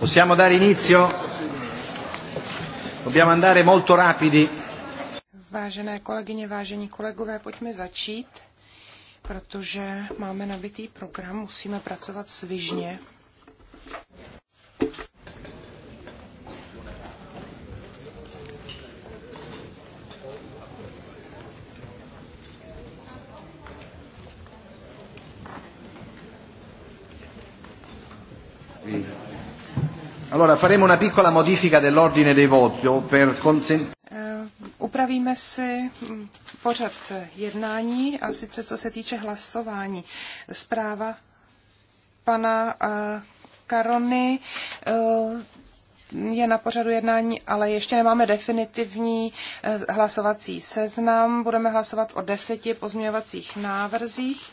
Possiamo dare inizio? Dobbiamo andare molto rapidi. Vážené kolegyně, vážení kolegové, pojďme začít, protože máme nabitý program, musíme pracovat svižně. Allora faremo una piccola modifica dell'ordine dei voti per consentire. Eh, upravíme si mm, pořad jednání a sice co se týče hlasování. Zpráva pana eh, Karony eh, je na pořadu jednání, ale ještě nemáme definitivní hlasovací seznam. Budeme hlasovat o deseti pozměňovacích návrzích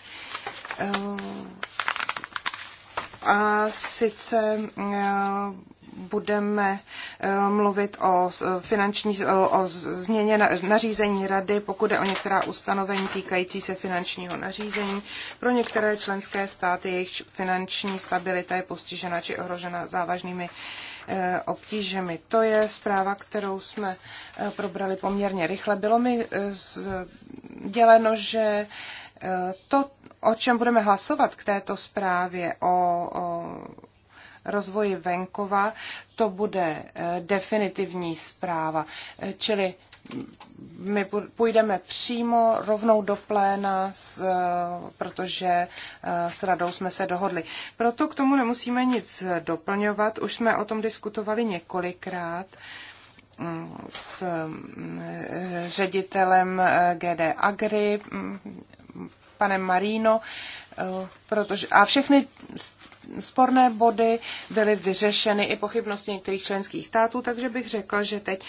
a sice eh, budeme eh, mluvit o finanční, eh, o změně nařízení rady, pokud je o některá ustanovení týkající se finančního nařízení. Pro některé členské státy jejich finanční stabilita je postižena či ohrožena závažnými obtížemi. To je zpráva, kterou jsme probrali poměrně rychle. Bylo mi děleno, že to o čem budeme hlasovat k této zprávě, o, o rozvoji venkova, to bude e, definitivní zpráva. E, čili my půjdeme přímo rovnou do pléna, e, protože s radou jsme se dohodli. Proto k tomu nemusíme nic doplňovat, už jsme o tom diskutovali několikrát mm, s mm, ředitelem GD Agri mm, panem Marino, eh, protože, a všechny sporné body byly vyřešeny i pochybnosti některých členských států, takže bych řekl, že teď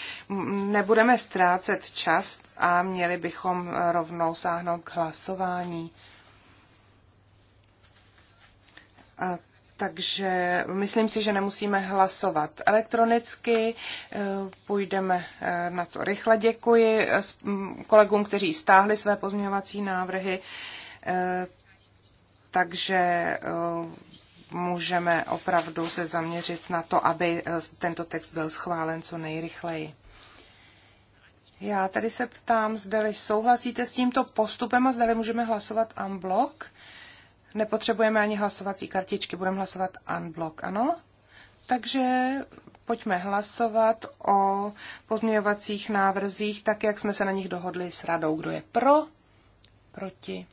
nebudeme ztrácet čas a měli bychom rovnou sáhnout k hlasování. A takže myslím si, že nemusíme hlasovat elektronicky, eh, půjdeme eh, na to rychle. Děkuji kolegům, kteří stáhli své pozměňovací návrhy. Eh, takže eh, můžeme opravdu se zaměřit na to, aby eh, tento text byl schválen co nejrychleji. Já tady se ptám, zdali souhlasíte s tímto postupem a zdali můžeme hlasovat unblock. Nepotřebujeme ani hlasovací kartičky, budeme hlasovat unblock, ano? Takže pojďme hlasovat o pozměňovacích návrzích, tak jak jsme se na nich dohodli s radou. Kdo je pro? Proti?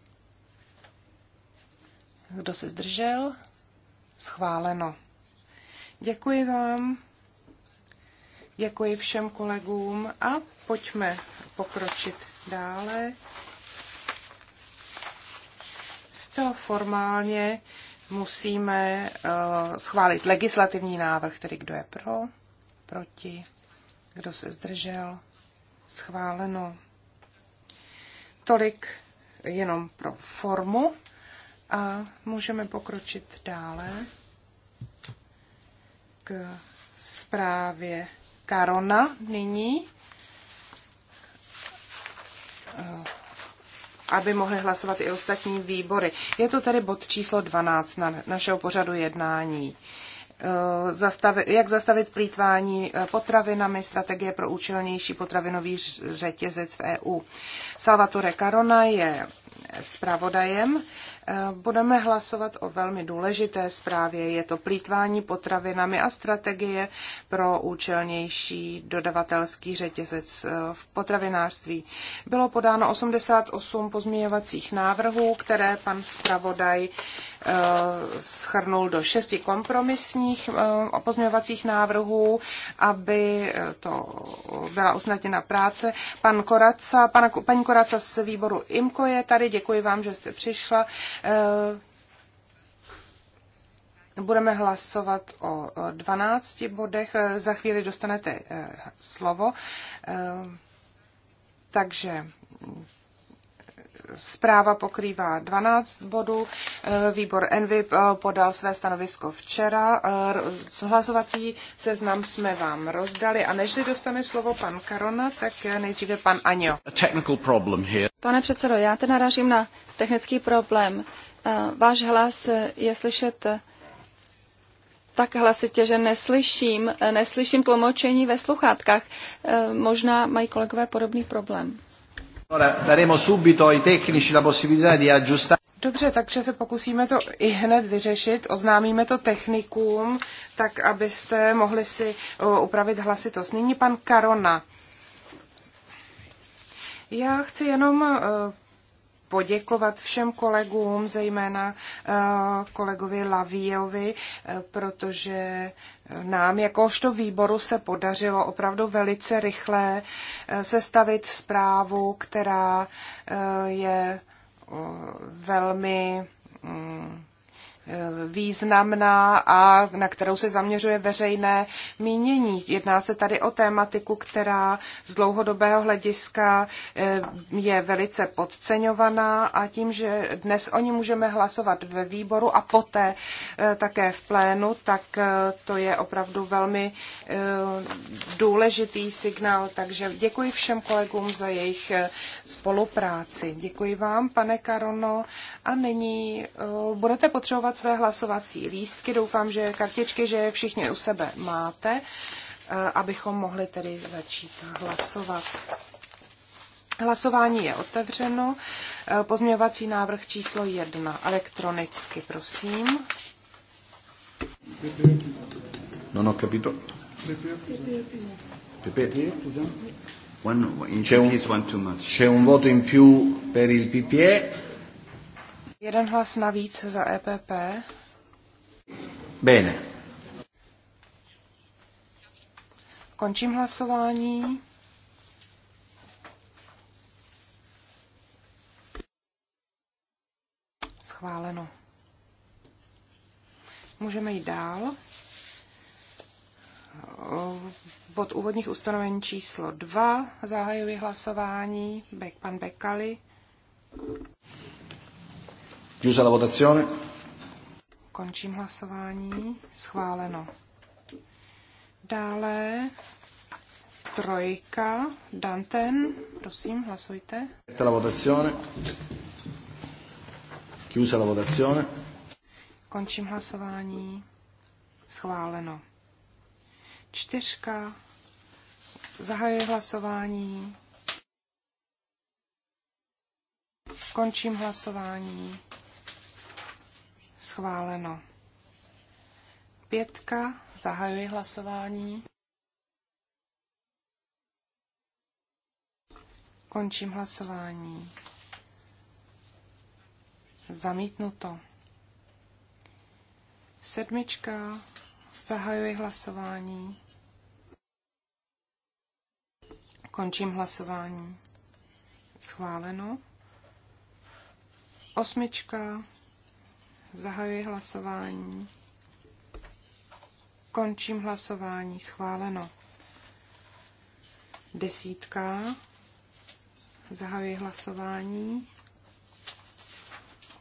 Kdo se zdržel? Schváleno. Děkuji vám. Děkuji všem kolegům a pojďme pokročit dále. Zcela formálně musíme uh, schválit legislativní návrh, tedy kdo je pro, proti, kdo se zdržel, schváleno. Tolik jenom pro formu. A můžeme pokročit dále k zprávě Karona nyní, eh, aby mohly hlasovat i ostatní výbory. Je to tady bod číslo 12 na našeho pořadu jednání. Eh, Zastavi, jak zastavit plítvání eh, potravinami, strategie pro účelnější potravinový řetězec v EU. Salvatore Carona je zpravodajem. Budeme hlasovat o velmi důležité zprávě. Je to plítvání potravinami a strategie pro účelnější dodavatelský řetězec eh, v potravinářství. Bylo podáno 88 pozměňovacích návrhů, které pan zpravodaj eh, schrnul do šesti kompromisních eh, pozměňovacích návrhů, aby to byla usnadněna práce. Pan Koraca, pana, paní Koraca z výboru IMKO je tady, děkuji vám, že jste přišla Eh, budeme hlasovat o 12 bodech. Eh, za chvíli dostanete eh, slovo. Takže Zpráva pokrývá 12 bodů. Eh, Výbor Envy eh, podal své stanovisko včera. Eh, hlasovací seznam jsme vám rozdali a nežli dostane slovo pan Karona, tak nejdříve pan Aňo. Pane předsedo, já te narážím na technický problém. Váš hlas je slyšet tak hlasitě, že neslyším, neslyším tlumočení ve sluchátkách. Možná mají kolegové podobný problém. Dobře, takže se pokusíme to i hned vyřešit. Oznámíme to technikům, tak abyste mohli si upravit hlasitost. Nyní pan Karona. Já chci jenom poděkovat všem kolegům, zejména kolegovi Lavíjovi, protože nám jakožto výboru se podařilo opravdu velice rychle eh, sestavit zprávu, která eh, je velmi mm, významná a na kterou se zaměřuje veřejné mínění. Jedná se tady o tématiku, která z dlouhodobého hlediska eh, je velice podceňovaná a tím, že dnes o ní můžeme hlasovat ve výboru a poté eh, také v plénu, tak eh, to je opravdu velmi důležitý signál. Takže děkuji všem kolegům za jejich spolupráci. Děkuji vám, pane Karono, a nyní budete potřebovat rozdat své hlasovací lístky. Doufám, že kartičky, že je všichni u sebe máte, eh, abychom mohli tedy začít hlasovat. Hlasování je otevřeno. Eh, pozměňovací návrh číslo 1. Elektronicky, prosím. No, no, capito. Pepe. One, in c'è, un, c'è un voto in più per il PPE. Jeden hlas navíc za EPP. Bene. Končím hlasování. Schváleno. Můžeme jít dál. Bod úvodních ustanovení číslo 2. Zahajuji hlasování. Bek, pan Bekali. Chiusa la votazione. Končím hlasování. Schváleno. Dále trojka. Danten, prosím, hlasujte. Chiusa La votazione. Chiusa la votazione. Končím hlasování. Schváleno. Čtyřka. Zahajuji hlasování. Končím hlasování. Schváleno. Pětka. Zahajuji hlasování. Končím hlasování. Zamítnuto. Sedmička. Zahajuji hlasování. Končím hlasování. Schváleno. Osmička. Zahajuji hlasování. Končím hlasování. Schváleno. Desítka. Zahajuji hlasování.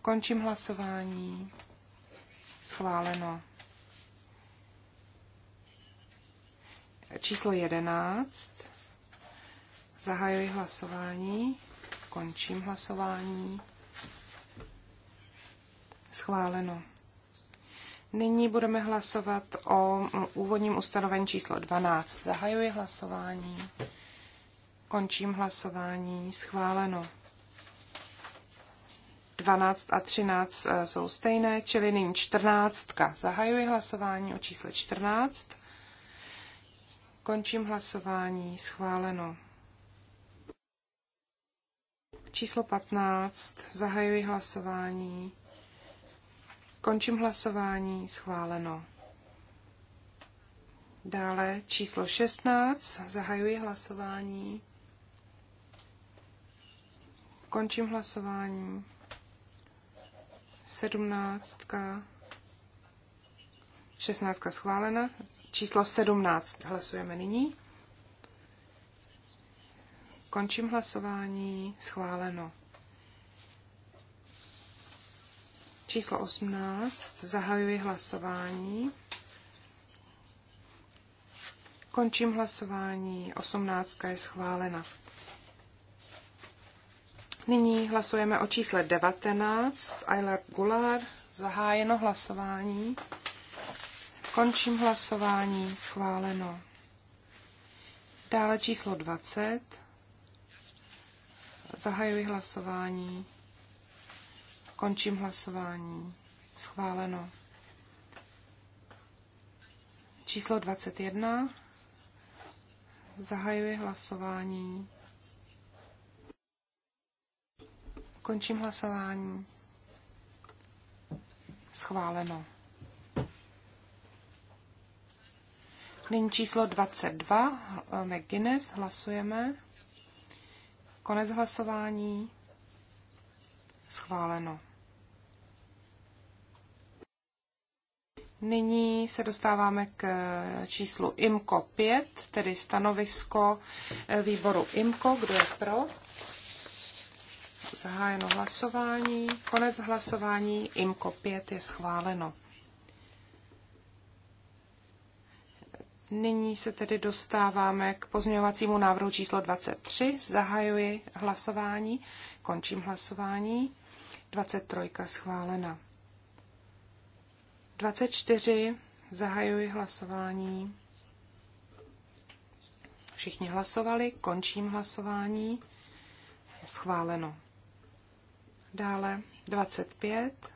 Končím hlasování. Schváleno. Číslo jedenáct. Zahajuji hlasování. Končím hlasování. Schváleno. Nyní budeme hlasovat o úvodním ustanovení číslo 12. Zahajuji hlasování. Končím hlasování. Schváleno. 12 a 13 eh, jsou stejné, čili nyní 14. Zahajuji hlasování o čísle 14. Končím hlasování. Schváleno. Číslo 15. Zahajuji hlasování. Končím hlasování. Schváleno. Dále číslo 16. Zahajuji hlasování. Končím hlasování. 17. 16. schválena. Číslo 17. Hlasujeme nyní. Končím hlasování. Schváleno. číslo 18. Zahajuji hlasování. Končím hlasování. 18. je schválena. Nyní hlasujeme o čísle 19. Eilert Gular. Zahájeno hlasování. Končím hlasování. Schváleno. Dále číslo 20. Zahajuji hlasování. Končím hlasování. Schváleno. Číslo 21. Zahajuji hlasování. Končím hlasování. Schváleno. Nyní číslo 22, McGuinness, hlasujeme. Konec hlasování. Schváleno. Nyní se dostáváme k eh, číslu IMCO 5, tedy stanovisko eh, výboru IMCO. Kdo je pro? Zahájeno hlasování. Konec hlasování. IMCO 5 je schváleno. Nyní se tedy dostáváme k pozměňovacímu návrhu číslo 23. Zahajuji hlasování. Končím hlasování. 23 schválena. 24. Zahajuji hlasování. Všichni hlasovali, končím hlasování. Je schváleno. Dále 25.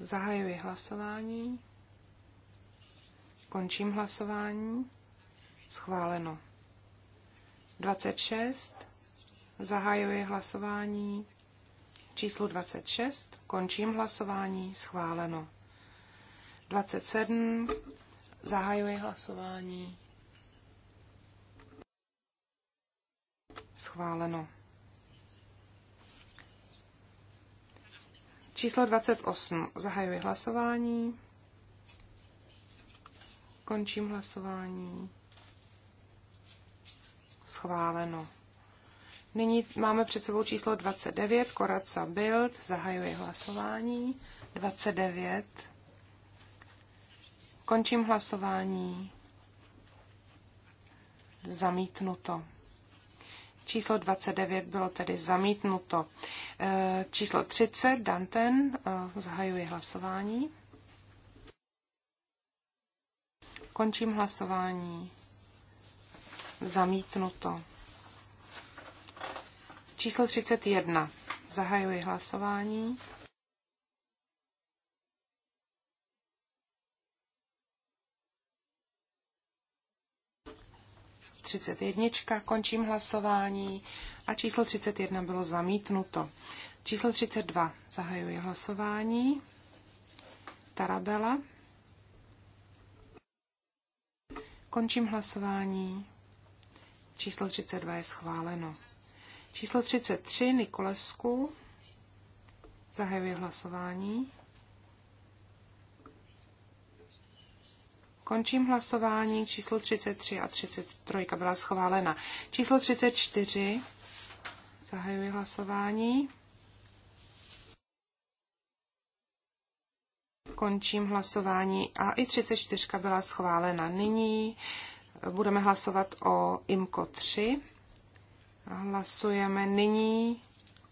Zahajuji hlasování. Končím hlasování. Schváleno. 26. Zahajuji hlasování číslo 26. Končím hlasování. Schváleno. 27. Zahajuji hlasování. Schváleno. Číslo 28. Zahajuji hlasování. Končím hlasování. Schváleno. Nyní máme před sebou číslo 29, Koraca Bild, zahajuji hlasování. 29. Končím hlasování. Zamítnuto. Číslo 29 bylo tedy zamítnuto. E, číslo 30, Danten, e, zahajuji hlasování. Končím hlasování. Zamítnuto. Číslo 31. Zahajuji hlasování. Třicet jednička, končím hlasování a číslo 31 bylo zamítnuto. Číslo 32, zahajuji hlasování. Tarabela. Končím hlasování. Číslo 32 je schváleno. Číslo 33 Nikolesku. Zahajuji hlasování. Končím hlasování. Číslo 33 a 33 byla schválena. Číslo 34. Zahajuji hlasování. Končím hlasování a i 34 byla schválena. Nyní budeme hlasovat o IMCO 3. Hlasujeme nyní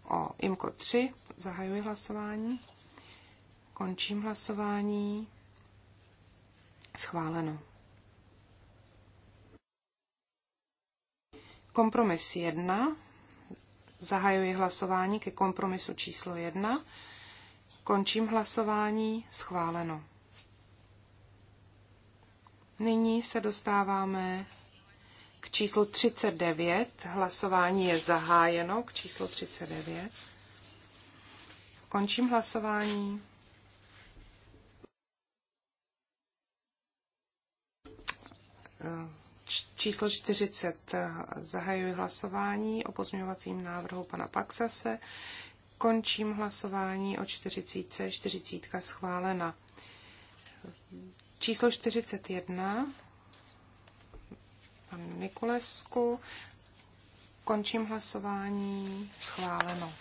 o IMCO 3. Zahajuji hlasování. Končím hlasování. Schváleno. Kompromis 1. Zahajuji hlasování ke kompromisu číslo 1. Končím hlasování. Schváleno. Nyní se dostáváme k číslu 39 hlasování je zahájeno k číslu 39. Končím hlasování. Číslo 40 zahajuji hlasování o pozměňovacím návrhu pana Paxase. Končím hlasování o 40. 40 schválena. Číslo 41 Pan Nikolesku. Končím hlasování. Schváleno.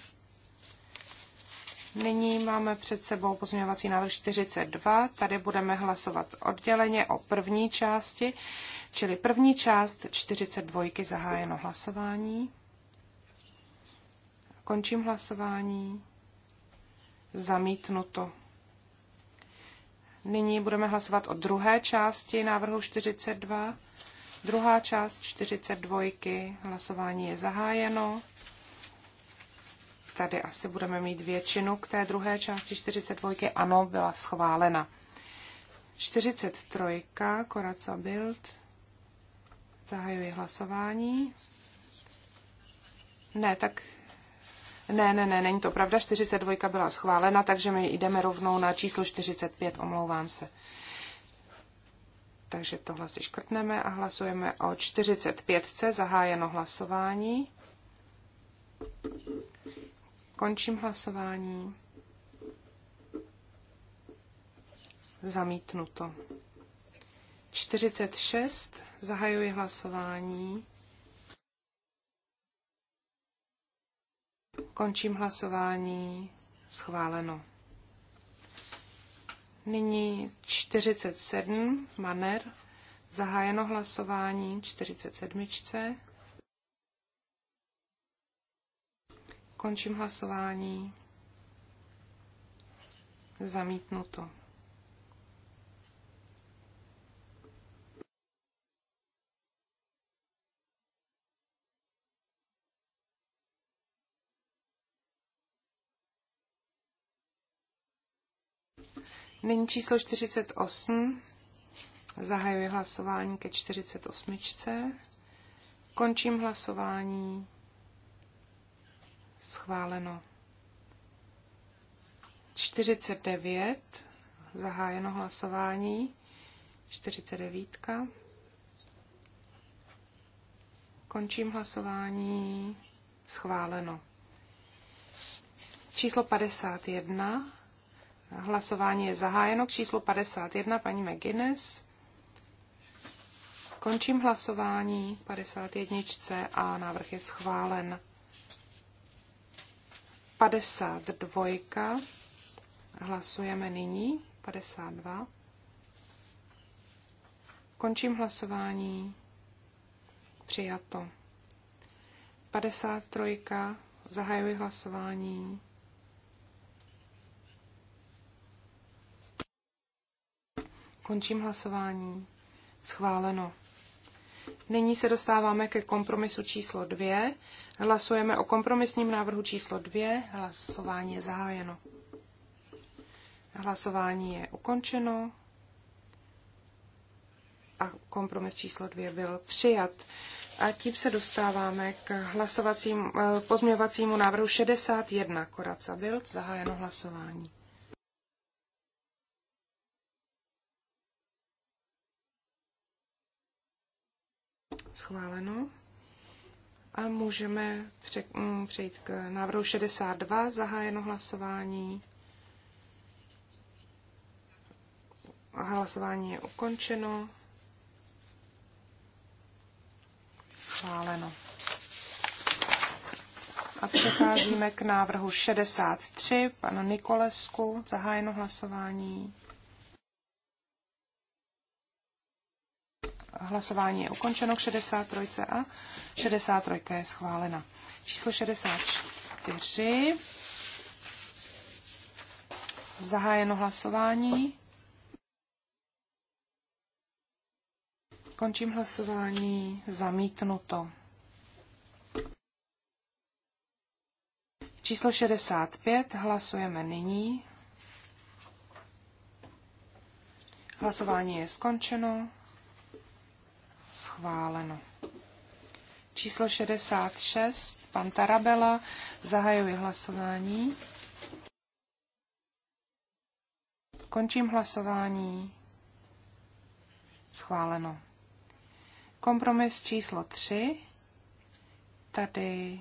Nyní máme před sebou pozměňovací návrh 42. Tady budeme hlasovat odděleně o první části, čili první část 42. Zahájeno hlasování. Končím hlasování. Zamítnuto. Nyní budeme hlasovat o druhé části návrhu 42. Druhá část 42. Hlasování je zahájeno. Tady asi budeme mít většinu k té druhé části 42. Ano, byla schválena. 43. Koraca Bild. Zahajuji hlasování. Ne, tak ne, ne, ne, není to pravda. 42 byla schválena, takže my jdeme rovnou na číslo 45, omlouvám se. Takže tohle si škrtneme a hlasujeme o 45C, zahájeno hlasování. Končím hlasování. Zamítnuto. 46. Zahajuji hlasování. Končím hlasování. Schváleno. Nyní 47, Maner, zahájeno hlasování 47. Končím hlasování. Zamítnuto. Nyní číslo 48. Zahajuji hlasování ke 48. Končím hlasování. Schváleno. 49. Zahájeno hlasování. 49. Končím hlasování. Schváleno. Číslo 51. Hlasování je zahájeno k číslu 51, paní McGuinness. Končím hlasování 51 a návrh je schválen. 52. Hlasujeme nyní. 52. Končím hlasování. Přijato. 53. Zahajuji hlasování. Končím hlasování. Schváleno. Nyní se dostáváme ke kompromisu číslo 2. Hlasujeme o kompromisním návrhu číslo 2. Hlasování je zahájeno. Hlasování je ukončeno a kompromis číslo 2 byl přijat. A tím se dostáváme k hlasovacímu eh, pozměvacímu návrhu 61 Koraca byl Zahájeno hlasování. schváleno. A můžeme pře- mm, přejít k návrhu 62, zahájeno hlasování. A hlasování je ukončeno. Schváleno. A přecházíme k návrhu 63, pana Nikolesku, zahájeno hlasování. Hlasování je ukončeno k 63 a 63 je schválena. Číslo 64. Zahájeno hlasování. Končím hlasování. Zamítnuto. Číslo 65. Hlasujeme nyní. Hlasování je skončeno schváleno. Číslo 66, pan Tarabela, zahajuji hlasování. Končím hlasování. Schváleno. Kompromis číslo 3. Tady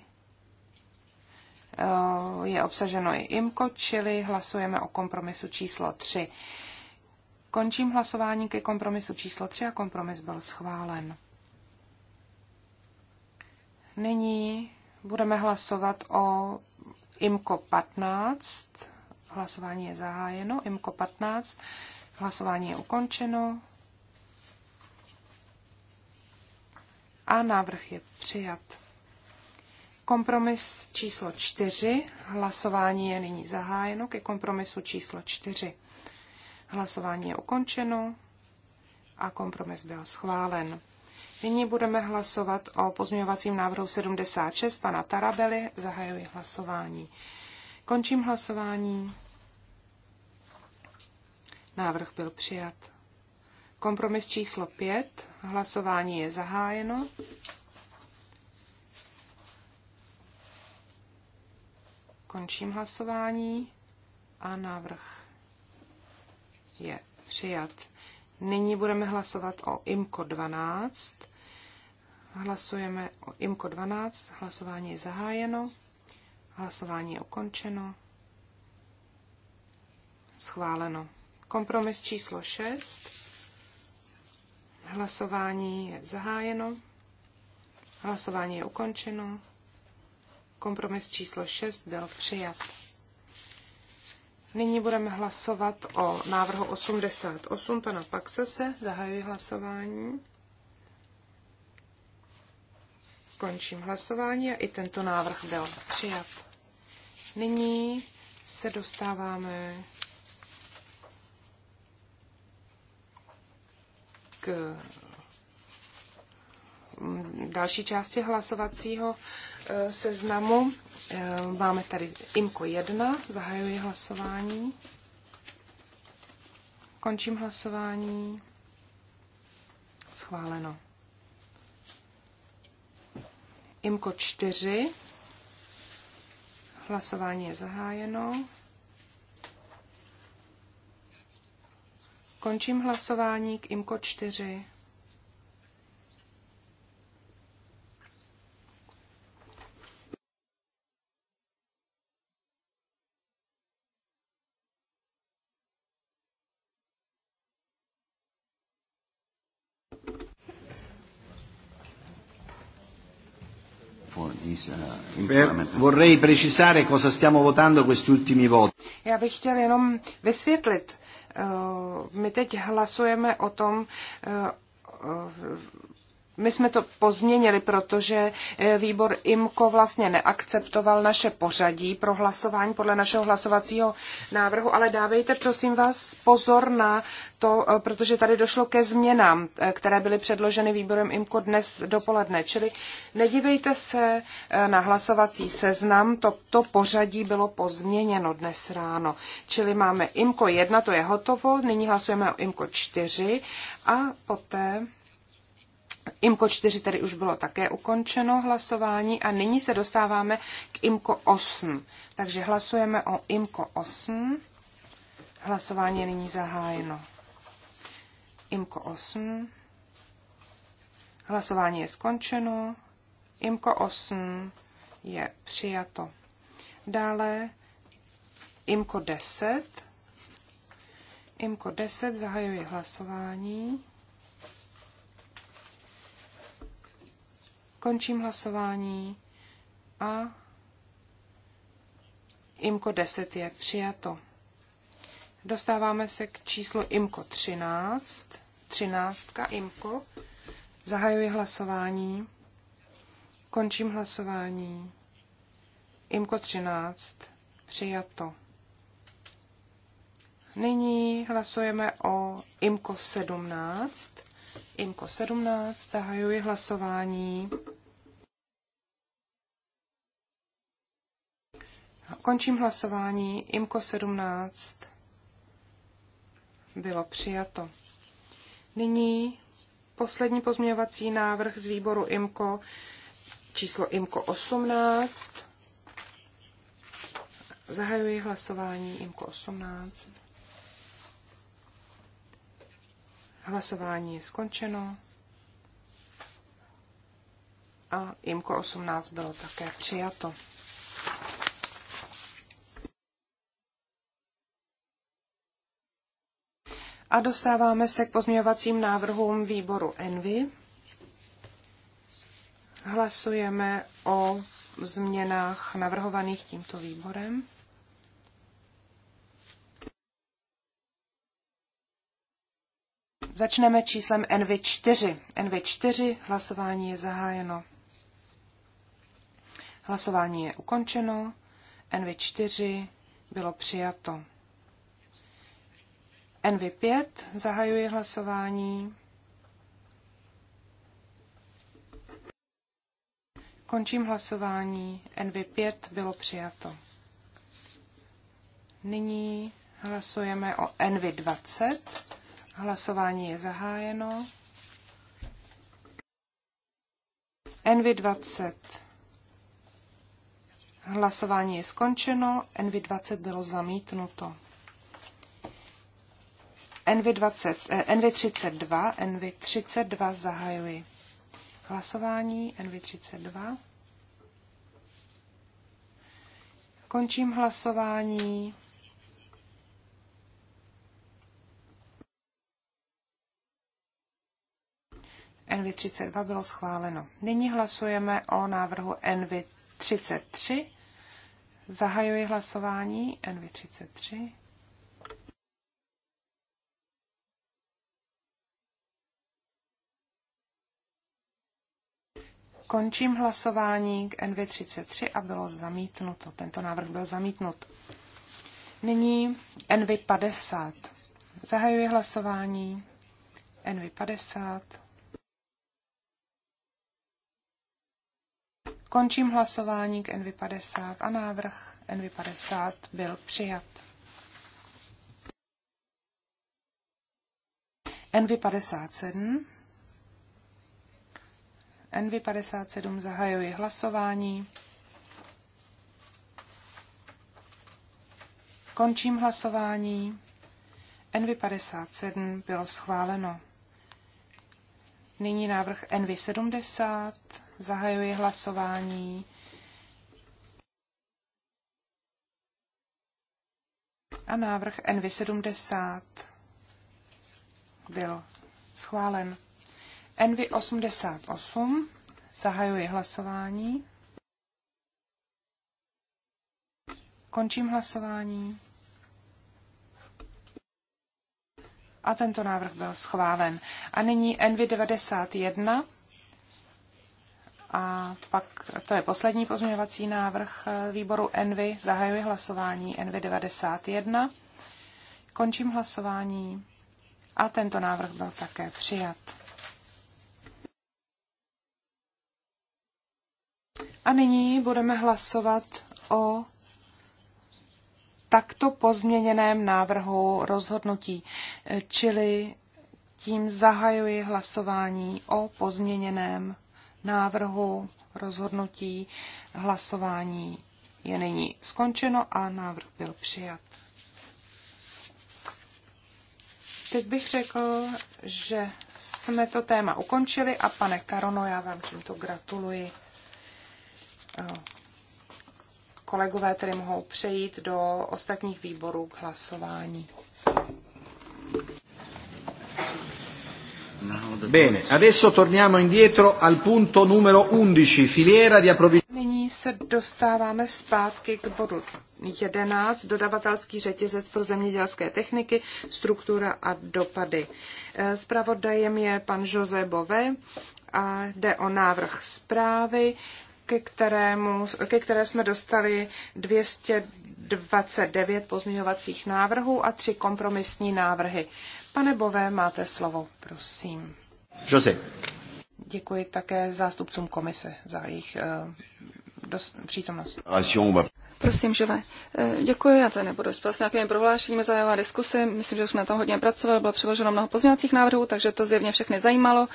eh, je obsaženo i IMCO, čili hlasujeme o kompromisu číslo 3. Končím hlasování ke kompromisu číslo 3 a kompromis byl schválen. Nyní budeme hlasovat o IMCO 15. Hlasování je zahájeno. IMCO 15. Hlasování je ukončeno. A návrh je přijat. Kompromis číslo 4. Hlasování je nyní zahájeno ke kompromisu číslo 4. Hlasování je ukončeno a kompromis byl schválen. Nyní budeme hlasovat o pozměňovacím návrhu 76 pana Tarabely. Zahajuji hlasování. Končím hlasování. Návrh byl přijat. Kompromis číslo 5. Hlasování je zahájeno. Končím hlasování a návrh je přijat. Nyní budeme hlasovat o IMCO 12. Hlasujeme o IMCO 12. Hlasování je zahájeno. Hlasování je ukončeno. Schváleno. Kompromis číslo 6. Hlasování je zahájeno. Hlasování je ukončeno. Kompromis číslo 6 byl přijat. Nyní budeme hlasovat o návrhu 88 pana Paxase. Zahajuji hlasování. Končím hlasování a i tento návrh byl přijat. Nyní se dostáváme k další části hlasovacího Eh, seznamu. Eh, máme tady IMKO 1, zahajuji hlasování. Končím hlasování. Schváleno. IMKO 4. Hlasování je zahájeno. Končím hlasování k IMKO 4. Uh, eh, vorrei precisare cosa stiamo votando questi ultimi voti. Já bych chtěl jenom vysvětlit. Eh, my teď hlasujeme o tom, eh, my jsme to pozměnili, protože eh, výbor IMKO vlastně neakceptoval naše pořadí pro hlasování podle našeho hlasovacího návrhu, ale dávejte prosím vás pozor na to, eh, protože tady došlo ke změnám, eh, které byly předloženy výborem IMKO dnes dopoledne. Čili nedívejte se na hlasovací seznam, to, to pořadí bylo pozměněno dnes ráno. Čili máme IMKO 1, to je hotovo, nyní hlasujeme o IMKO 4 a poté IMKO 4 tady už bylo také ukončeno hlasování a nyní se dostáváme k IMKO 8. Takže hlasujeme o IMKO 8. Hlasování je nyní zahájeno. IMKO 8. Hlasování je skončeno. IMKO 8 je přijato. Dále IMKO 10. IMKO 10 zahajuje hlasování. Končím hlasování a IMKO 10 je přijato. Dostáváme se k číslu IMKO 13. 13. IMKO. Zahajuji hlasování. Končím hlasování. IMKO 13. Přijato. Nyní hlasujeme o IMKO 17. IMKO 17, zahajuji hlasování. Končím hlasování. IMKO 17 bylo přijato. Nyní poslední pozměňovací návrh z výboru IMKO, číslo IMKO 18. Zahajuji hlasování IMKO 18. Hlasování je skončeno. A IMKO 18 bylo také přijato. A dostáváme se k pozměňovacím návrhům výboru Envy. Hlasujeme o změnách navrhovaných tímto výborem. Začneme číslem NV4. NV4, hlasování je zahájeno. Hlasování je ukončeno. NV4 bylo přijato. NV5, zahajuji hlasování. Končím hlasování. NV5 bylo přijato. Nyní hlasujeme o NV20. Hlasování je zahájeno. NV20. Hlasování je skončeno, NV20 bylo zamítnuto. NV20, eh, NV32, NV32 zahajuji. Hlasování NV32. Končím hlasování. NV32 bylo schváleno. Nyní hlasujeme o návrhu NV33. Zahajuji hlasování NV33. Končím hlasování k NV33 a bylo zamítnuto. Tento návrh byl zamítnut. Nyní NV50. Zahajuji hlasování NV50. Končím hlasování k NV50 a návrh NV50 byl přijat. NV57 NV57 zahajuji hlasování. Končím hlasování. NV57 bylo schváleno. Nyní návrh NV70. Zahajuji hlasování. A návrh NV70 byl schválen. NV88 zahajuji hlasování. Končím hlasování. A tento návrh byl schválen. A nyní NV91 a pak to je poslední pozměňovací návrh výboru Envy. Zahajuji hlasování Envy 91. Končím hlasování a tento návrh byl také přijat. A nyní budeme hlasovat o takto pozměněném návrhu rozhodnutí, čili tím zahajuji hlasování o pozměněném návrhu rozhodnutí. Hlasování je nyní skončeno a návrh byl přijat. Teď bych řekl, že jsme to téma ukončili a pane Karono, já vám tímto gratuluji. Kolegové tedy mohou přejít do ostatních výborů k hlasování. Bene, adesso torniamo indietro al punto numero 11, filiera di approvvigionamento. Nyní se dostáváme zpátky k bodu 11, dodavatelský řetězec pro zemědělské techniky, struktura a dopady. Spravodajem eh, je pan Jose Bové a jde o návrh zprávy, ke, kterému, ke které jsme dostali 229 pozměňovacích návrhů a tři kompromisní návrhy. Pane Bové, máte slovo, prosím. Jose. Děkuji také zástupcům komise za jejich uh, přítomnost. Prosím, živé. Eh, děkuji, já to nebudu spát s nějakými prohlášeními zajímavá diskuse. Myslím, že už jsme na tom hodně pracovali, bylo přiloženo mnoho pozměňovacích návrhů, takže to zjevně všechny zajímalo.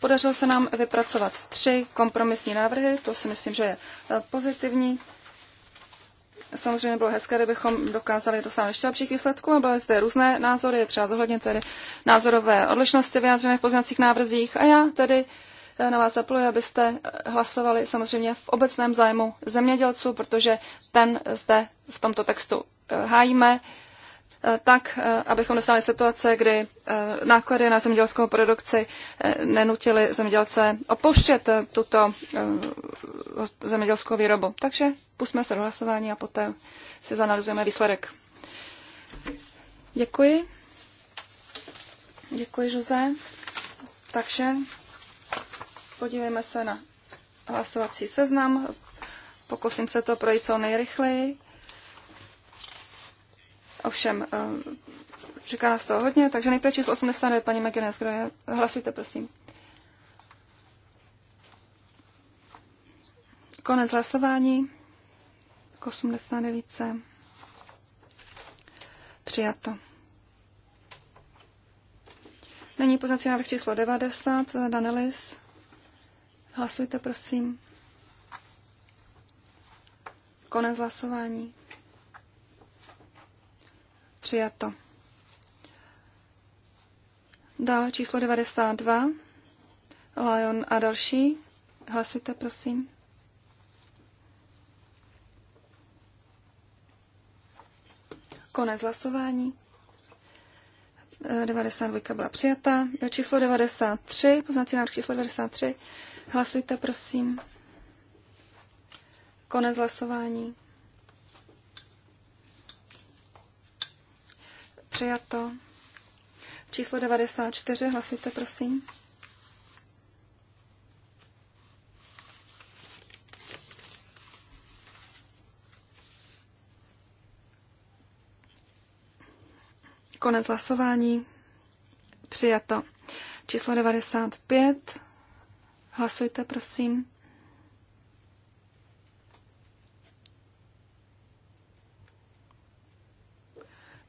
Podařilo se nám vypracovat tři kompromisní návrhy, to si myslím, že je eh, pozitivní. Samozřejmě bylo hezké, kdybychom dokázali dosáhnout ještě lepších výsledků a byly zde různé názory, třeba zohledně tedy názorové odlišnosti vyjádřené v pozměňovacích návrzích a já tedy eh, na vás apeluji, abyste eh, hlasovali samozřejmě v obecném zájmu zemědělců, protože ten zde v tomto textu eh, hájíme. Eh, tak, eh, abychom dostali situace, kdy eh, náklady na zemědělskou produkci nenutily zemědělce opouštět tuto zemědělskou výrobu. Takže pusme se do hlasování a poté si zanalizujeme výsledek. Děkuji. Děkuji, Jose. Takže podívejme se na hlasovací seznam. Pokusím se to projít co nejrychleji. Ovšem, říká eh, nás toho hodně, takže nejprve číslo 89, paní McGuinness, kdo je? Hlasujte, prosím. Konec hlasování k 89. Přijato. Není poznací návrh číslo 90, eh, Danelis. Hlasujte, prosím. Konec hlasování. Přijato. Dále číslo 92. Lion a další. Hlasujte, prosím. Konec hlasování. 92 byla přijata. Číslo 93, poznací návrh číslo 93. Hlasujte, prosím. Konec hlasování. Přijato. Číslo 94, hlasujte, prosím. Konec hlasování. Přijato. Číslo 95. Hlasujte, prosím.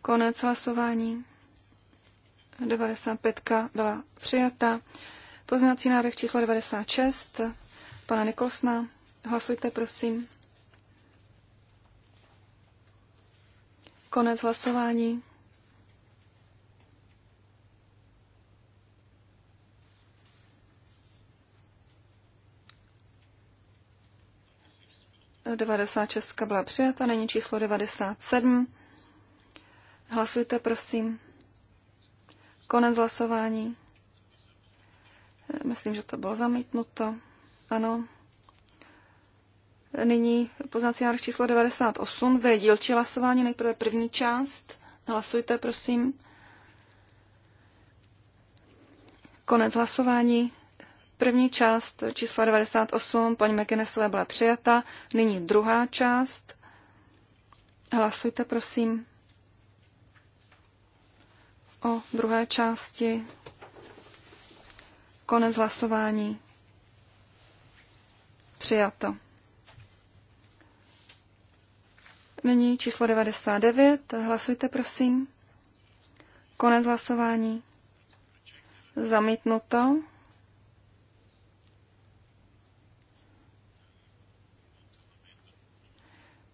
Konec hlasování. 95 byla přijata. Pozměňovací návrh číslo 96 pana Nikolsna. Hlasujte, prosím. Konec hlasování. Devadesát šestka byla přijata, není číslo 97. Hlasujte, prosím. Konec hlasování. Myslím, že to bylo zamítnuto. Ano. Nyní poznací návrh číslo 98. Zde je dílčí hlasování, nejprve první část. Hlasujte, prosím. Konec hlasování. První část čísla 98 paní McGinnisové byla přijata. Nyní druhá část. Hlasujte, prosím o druhé části. Konec hlasování. Přijato. Nyní číslo 99. Hlasujte, prosím. Konec hlasování. Zamítnuto.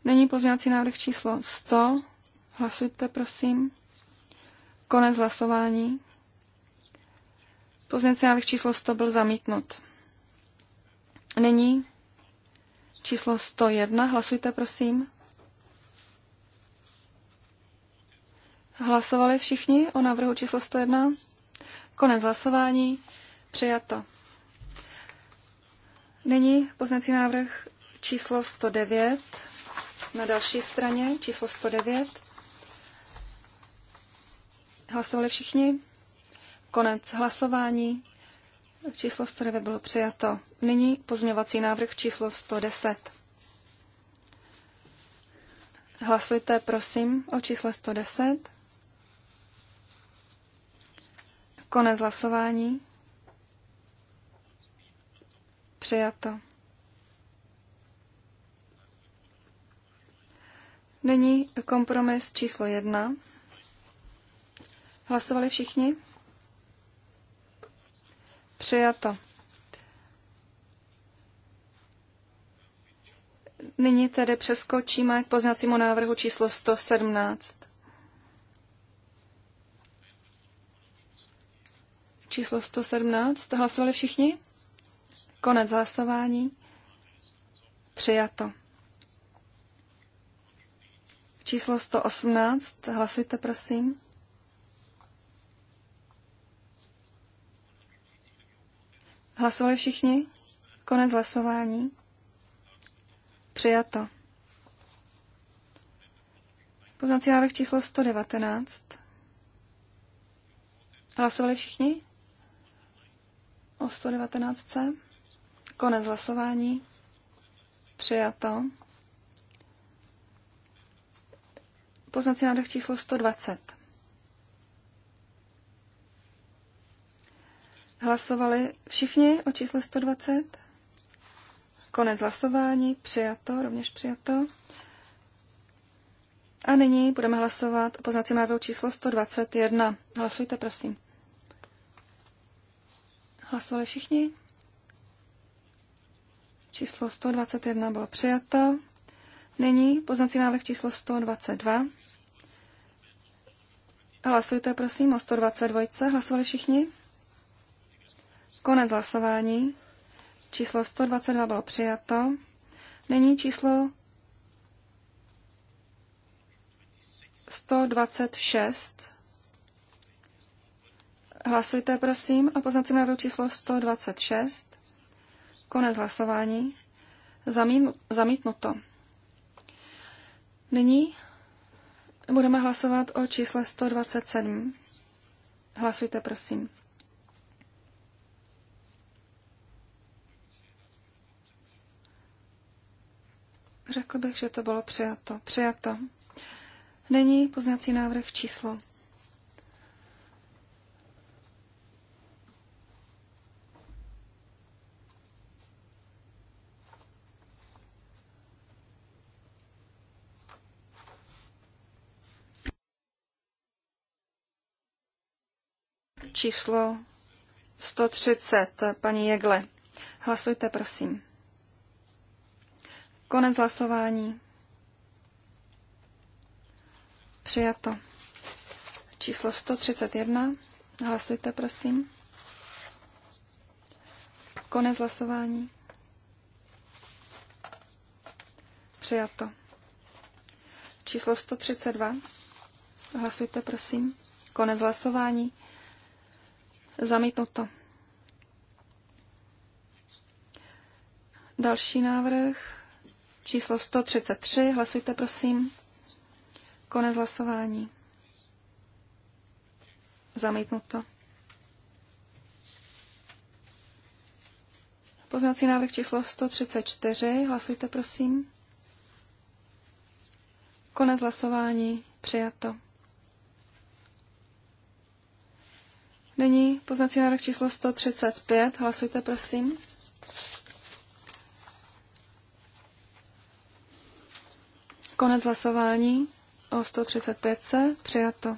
Nyní pozměňovací návrh číslo 100. Hlasujte, prosím. Konec hlasování. Pozměňovací návrh číslo 100 byl zamítnut. Nyní číslo 101. Hlasujte, prosím. Hlasovali všichni o návrhu číslo 101? Konec hlasování. Přijato. Nyní poznací návrh číslo 109 na další straně, číslo 109. Hlasovali všichni? Konec hlasování. Číslo 109 bylo přijato. Nyní pozměvací návrh číslo 110. Hlasujte, prosím, o čísle 110. Konec hlasování. Přijato. Nyní kompromis číslo 1. Hlasovali všichni? Přijato. Nyní tedy přeskočíme k poznacímu návrhu číslo 117. Číslo 117. Hlasovali všichni? Konec hlasování. Přijato. Číslo 118. Hlasujte, prosím. Hlasovali všichni? Konec hlasování. Přijato. Poznací návrh číslo 119. Hlasovali všichni? O 119. Konec hlasování. Přijato. Poznací návrh číslo 120. Hlasovali všichni o čísle 120? Konec hlasování, přijato, rovněž přijato. A nyní budeme hlasovat o poznacím návrhu číslo 121. Hlasujte, prosím. Hlasovali všichni? Číslo 121 bylo přijato. Nyní poznací návrh číslo 122. Hlasujte, prosím, o 122. Hlasovali všichni? Konec hlasování. Číslo 122 bylo přijato. Nyní číslo 126. Hlasujte, prosím, a poznacím návrh číslo 126. Konec hlasování. Zamínu, zamítnuto. Nyní budeme hlasovat o čísle 127. Hlasujte, prosím. Řekl bych, že to bylo přijato. Přijato. Není poznací návrh číslo. Číslo 130, paní Jegle. Hlasujte, prosím. Konec hlasování. Přijato. Číslo 131. Hlasujte, prosím. Konec hlasování. Přijato. Číslo 132. Hlasujte, prosím. Konec hlasování. Zamítnuto. Další návrh číslo 133. Hlasujte, prosím. Konec hlasování. Zamítnuto. Poznací návrh číslo 134. Hlasujte, prosím. Konec hlasování. Přijato. Nyní poznací návrh číslo 135. Hlasujte, prosím. Konec hlasování o 135 se přijato.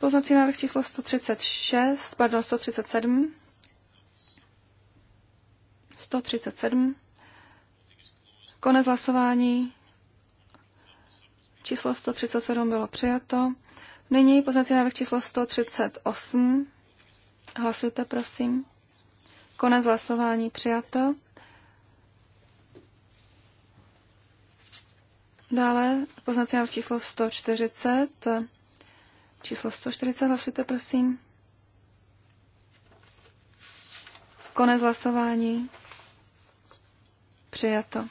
Poznací návrh číslo 136, pardon, 137. 137. Konec hlasování. Číslo 137 bylo přijato. Nyní poznací návrh číslo 138. Hlasujte, prosím. Konec hlasování přijato. Dále poznací návrh číslo 140. Číslo 140 hlasujte, prosím. Konec hlasování. Přijato.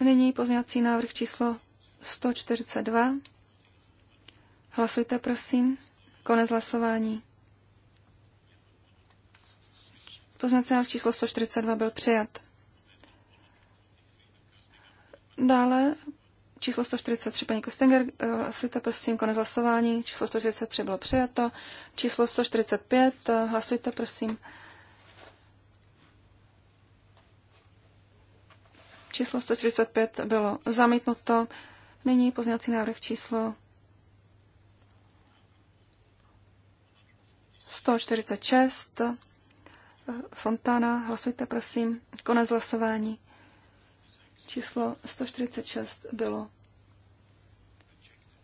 Nyní poznací návrh číslo 142. Hlasujte, prosím. Konec hlasování. Poznací návrh číslo 142 byl přijat. Dále číslo 143 paní Kostinger, eh, hlasujte prosím konec hlasování, číslo 143 bylo přijato, číslo 145, eh, hlasujte prosím. Číslo 145 bylo zamítnuto. Nyní pozněcí návrh číslo 146. Eh, Fontana, hlasujte prosím. Konec hlasování. Číslo 146 bylo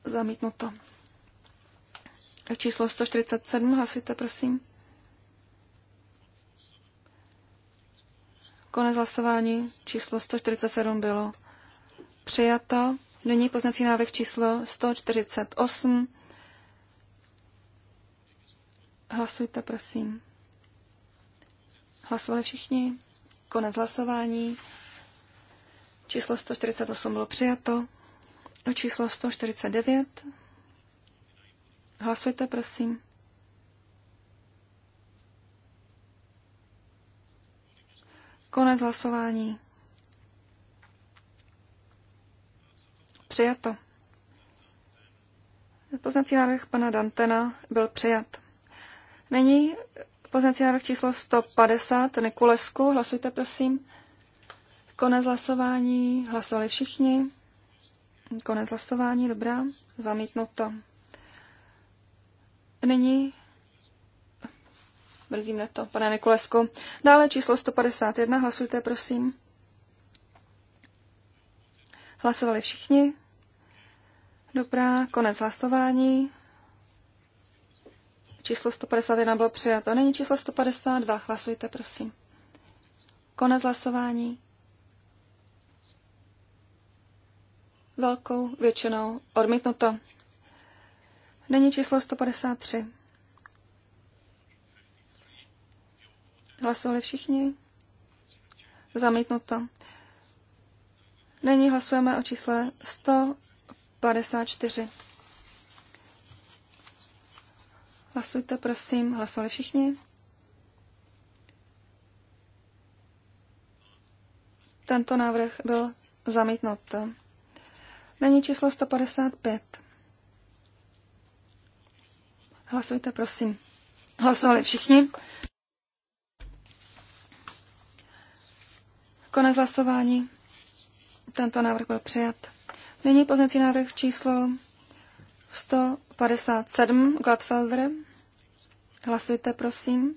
zamítnuto. Číslo 147, hlasujte, prosím. Konec hlasování číslo 147 bylo přijato. Nyní poznací návrh číslo 148. Hlasujte, prosím. Hlasovali všichni? Konec hlasování. Číslo 148 bylo přijato. O číslo 149. Hlasujte, prosím. Konec hlasování. Přijato. Poznací návrh pana Dantena byl přijat. Nyní poznací návrh číslo 150 Nikulesku. Hlasujte, prosím. Konec hlasování. Hlasovali všichni. Konec hlasování, dobrá. Zamítnuto. Nyní Brzí mne to, pane Nikolesku. Dále číslo 151, hlasujte, prosím. Hlasovali všichni. Dobrá, konec hlasování. Číslo 151 bylo přijato. Není číslo 152, hlasujte, prosím. Konec hlasování. velkou většinou odmítnuto. Není číslo 153. Hlasovali všichni? Zamítnuto. Nyní hlasujeme o čísle 154. Hlasujte, prosím. Hlasovali všichni? Tento návrh byl zamítnut. Není číslo 155. Hlasujte, prosím. Hlasovali všichni. Konec hlasování. Tento návrh byl přijat. Nyní poznací návrh číslo 157 Gladfelder. Hlasujte, prosím.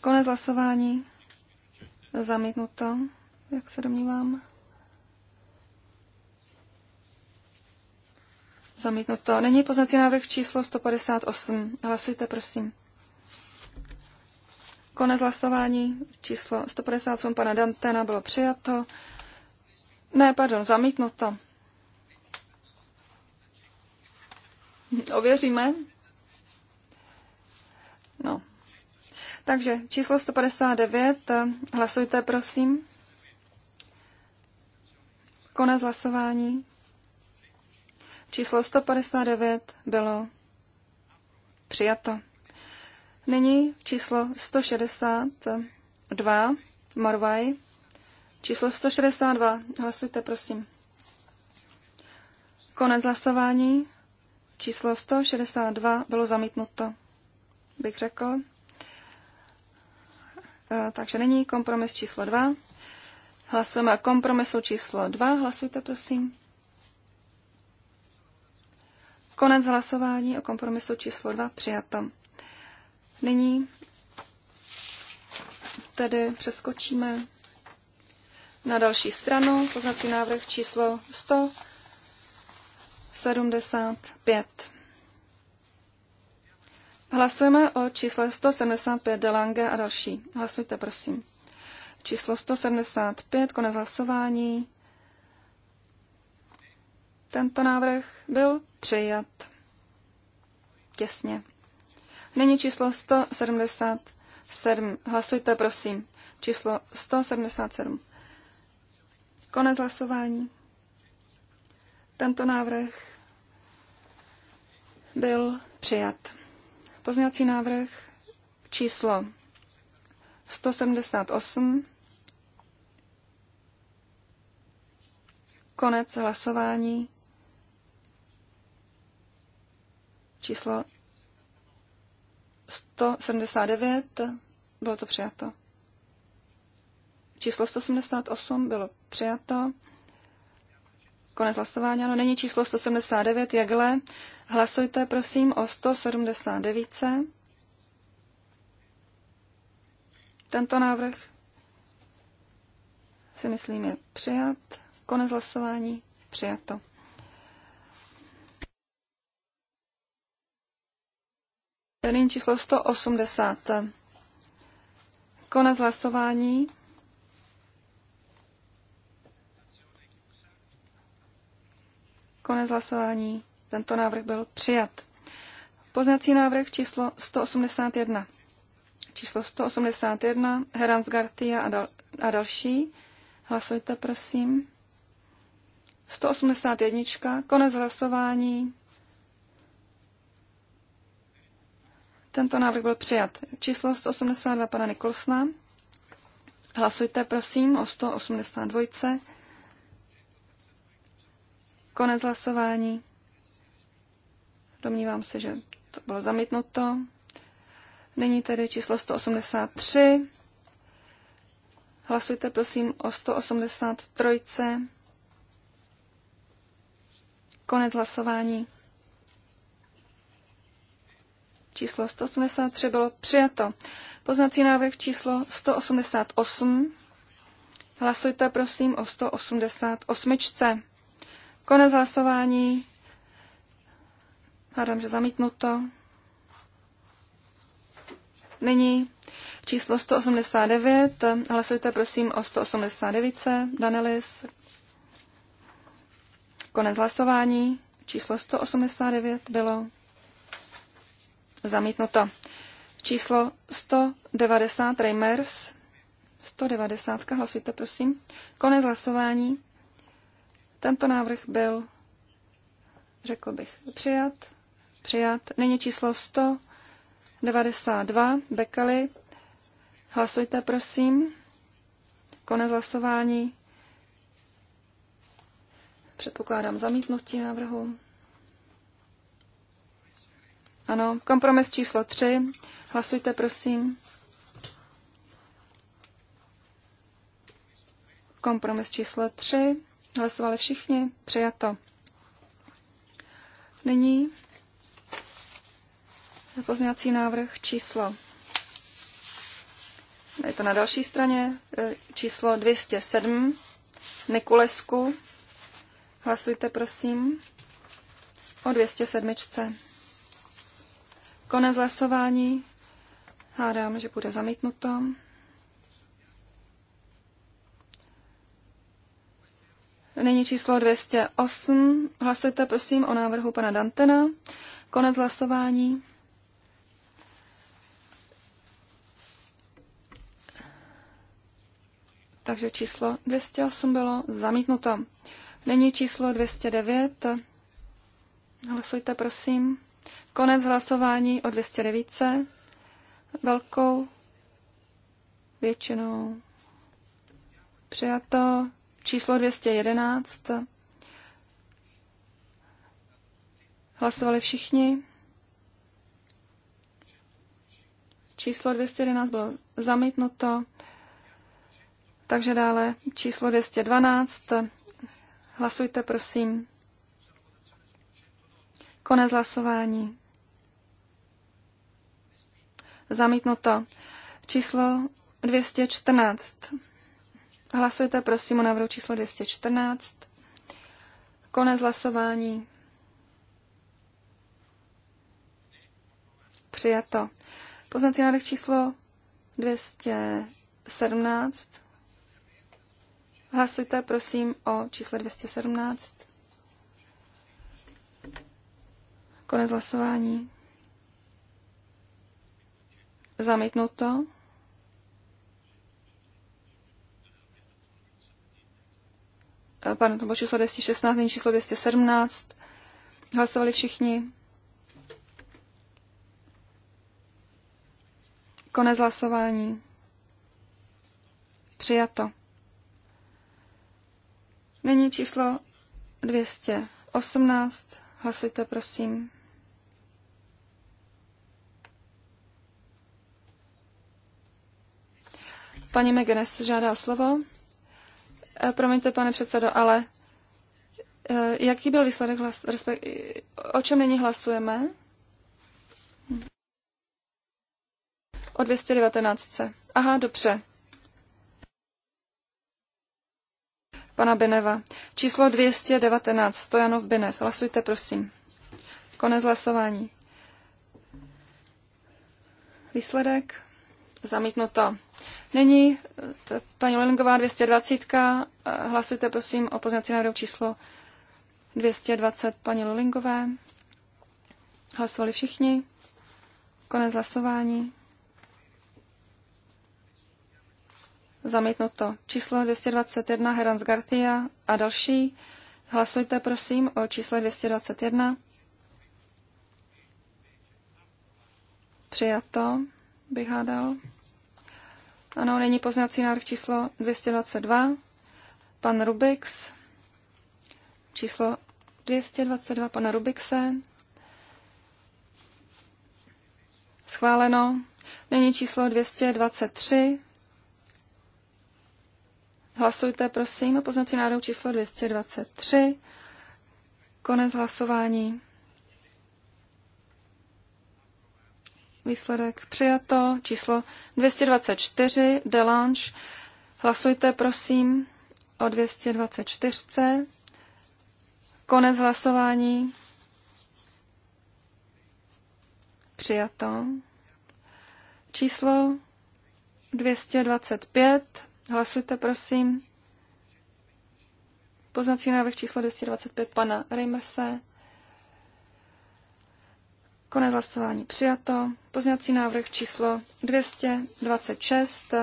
Konec hlasování. Zamítnuto, jak se domnívám. Zamítnuto. Není poznací návrh číslo 158. Hlasujte, prosím. Konec hlasování číslo 158 pana Dantena bylo přijato. Ne, pardon, zamítnuto. Ověříme. No. Takže číslo 159, hlasujte prosím. Konec hlasování. Číslo 159 bylo přijato. Nyní číslo 162 Morvaj. Číslo 162. Hlasujte, prosím. Konec hlasování. Číslo 162 bylo zamítnuto, bych řekl. E, takže nyní kompromis číslo 2. Hlasujeme o kompromisu číslo 2. Hlasujte, prosím. Konec hlasování o kompromisu číslo 2 přijato. Nyní tedy přeskočíme na další stranu, poznací návrh číslo 175. Hlasujeme o čísle 175 Delange a další. Hlasujte, prosím. Číslo 175, konec hlasování. Tento návrh byl přijat těsně. Nyní číslo 177. Hlasujte, prosím. Číslo 177. Konec hlasování. Tento návrh byl přijat. Pozměňovací návrh číslo 178. Konec hlasování. číslo 179, bylo to přijato. Číslo 178 bylo přijato. Konec hlasování, ano, není číslo 179, Jegle. Hlasujte, prosím, o 179. Tento návrh si myslím je přijat. Konec hlasování, přijato. Nyní číslo 180. Konec hlasování. Konec hlasování. Tento návrh byl přijat. Poznací návrh číslo 181. Číslo 181, Herans Gartia a, dal- a další. Hlasujte, prosím. 181. Konec hlasování. Tento návrh byl přijat. Číslo 182 pana Nikolsna. Hlasujte prosím o 182. Konec hlasování. Domnívám se, že to bylo zamítnuto. Nyní tedy číslo 183. Hlasujte prosím o 183. Konec hlasování číslo 183 bylo přijato. Poznací návrh číslo 188. Hlasujte prosím o 188. Konec hlasování. Hádám, že zamítnuto. Nyní číslo 189. Hlasujte prosím o 189. Danelis. Konec hlasování. Číslo 189 bylo Zamítnuto. Číslo 190 Reimers. 190, hlasujte prosím. Konec hlasování. Tento návrh byl, řekl bych, přijat. Přijat. Nyní číslo 192 Bekali. Hlasujte prosím. Konec hlasování. Předpokládám zamítnutí návrhu. Ano, kompromis číslo 3. Hlasujte, prosím. Kompromis číslo 3. Hlasovali všichni. Přijato. Nyní pozměňovací návrh číslo. Je to na další straně. E, číslo 207. Nikulesku. Hlasujte, prosím, o 207. Konec hlasování. Hádám, že bude zamítnuto. Nyní číslo 208. Hlasujte prosím o návrhu pana Dantena. Konec hlasování. Takže číslo 208 bylo zamítnuto. Nyní číslo 209. Hlasujte prosím. Konec hlasování o 209. Velkou většinou přijato. Číslo 211. Hlasovali všichni. Číslo 211 bylo zamítnuto. Takže dále číslo 212. Hlasujte, prosím. Konec hlasování. Zamítnuto. Číslo 214. Hlasujte prosím o návrhu číslo 214. Konec hlasování. Přijato. Poznací návrh číslo 217. Hlasujte prosím o číslo 217. Konec hlasování. Zamítnuto. Eh, Pardon, to bylo číslo 216, nyní číslo 217. Hlasovali všichni. Konec hlasování. Přijato. Nyní číslo 218. Hlasujte, prosím. Paní Megenes žádá o slovo. Eh, promiňte, pane předsedo, ale eh, jaký byl výsledek hlas, respekt, o čem nyní hlasujeme? O 219. Aha, dobře. Pana Beneva. Číslo 219. Stojanov Benev, Hlasujte, prosím. Konec hlasování. Výsledek Zamítnuto. Nyní eh, paní Lelingová 220. Eh, hlasujte prosím o pozměňovací návrhu číslo 220 paní Lulingové. Hlasovali všichni. Konec hlasování. Zamítnuto. Číslo 221 Herans Gartia a další. Hlasujte prosím o čísle 221. Přijato bych hádal. Ano, není poznací návrh číslo 222. Pan Rubix, číslo 222 pana Rubixe. Schváleno. Není číslo 223. Hlasujte, prosím, o poznací návrhu číslo 223. Konec hlasování. Výsledek přijato. Číslo 224, Delange. Hlasujte, prosím, o 224. Konec hlasování. Přijato. Číslo 225. Hlasujte, prosím. Poznací návrh číslo 225 pana Reimerse. Konec hlasování přijato. Pozněvací návrh číslo 226.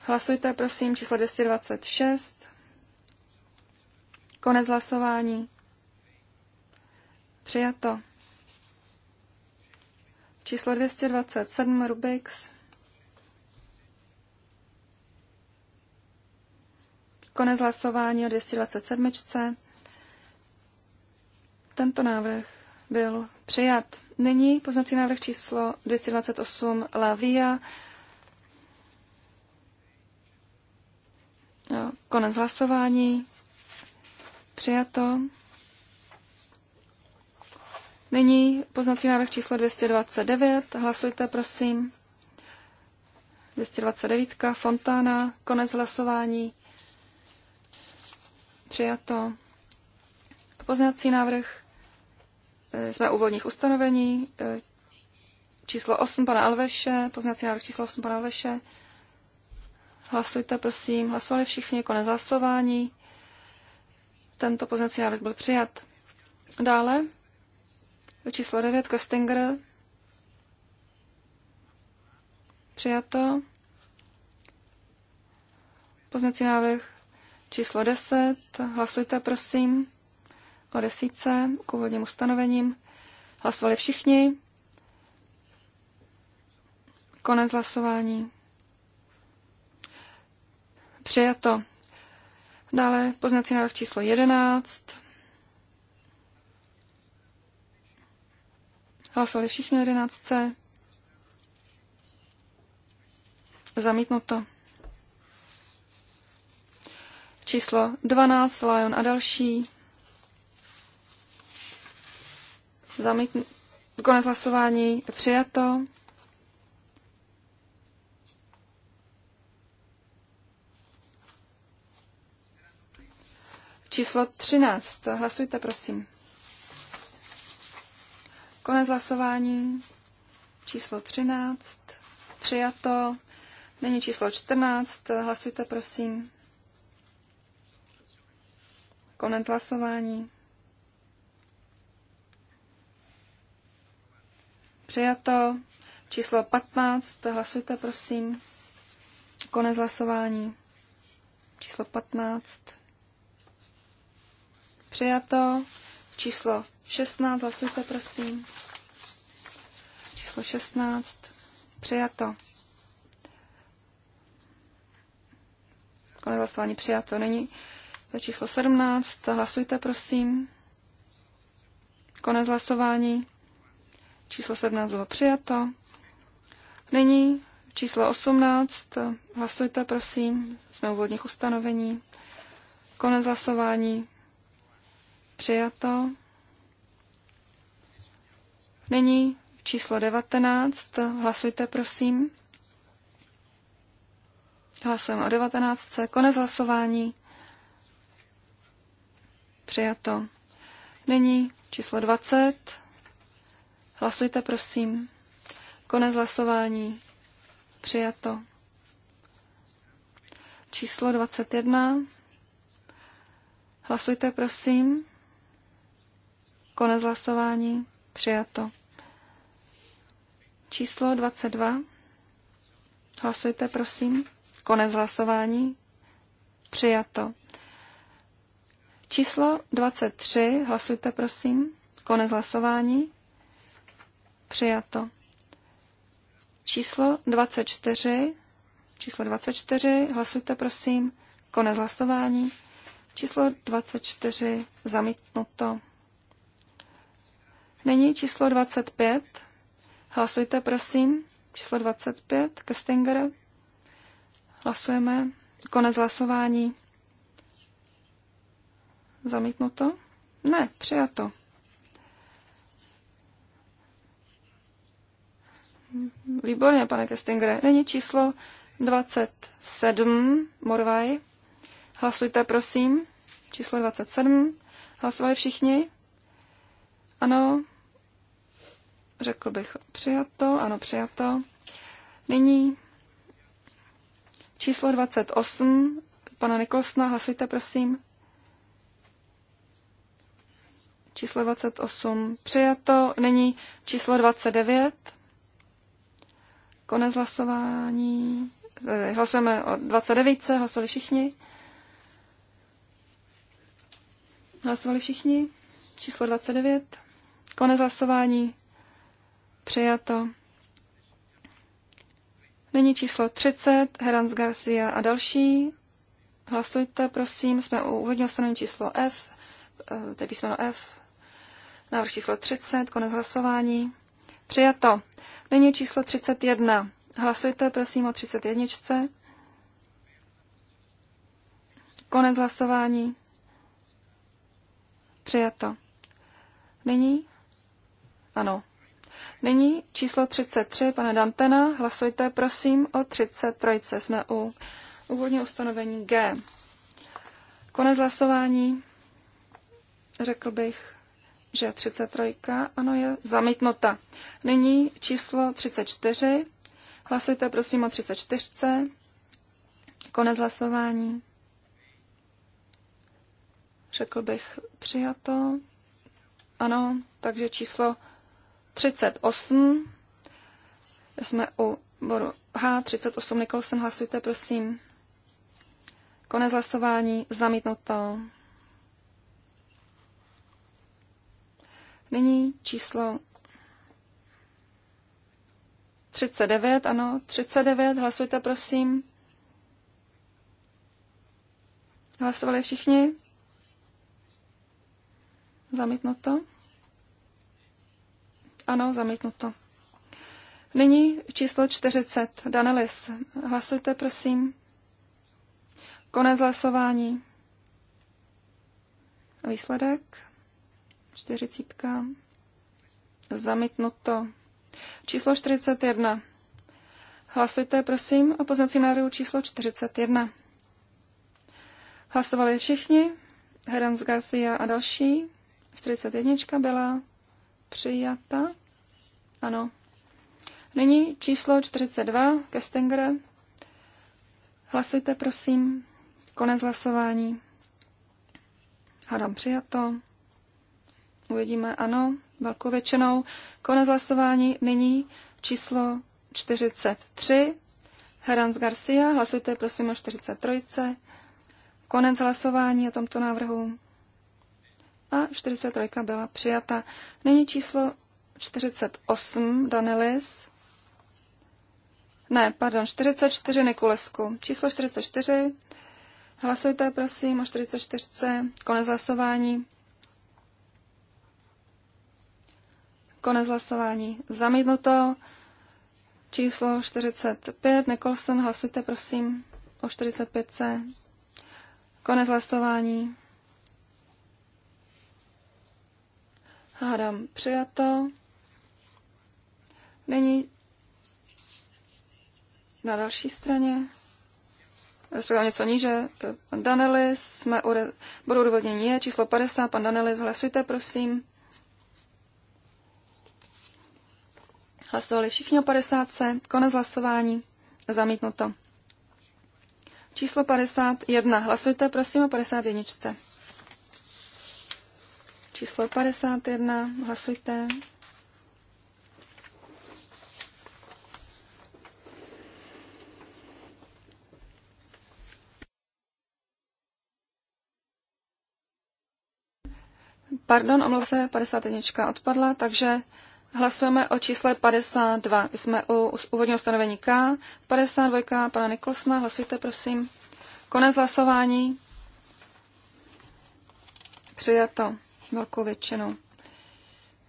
Hlasujte prosím číslo 226. Konec hlasování. Přijato. Číslo 227 Rubix. Konec hlasování o 227. Tento návrh byl přijat. Nyní poznací návrh číslo 228 Via. Konec hlasování. Přijato. Nyní poznací návrh číslo 229. Hlasujte, prosím. 229. Fontána. Konec hlasování. Přijato. Poznací návrh jsme eh, u volních ustanovení. Eh, číslo 8 pana Alveše, poznací návrh číslo 8 pana Alveše. Hlasujte, prosím. Hlasovali všichni, konec hlasování. Tento poznací návrh byl přijat. Dále číslo 9, Kostinger. Přijato. Poznací návrh číslo 10. Hlasujte, prosím o desíce k úvodním ustanovením. Hlasovali všichni. Konec hlasování. Přijato. Dále poznací návrh číslo 11. Hlasovali všichni 11. Zamítnuto. Číslo 12, Lion a další. Zamítnu. Konec hlasování přijato. Číslo 13. Hlasujte, prosím. Konec hlasování. Číslo 13. Přijato. Není číslo 14. Hlasujte, prosím. Konec hlasování. Přijato. Číslo 15. Hlasujte, prosím. Konec hlasování. Číslo 15. Přijato. Číslo 16. Hlasujte, prosím. Číslo 16. Přijato. Konec hlasování přijato. Není číslo 17. Hlasujte, prosím. Konec hlasování. Číslo 17 bylo přijato. Nyní číslo 18. Hlasujte, prosím. Jsme u vodních ustanovení. Konec hlasování. Přijato. Nyní číslo 19. Hlasujte, prosím. Hlasujeme o 19. Konec hlasování. Přijato. Nyní číslo 20. Hlasujte, prosím. Konec hlasování. Přijato. Číslo 21. Hlasujte, prosím. Konec hlasování. Přijato. Číslo 22. Hlasujte, prosím. Konec hlasování. Přijato. Číslo 23. Hlasujte, prosím. Konec hlasování. Přijato. Číslo 24. Číslo 24. Hlasujte, prosím. Konec hlasování. Číslo 24. Zamítnuto. Nyní číslo 25. Hlasujte, prosím. Číslo 25. Köstinger. Hlasujeme. Konec hlasování. Zamítnuto? Ne, přijato. Výborně, pane Kestingre, Není číslo 27, Morvaj. Hlasujte, prosím. Číslo 27. Hlasovali všichni? Ano. Řekl bych přijato, ano, přijato. Nyní číslo 28, pana Nikolsna, hlasujte, prosím. Číslo 28 přijato, nyní číslo 29. Konec hlasování. Eh, hlasujeme o 29. Hlasovali všichni. Hlasovali všichni. Číslo 29. Konec hlasování. Přijato. Nyní číslo 30. Herans Garcia a další. Hlasujte, prosím. Jsme u úvodního strany číslo F. Eh, to je písmeno F. Návrh číslo 30. Konec hlasování. Přijato. Nyní číslo 31. Hlasujte prosím o 31. Konec hlasování. Přijato. Nyní? Ano. Nyní číslo 33, pane Dantena, hlasujte prosím o 33. Jsme u úvodní ustanovení G. Konec hlasování, řekl bych, že 33, ano, je zamítnuta. Nyní číslo 34. Hlasujte prosím o 34. Konec hlasování. Řekl bych přijato. Ano, takže číslo 38. Jsme u bodu H38. Nikolsen, hlasujte prosím. Konec hlasování, zamítnuto. Nyní číslo 39, ano, 39, hlasujte prosím. Hlasovali všichni? Zamítnuto? Ano, zamítnuto. Nyní číslo 40. Danelis, hlasujte prosím. Konec hlasování. Výsledek? čtyřicítka, zamítnuto. Číslo 41. Hlasujte, prosím, o poznací návrhu číslo 41. Hlasovali všichni, Herans Garcia a další. 41 byla přijata. Ano. Nyní číslo 42, Kestinger. Hlasujte, prosím. Konec hlasování. Hadam přijato. Uvidíme ano, velkou většinou. Konec hlasování nyní číslo 43. Herans Garcia, hlasujte prosím o 43. Konec hlasování o tomto návrhu. A 43 byla přijata. Nyní číslo 48, Danelis. Ne, pardon, 44 Nikulesku. Číslo 44. Hlasujte prosím o 44. Konec hlasování. Konec hlasování. Zamítnuto. Číslo 45. Nicholson, hlasujte prosím o 45C. Konec hlasování. Hádám přijato. Není na další straně, respektive něco níže, pan Danelis, jsme u re... bodu odvodnění je číslo 50, pan Danelis, hlasujte prosím. Hlasovali všichni o 50. Konec hlasování. Zamítnuto. Číslo 51. Hlasujte prosím o 51. Číslo 51. Hlasujte. Pardon, omlouvám se, 51. odpadla, takže Hlasujeme o čísle 52. Jsme u úvodního stanovení K. 52. Pana Nikolsna. Hlasujte, prosím. Konec hlasování. Přijato velkou většinu.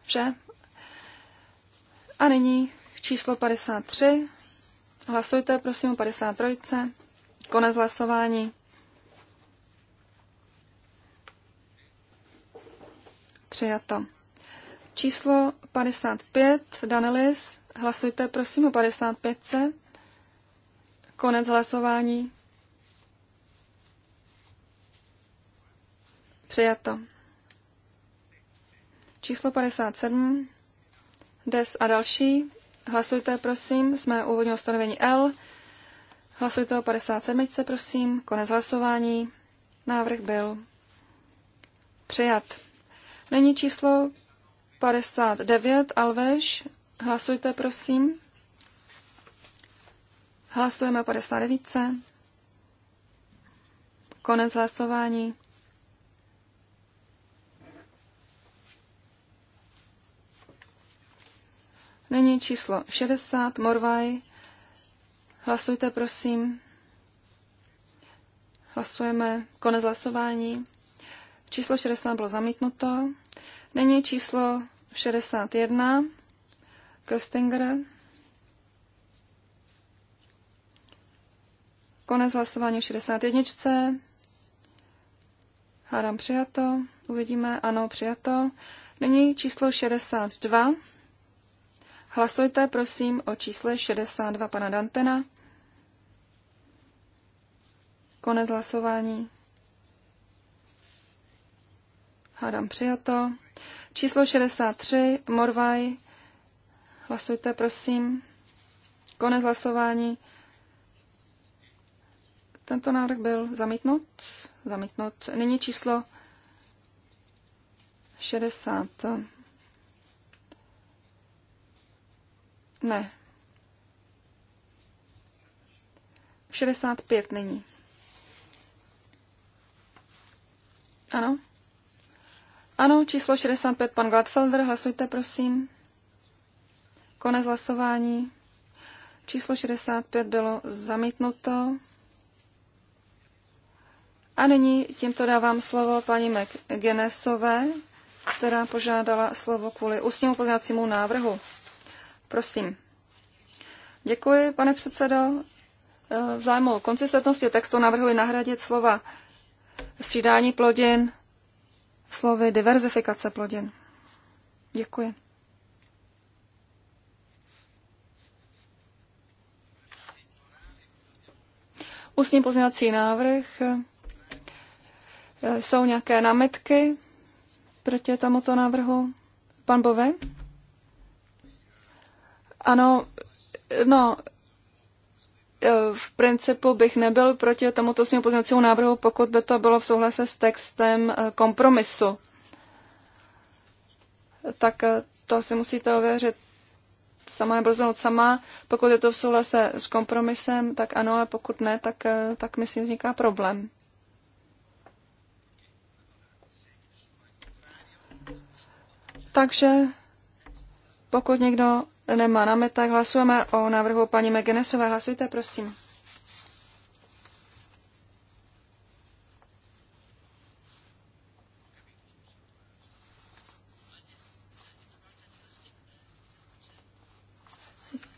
Vše. A nyní číslo 53. Hlasujte, prosím, o 53. Konec hlasování. Přijato. Číslo 55, Danelis, hlasujte prosím o 55. Konec hlasování. Přijato. Číslo 57, DES a další. Hlasujte, prosím, jsme úvodní ustanovení L. Hlasujte o 57, prosím. Konec hlasování. Návrh byl přijat. Není číslo 59 Alveš. Hlasujte, prosím. Hlasujeme o 59. Konec hlasování. Nyní číslo 60, Morvaj. Hlasujte, prosím. Hlasujeme. Konec hlasování. Číslo 60 bylo zamítnuto. Není číslo 61 Köstinger. Konec hlasování v 61. Hádám přijato. Uvidíme. Ano, přijato. Nyní číslo 62. Hlasujte, prosím, o čísle 62 pana Dantena. Konec hlasování. Hádám přijato. Číslo 63, Morvaj. Hlasujte, prosím. Konec hlasování. Tento návrh byl zamítnut. Zamítnut. Nyní číslo 60. Ne. 65 nyní. Ano? Ano, číslo 65, pan Gladfelder, hlasujte, prosím. Konec hlasování. Číslo 65 bylo zamítnuto. A nyní tímto dávám slovo paní McGenesové, která požádala slovo kvůli ústnímu pozdravacímu návrhu. Prosím. Děkuji, pane předsedo. V zájmu konsistentnosti textu navrhuji nahradit slova střídání plodin slovy diverzifikace plodin. Děkuji. Ústní pozměňovací návrh. Eh, jsou nějaké námitky proti tomuto návrhu? Pan Bove? Ano, no, Eh, v principu bych nebyl proti tomuto svým pozměňovacímu návrhu, pokud by to bylo v souhlase s textem eh, kompromisu. Tak eh, to si musíte ověřit sama nebo rozhodnout sama. Pokud je to v souhlase s kompromisem, tak ano, ale pokud ne, tak, tak myslím vzniká problém. Takže pokud někdo nemá námi, tak hlasujeme o návrhu paní Megenesové. Hlasujte, prosím.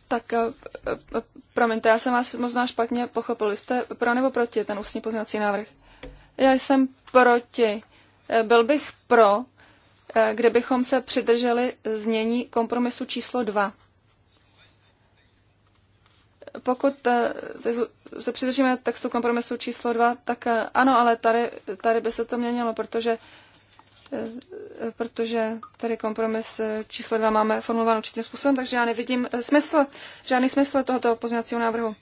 Tak, eh, eh, promiňte, já jsem vás možná špatně pochopil. Jste pro nebo proti ten ústní pozměňovací návrh? Já jsem proti. Eh, byl bych pro, kde bychom se přidrželi znění kompromisu číslo 2. Pokud eh, se přidržíme textu kompromisu číslo 2, tak eh, ano, ale tady, tady by se to měnilo, protože eh, protože tady kompromis číslo 2 máme formulovaný určitým způsobem, takže já nevidím smysl, žádný smysl tohoto pozměňovacího návrhu.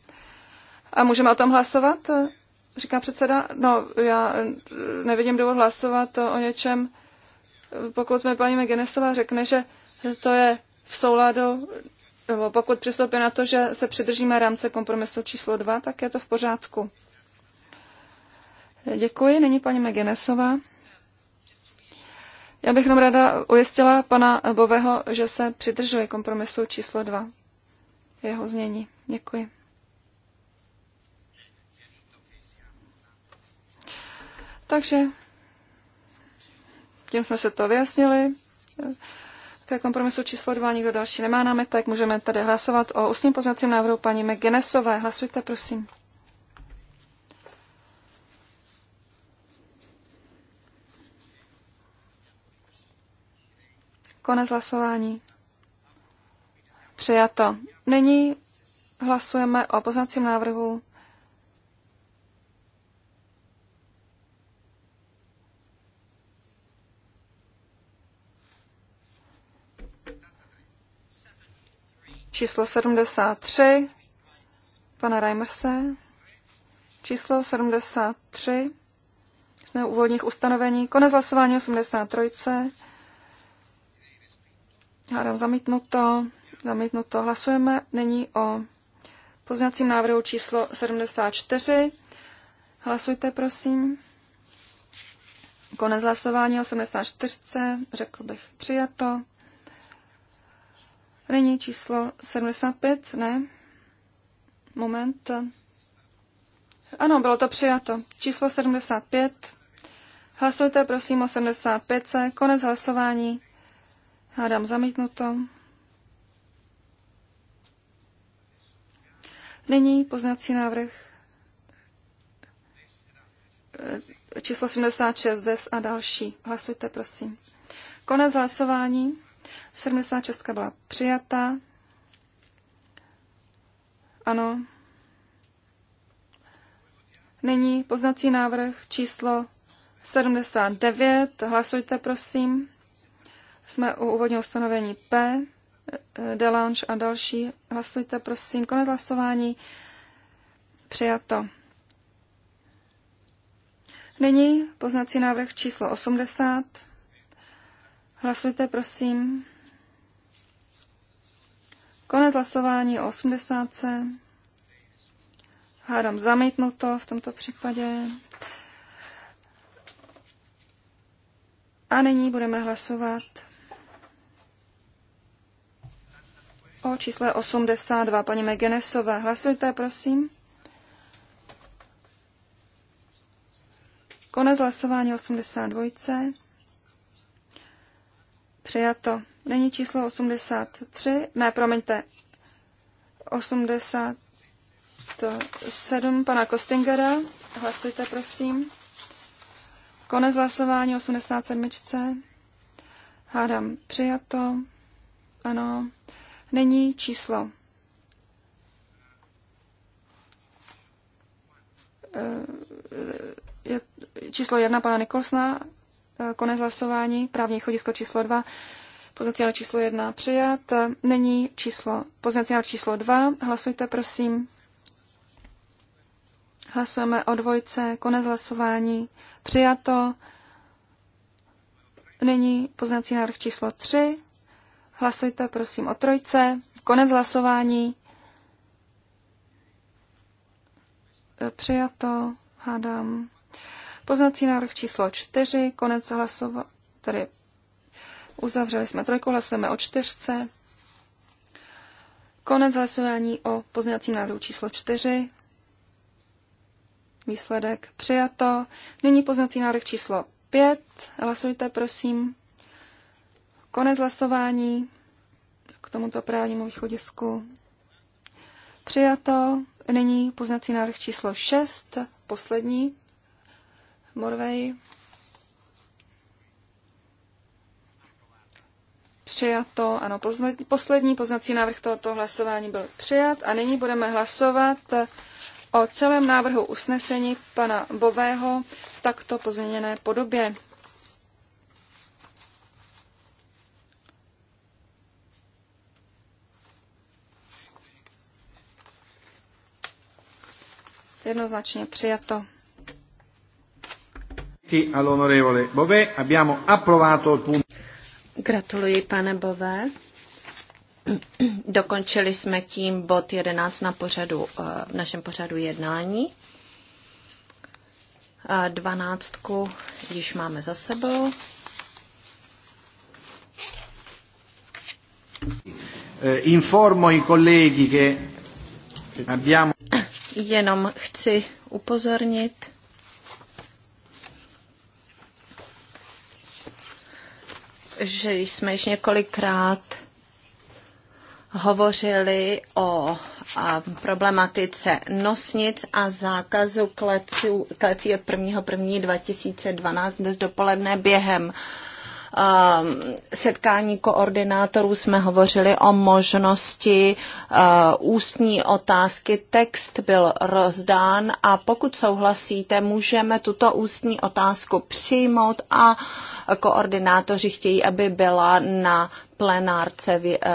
A můžeme o tom hlasovat? Říká předseda. No, já nevidím důvod hlasovat o něčem, pokud mi paní McGinnisová řekne, že to je v souladu, nebo pokud přistoupí na to, že se přidržíme rámce kompromisu číslo 2, tak je to v pořádku. Děkuji. Není paní McGinnisová. Já bych jenom ráda ujistila pana Bového, že se přidržuje kompromisu číslo 2. Jeho znění. Děkuji. Takže tím jsme se to vyjasnili. Ke kompromisu číslo 2 nikdo další nemá námitek. Můžeme tady hlasovat o ústním poznacím návrhu paní McGinnessové. Hlasujte, prosím. Konec hlasování. Přijato. Nyní hlasujeme o poznacím návrhu číslo 73 pana Reimerse. Číslo 73 jsme u úvodních ustanovení. Konec hlasování 83. Hádám zamítnuto. Zamítnuto. Hlasujeme nyní o pozněcím návrhu číslo 74. Hlasujte, prosím. Konec hlasování 84. Řekl bych přijato. Nyní číslo 75, ne? Moment. Ano, bylo to přijato. Číslo 75. Hlasujte prosím o 75. Konec hlasování. Hádám zamítnuto. Nyní poznací návrh eh, číslo 76 DES a další. Hlasujte, prosím. Konec hlasování. 76 byla přijata. Ano. Nyní poznací návrh číslo 79. Hlasujte, prosím. Jsme u úvodního ustanovení P. Delange a další. Hlasujte, prosím. Konec hlasování. Přijato. Nyní poznací návrh číslo 80. Hlasujte, prosím. Konec hlasování o 80. Hádám zamítnuto v tomto případě. A nyní budeme hlasovat o čísle 82. Paní Megenesové, hlasujte, prosím. Konec hlasování 82. Přijato. Není číslo 83, ne, promiňte, 87 pana Kostingera. Hlasujte, prosím. Konec hlasování 87. Hádám přijato. Ano. Není číslo. Eh, je číslo jedna pana Nikolsna. Eh, konec hlasování, právní chodisko číslo 2, poznací číslo 1 přijat, není číslo, poznací číslo 2, hlasujte prosím. Hlasujeme o dvojce, konec hlasování, přijato, není poznací návrh číslo 3, hlasujte prosím o trojce, konec hlasování, eh, přijato, hádám, Poznací návrh číslo 4, konec hlasování, tedy uzavřeli jsme trojku, hlasujeme o čtyřce. Konec hlasování o pozměňovacím návrhu číslo 4. Výsledek přijato. Nyní pozměňovací návrh číslo 5. Hlasujte, prosím. Konec hlasování k tomuto právnímu východisku. Přijato. Nyní poznací návrh číslo 6, poslední. Morvej. Přijato, ano, poslední poznací návrh tohoto hlasování byl přijat a nyní budeme hlasovat o celém návrhu usnesení pana Bového v takto pozměněné podobě. Jednoznačně přijato all'onorevole Bové. Abbiamo approvato il punto. Gratuluji, pane Bové. Dokončili jsme tím bod 11 na pořadu, eh, v našem pořadu jednání. Eh, dvanáctku již máme za sebou. Eh, informo i kolegy, že abbiamo... Jenom chci upozornit, že jsme již několikrát hovořili o a, problematice nosnic a zákazu klecí, klecí od 1.1.2012 dnes dopoledne během uh, Ehm, setkání koordinátorů jsme hovořili o možnosti eh, ústní otázky. Text byl rozdán a pokud souhlasíte, můžeme tuto ústní otázku přijmout a koordinátoři chtějí, aby byla na plenárce v, eh,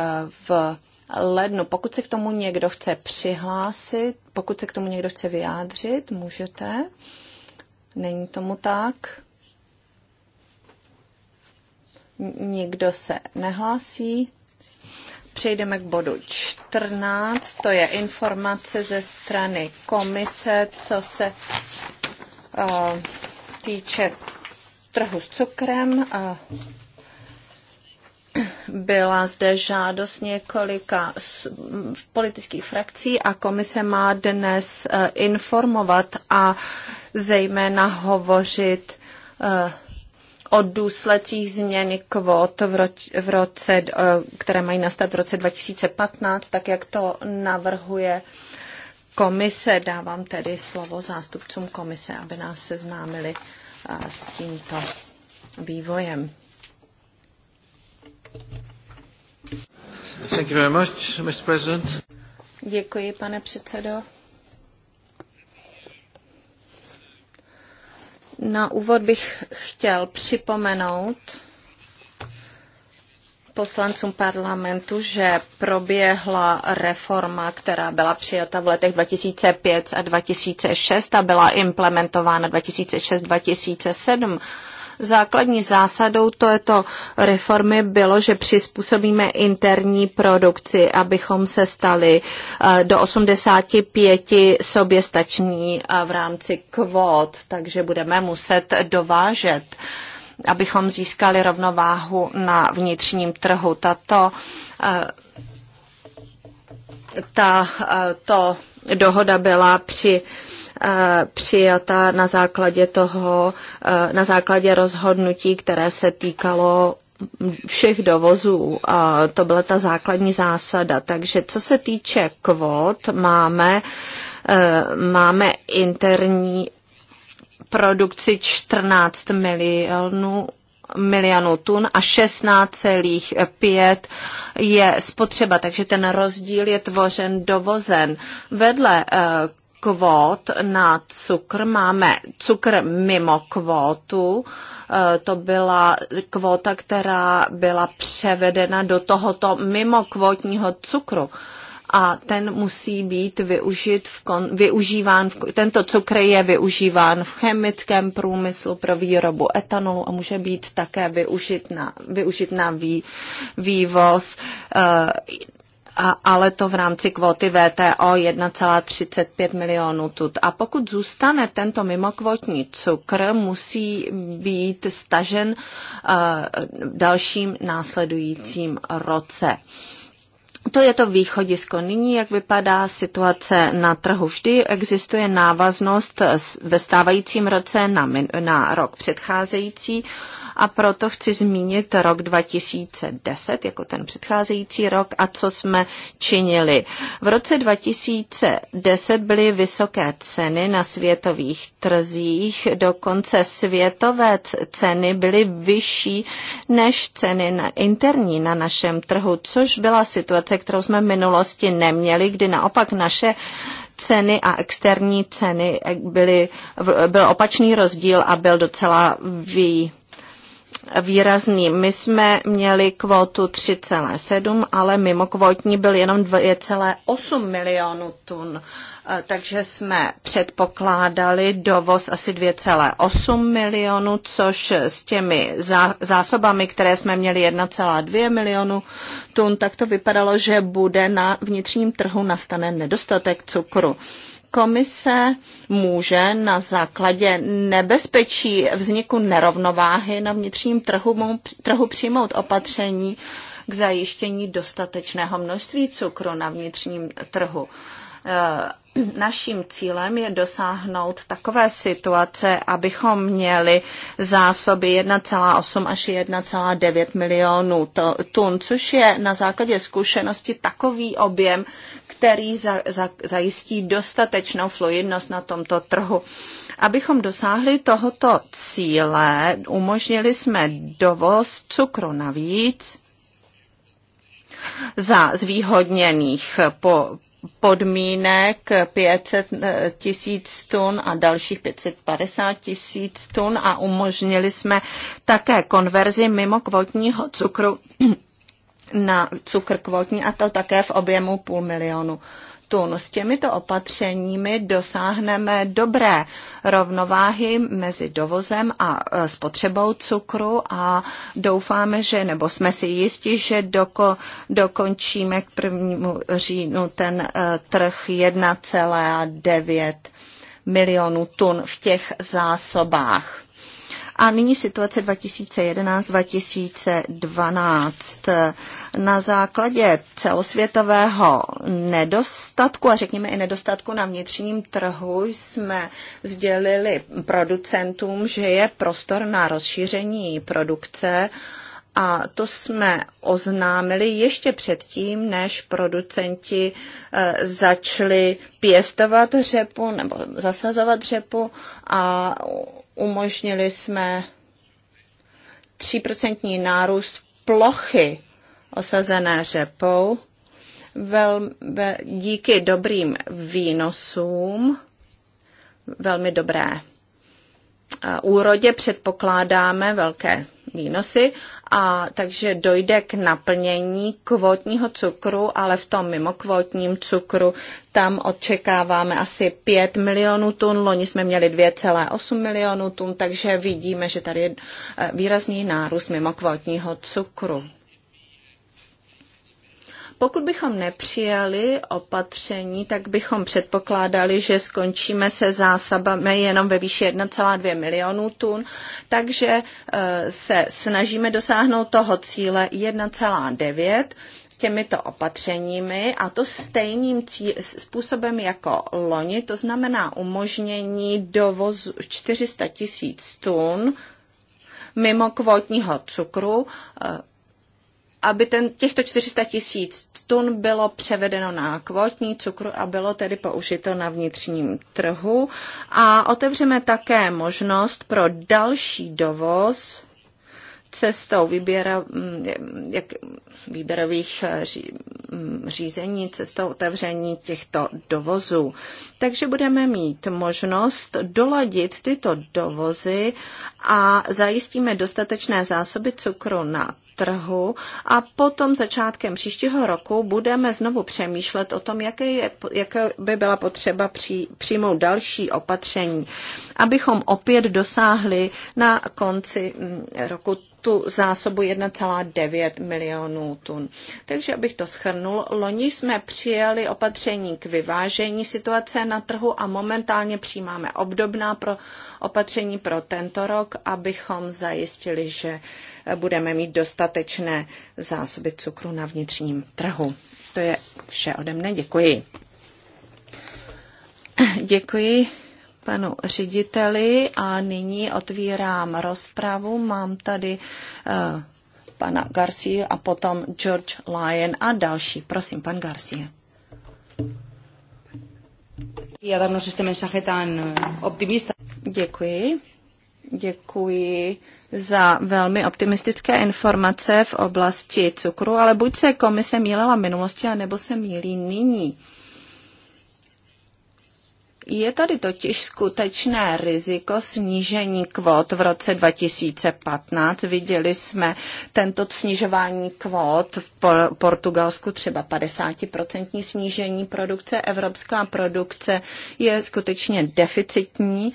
v lednu. Pokud se k tomu někdo chce přihlásit, pokud se k tomu někdo chce vyjádřit, můžete. Není tomu tak. Nikdo se nehlásí. Přejdeme k bodu 14, to je informace ze strany komise, co se uh, týče trhu s cukrem. Uh, byla zde žádost několika politických frakcí a komise má dnes eh, informovat a zejména hovořit o důsledcích změny kvót v, roce, v roce, eh, které mají nastat v roce 2015, tak jak to navrhuje komise. Dávám tedy slovo zástupcům komise, aby nás seznámili eh, s tímto vývojem. Thank you very much, Mr. President. Děkuji, pane předsedo. Na úvod bych chtěl připomenout poslancům parlamentu, že proběhla reforma, která byla přijata v letech 2005 a 2006 a byla implementována 2006-2007 Základní zásadou této reformy bylo, že přizpůsobíme interní produkci, abychom se stali eh, do 85 soběstační eh, v rámci kvót, takže budeme muset dovážet abychom získali rovnováhu na vnitřním trhu. Tato eh, ta, to dohoda byla při Eh, přijata na základě toho, eh, na základě rozhodnutí, které se týkalo všech dovozů. A to byla ta základní zásada. Takže co se týče kvot, máme, eh, máme interní produkci 14 milionů milionů tun a 16,5 je spotřeba, takže ten rozdíl je tvořen dovozen. Vedle kvót na cukr. Máme cukr mimo kvótu. E, to byla kvóta, která byla převedena do tohoto mimo kvótního cukru a ten musí být využit v kon, využíván, v, tento cukr je využíván v chemickém průmyslu pro výrobu etanolu a může být také využit na, využit na vý, vývoz. E, ale to v rámci kvóty VTO 1,35 milionů tut. A pokud zůstane tento mimokvotní cukr, musí být stažen eh, dalším následujícím roce. To je to východisko. Nyní, jak vypadá situace na trhu? Vždy existuje návaznost ve stávajícím roce na, na rok předcházející a proto chci zmínit rok 2010 jako ten předcházející rok a co jsme činili. V roce 2010 byly vysoké ceny na světových trzích, dokonce světové ceny byly vyšší než ceny na interní na našem trhu, což byla situace, kterou jsme v minulosti neměli, kdy naopak naše ceny a externí ceny eh, byly, byl opačný rozdíl a byl docela vý, výrazný. My jsme měli kvotu 3,7, ale mimo kvotní byl jenom 2,8 milionů tun eh, takže jsme předpokládali dovoz asi 2,8 milionů, což s těmi zásobami, které jsme měli 1,2 milionů tun, tak to vypadalo, že bude na vnitřním trhu nastane nedostatek cukru. Komise může na základě nebezpečí vzniku nerovnováhy na vnitřním trhu, trhu přijmout opatření k zajištění dostatečného množství cukru na vnitřním trhu. Eh, naším cílem je dosáhnout takové situace, abychom měli zásoby 1,8 až 1,9 milionů tun, což je na základě zkušenosti takový objem, který za, za, zajistí dostatečnou fluidnost na tomto trhu. Abychom dosáhli tohoto cíle, umožnili jsme dovoz cukru navíc za zvýhodněných po, podmínek 500 eh, tisíc tun a dalších 550 tisíc tun a umožnili jsme také konverzi mimo kvotního cukru na cukr kvotní a to také v objemu půl milionu tun. S těmito opatřeními dosáhneme dobré rovnováhy mezi dovozem a e, spotřebou cukru a doufáme, že, nebo jsme si jisti, že doko, dokončíme k prvnímu říjnu ten e, trh 1,9 milionů tun v těch zásobách. A nyní situace 2011-2012. Na základě celosvětového nedostatku a řekněme i nedostatku na vnitřním trhu jsme sdělili producentům, že je prostor na rozšíření produkce a to jsme oznámili ještě předtím, než producenti e, začali pěstovat řepu nebo zasazovat řepu a umožnili jsme 3% nárůst plochy osazené řepou vel, ve, díky dobrým výnosům, velmi dobré úrodě předpokládáme velké výnosy a takže dojde k naplnění kvotního cukru, ale v tom mimokvotním cukru tam očekáváme asi 5 milionů tun, loni jsme měli 2,8 milionů tun, takže vidíme, že tady je eh, výrazný nárůst mimokvotního cukru. Pokud bychom nepřijali opatření, tak bychom předpokládali, že skončíme se zásobami jenom ve výši 1,2 milionů tun, takže e, se snažíme dosáhnout toho cíle 1,9 těmito opatřeními a to stejným cí- způsobem jako loni, to znamená umožnění dovozu 400 tisíc tun mimo kvótního cukru e, aby ten, těchto 400 tisíc tun bylo převedeno na kvotní cukru a bylo tedy použito na vnitřním trhu. A otevřeme také možnost pro další dovoz cestou výběra, mm, jak, výběrových eh, mm, řízení, cestou otevření těchto dovozů. Takže budeme mít možnost doladit tyto dovozy a zajistíme dostatečné zásoby cukru na trhu a potom začátkem příštího roku budeme znovu přemýšlet o tom, jaké, je, jaké by byla potřeba při, přijmout další opatření, abychom opět dosáhli na konci mm, roku tu zásobu 1,9 milionů tun. Takže abych to schrnul, loni jsme přijali opatření k vyvážení situace na trhu a momentálně přijímáme obdobná pro opatření pro tento rok, abychom zajistili, že budeme mít dostatečné zásoby cukru na vnitřním trhu. To je vše ode mne. Děkuji. Děkuji panu řediteli a nyní otvírám rozpravu. Mám tady uh, pana Garcia a potom George Lyon a další. Prosím, pan Garcia. Eh, Děkuji. Děkuji za velmi optimistické informace v oblasti cukru, ale buď se komise mýlila minulosti, anebo se mílí nyní. Je tady totiž skutečné riziko snížení kvót v roce 2015. Viděli jsme tento snižování kvót v Portugalsku, třeba 50% snížení produkce. Evropská produkce je skutečně deficitní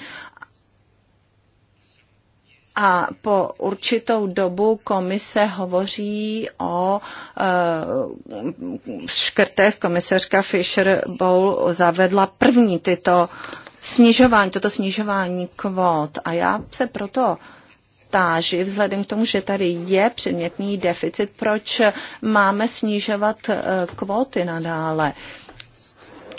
a po určitou dobu komise hovoří o eh, škrtech. Komisařka Fisher Bowl zavedla první tyto snižování, toto snižování kvót. A já se proto táži, vzhledem k tomu, že tady je předmětný deficit, proč máme snižovat eh, kvóty nadále.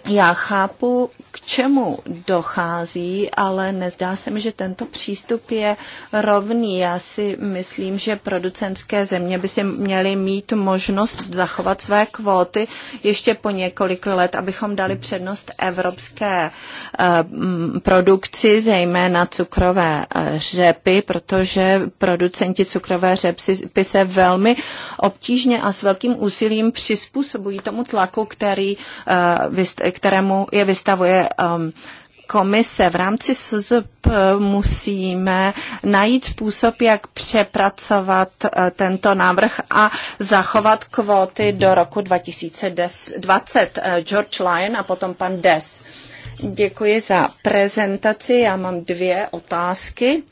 Já chápu k čemu dochází, ale nezdá se mi, že tento přístup je rovný. Já si myslím, že producentské země by si měly mít možnost zachovat své kvóty ještě po několik let, abychom dali přednost evropské eh, produkci, zejména cukrové eh, řepy, protože producenti cukrové řepy se velmi obtížně a s velkým úsilím přizpůsobují tomu tlaku, který, eh, kterému je vystavuje um, komise v rámci SZP musíme najít způsob, jak přepracovat uh, tento návrh a zachovat kvóty do roku 2020. Uh, George Lyon a potom pan Des. Děkuji za prezentaci. Já mám dvě otázky.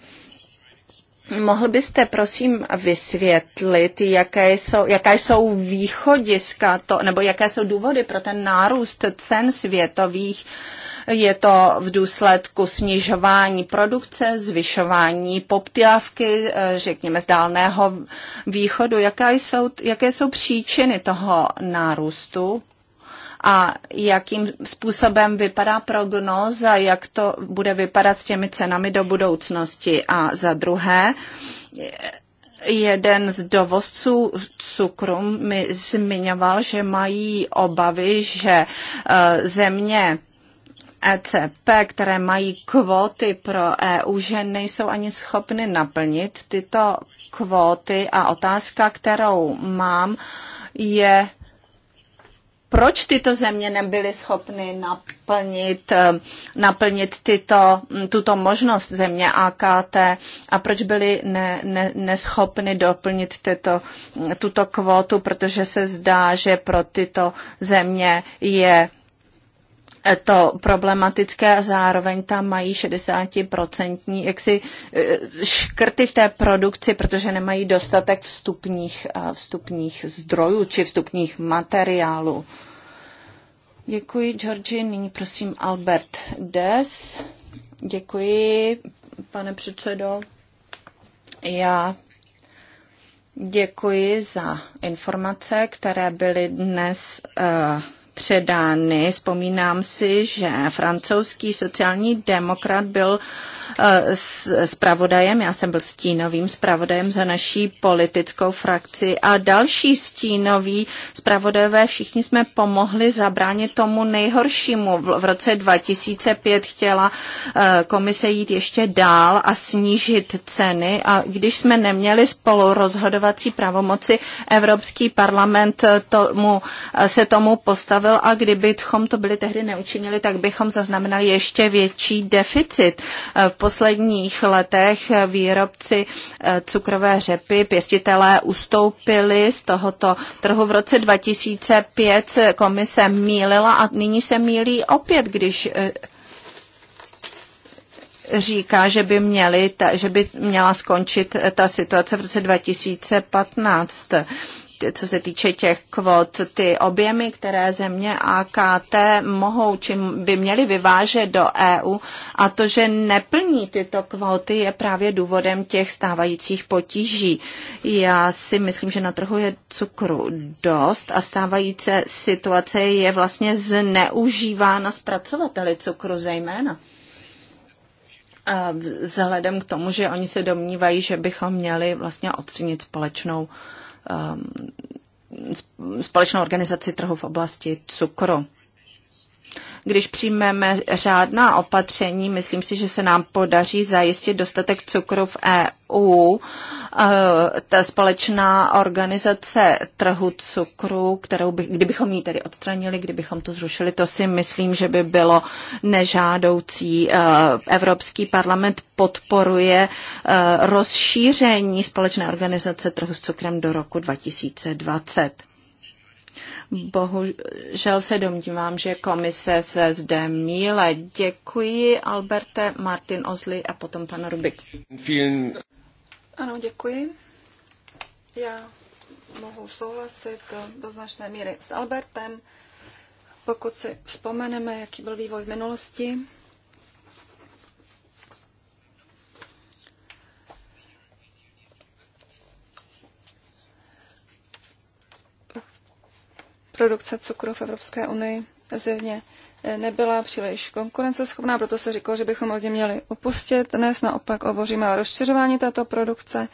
Mohl byste prosím vysvětlit, jaké jsou, jaká jsou východiska to, nebo jaké jsou důvody pro ten nárůst cen světových uh, je to v důsledku snižování produkce, zvyšování poptávky, eh, řekněme, z dálného východu. Jaké jsou, jaké jsou příčiny toho nárůstu? a jakým způsobem vypadá prognóza, jak to bude vypadat s těmi cenami do budoucnosti. A za druhé, jeden z dovozců cukru mi zmiňoval, že mají obavy, že eh, země ECP, které mají kvóty pro EU, že nejsou ani schopny naplnit tyto kvóty. A otázka, kterou mám, je, proč tyto země nebyly schopny naplnit, eh, naplnit tyto, mm, tuto možnost země AKT a proč byly ne, ne, neschopny doplnit tyto, mm, tuto kvotu, protože se zdá, že pro tyto země je to problematické a zároveň tam mají 60% jaksi e, škrty v té produkci, protože nemají dostatek vstupních, e, vstupních zdrojů či vstupních materiálů. Děkuji, Georgi. Nyní prosím Albert Des. Děkuji, pane předsedo. Já děkuji za informace, které byly dnes uh, předány. Vzpomínám si, že francouzský sociální demokrat byl eh, zpravodajem, já jsem byl stínovým zpravodajem za naší politickou frakci a další stínoví zpravodajové, všichni jsme pomohli zabránit tomu nejhoršímu. V roce 2005 chtěla eh, komise jít ještě dál a snížit ceny a když jsme neměli spolu rozhodovací pravomoci, Evropský parlament eh, tomu, se tomu postavil bohužel a kdybychom to byli tehdy neučinili, tak bychom zaznamenali ještě větší deficit. Eh, v posledních letech eh, výrobci eh, cukrové řepy, pěstitelé ustoupili z tohoto trhu. V roce 2005 komise mílila a nyní se mílí opět, když říká, že by, měli, že by měla skončit ta situace v roce 2015 co se týče těch kvot, ty objemy, které země AKT mohou, či by měly vyvážet do EU a to, že neplní tyto kvóty, je právě důvodem těch stávajících potíží. Já si myslím, že na trhu je cukru dost a stávající situace je vlastně zneužívána zpracovateli cukru zejména vzhledem k tomu, že oni se domnívají, že bychom měli vlastně odstřinit společnou Um, společnou organizaci trhu v oblasti cukru. Když přijmeme řádná opatření, myslím si, že se nám podaří zajistit dostatek cukru v EU. Eh, ta společná organizace trhu cukru, kterou by, kdybychom ji tedy odstranili, kdybychom to zrušili, to si myslím, že by bylo nežádoucí. Eh, Evropský parlament podporuje eh, rozšíření společné organizace trhu s cukrem do roku 2020. Bohužel se domnívám, že komise se zde míle. Děkuji, Alberte, Martin Ozli a potom pan Rubik. Ano, děkuji. Já mohu souhlasit do značné míry s Albertem. Pokud si vzpomeneme, jaký byl vývoj v minulosti, produkce cukru v Evropské unii zjevně eh, nebyla příliš konkurenceschopná, proto se říkalo, že bychom od ní měli upustit. Dnes naopak hovoříme o rozšiřování této produkce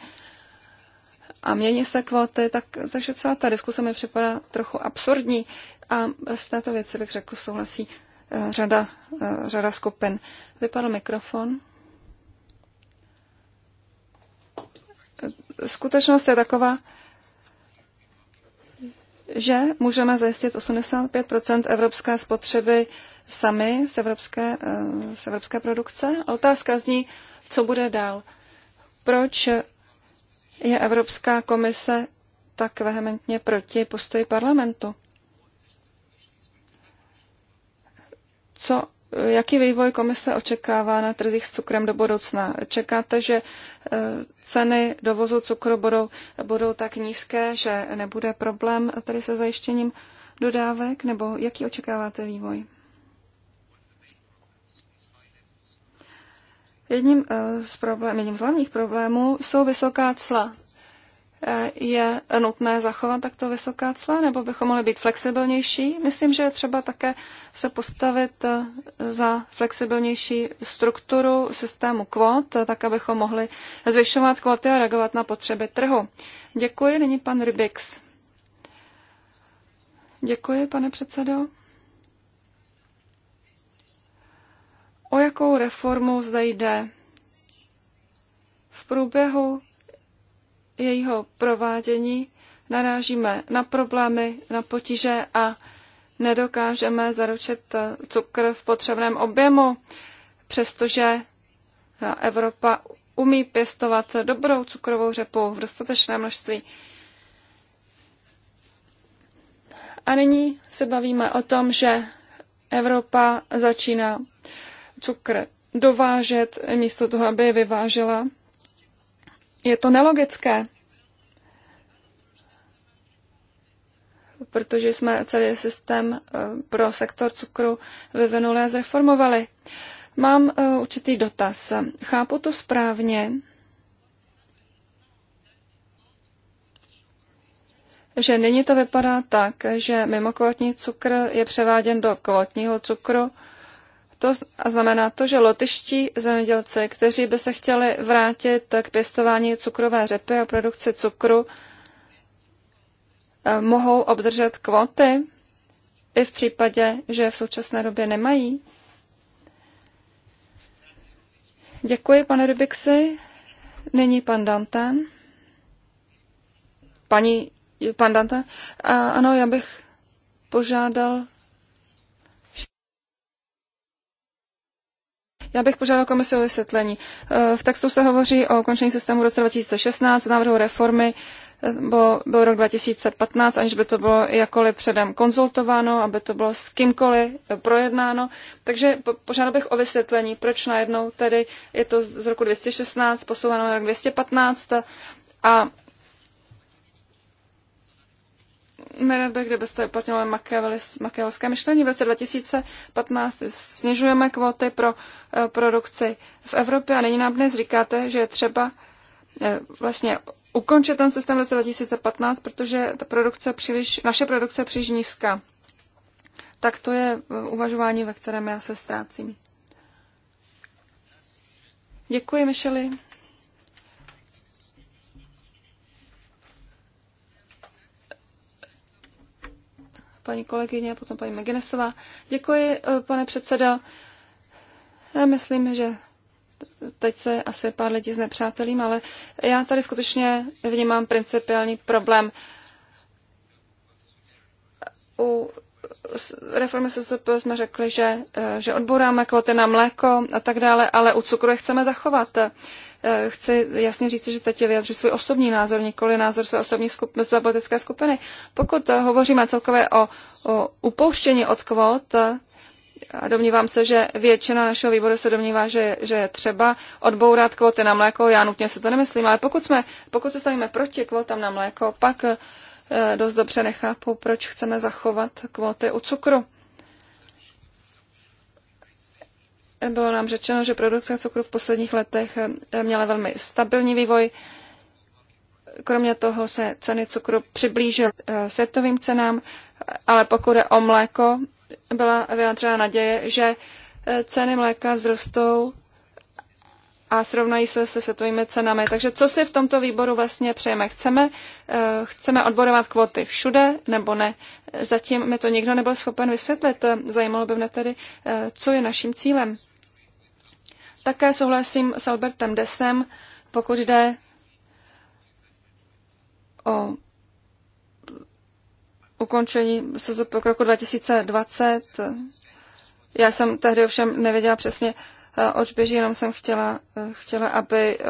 a mění se kvóty, tak zaše celá ta diskuse mi připadá trochu absurdní a v této věci bych řekl souhlasí eh, řada, eh, řada skupin. Vypadl mikrofon. Skutečnost je taková, že můžeme zajistit 85 evropské spotřeby sami z evropské, eh, z evropské produkce. A otázka zní, co bude dál. Proč je Evropská komise tak vehementně proti postoji parlamentu? Co Jaký vývoj komise očekává na trzích s cukrem do budoucna? Čekáte, že e, ceny dovozu cukru budou, budou tak nízké, že nebude problém tady se zajištěním dodávek, nebo jaký očekáváte vývoj? Jedním e, z, problém, jedním z hlavních problémů jsou vysoká cla je nutné zachovat takto vysoká cla, nebo bychom mohli být flexibilnější. Myslím, že je třeba také se postavit eh, za flexibilnější strukturu systému kvot, eh, tak abychom mohli zvyšovat kvoty a reagovat na potřeby trhu. Děkuji, nyní pan Rybix. Děkuji, pane předsedo. O jakou reformu zde jde? V průběhu jejího provádění narážíme na problémy, na potíže a nedokážeme zaručit eh, cukr v potřebném objemu, přestože eh, Evropa umí pěstovat dobrou cukrovou řepu v dostatečné množství. A nyní se bavíme o tom, že Evropa začíná cukr dovážet místo toho, aby je vyvážela je to nelogické, protože jsme celý systém eh, pro sektor cukru vyvinuli a zreformovali. Mám eh, určitý dotaz. Chápu to správně, že nyní to vypadá tak, že mimokvotní cukr je převáděn do kvotního cukru to znamená to, že lotyští zemědělci, kteří by se chtěli vrátit k pěstování cukrové řepy a produkci cukru, eh, mohou obdržet kvóty i v případě, že v současné době nemají. Děkuji, pane Rybixi. Nyní pan Dantan. Paní, pan Dantan. A ano, já bych požádal Já bych požádal komisi o vysvětlení. Eh, v textu se hovoří o ukončení systému v roce 2016, v návrhu reformy eh, bylo, byl rok 2015, aniž by to bylo jakkoliv předem konzultováno, aby to bylo s kýmkoliv eh, projednáno. Takže požádal bych o vysvětlení, proč najednou tedy je to z roku 216 posouváno na rok 215 a nerad bych, kdybyste uplatňovali makiavelské myšlení. V roce 2015 snižujeme kvóty pro eh, produkci v Evropě a nyní nám dnes říkáte, že je třeba eh, vlastně ukončit ten systém v roce 2015, protože ta produkce příliš, naše produkce je příliš nízká. Tak to je eh, uvažování, ve kterém já se ztrácím. Děkuji, Michely. paní kolegyně, potom paní Meginesová. Děkuji, eh, pane předseda. Já myslím, že teď se asi pár lidí nepřátelím, ale já tady skutečně vnímám principiální problém u reformy SZP jsme řekli, že, eh, že odbouráme kvoty na mléko a tak dále, ale u cukru je chceme zachovat. Eh, chci jasně říct, že teď vyjadřuji svůj osobní názor, nikoli názor své osobní skupiny, své politické skupiny. Pokud eh, hovoříme celkově o, o upouštění od kvot, a domnívám se, že většina našeho výboru se domnívá, že, že je třeba odbourat kvoty na mléko. Já nutně si to nemyslím, ale pokud, jsme, pokud se stavíme proti kvotám na mléko, pak Eh, dost dobře nechápou, proč chceme zachovat kvóty u cukru. Bylo nám řečeno, že produkce cukru v posledních letech eh, měla velmi stabilní vývoj. Kromě toho se ceny cukru přiblížily eh, světovým cenám, ale pokud je o mléko, byla vyjádřena naděje, že ceny mléka vzrostou a srovnají se se světovými cenami. Takže co si v tomto výboru vlastně přejeme? Chceme, eh, chceme odborovat kvoty všude nebo ne? Zatím mi to nikdo nebyl schopen vysvětlit. Zajímalo by mě tedy, eh, co je naším cílem. Také souhlasím s Albertem Desem, pokud jde o ukončení SZP roku 2020. Já jsem tehdy ovšem nevěděla přesně, Eh, oč běží, jenom jsem chtěla, eh, chtěla, aby eh,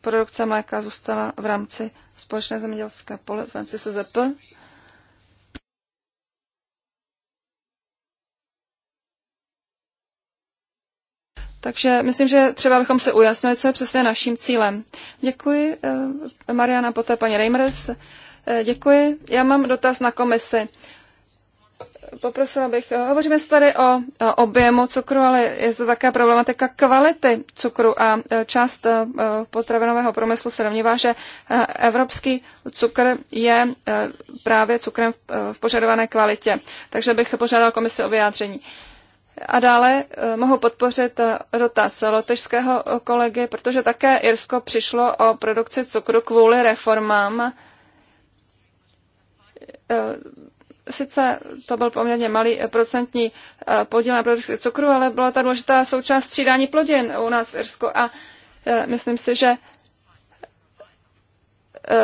produkce mléka zůstala v rámci společné zemědělské pole, v rámci SZP. Takže myslím, že třeba bychom se ujasnili, co je přesně naším cílem. Děkuji, Mariana, poté paní Reimers. Děkuji. Já mám dotaz na komisi poprosila bych, eh, hovoříme se tady o eh, objemu cukru, ale je zde také problematika kvality cukru a eh, část potravinového průmyslu se domnívá, že evropský cukr je právě cukrem v požadované kvalitě. Takže bych požádal komisi o vyjádření. A dále mohu podpořit dotaz lotežského kolegy, protože také Irsko přišlo o produkci cukru kvůli reformám sice to byl poměrně malý eh, procentní eh, podíl na produkci cukru, ale byla ta důležitá součást střídání plodin u nás v Irsku a eh, myslím si, že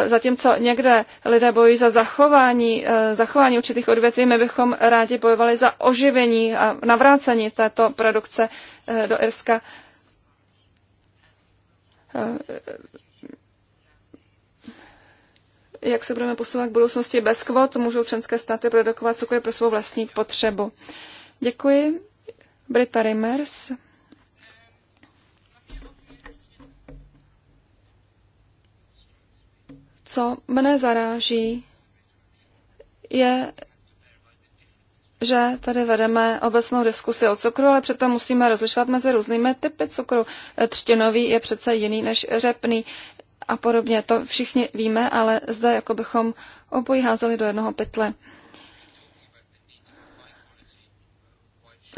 zatímco někde lidé bojují za zachování, zachování určitých odvětví, my bychom rádi bojovali za oživení a navrácení této produkce do Irska jak se budeme posouvat k budoucnosti bez kvot, můžou členské státy produkovat cokoliv pro svou vlastní potřebu. Děkuji. Brita Rimmers. Co mne zaráží, je, že tady vedeme obecnou diskusi o cukru, ale přitom musíme rozlišovat mezi různými typy cukru. Třtinový je přece jiný než řepný a podobně. To všichni víme, ale zde jako bychom obojí házeli do jednoho pytle.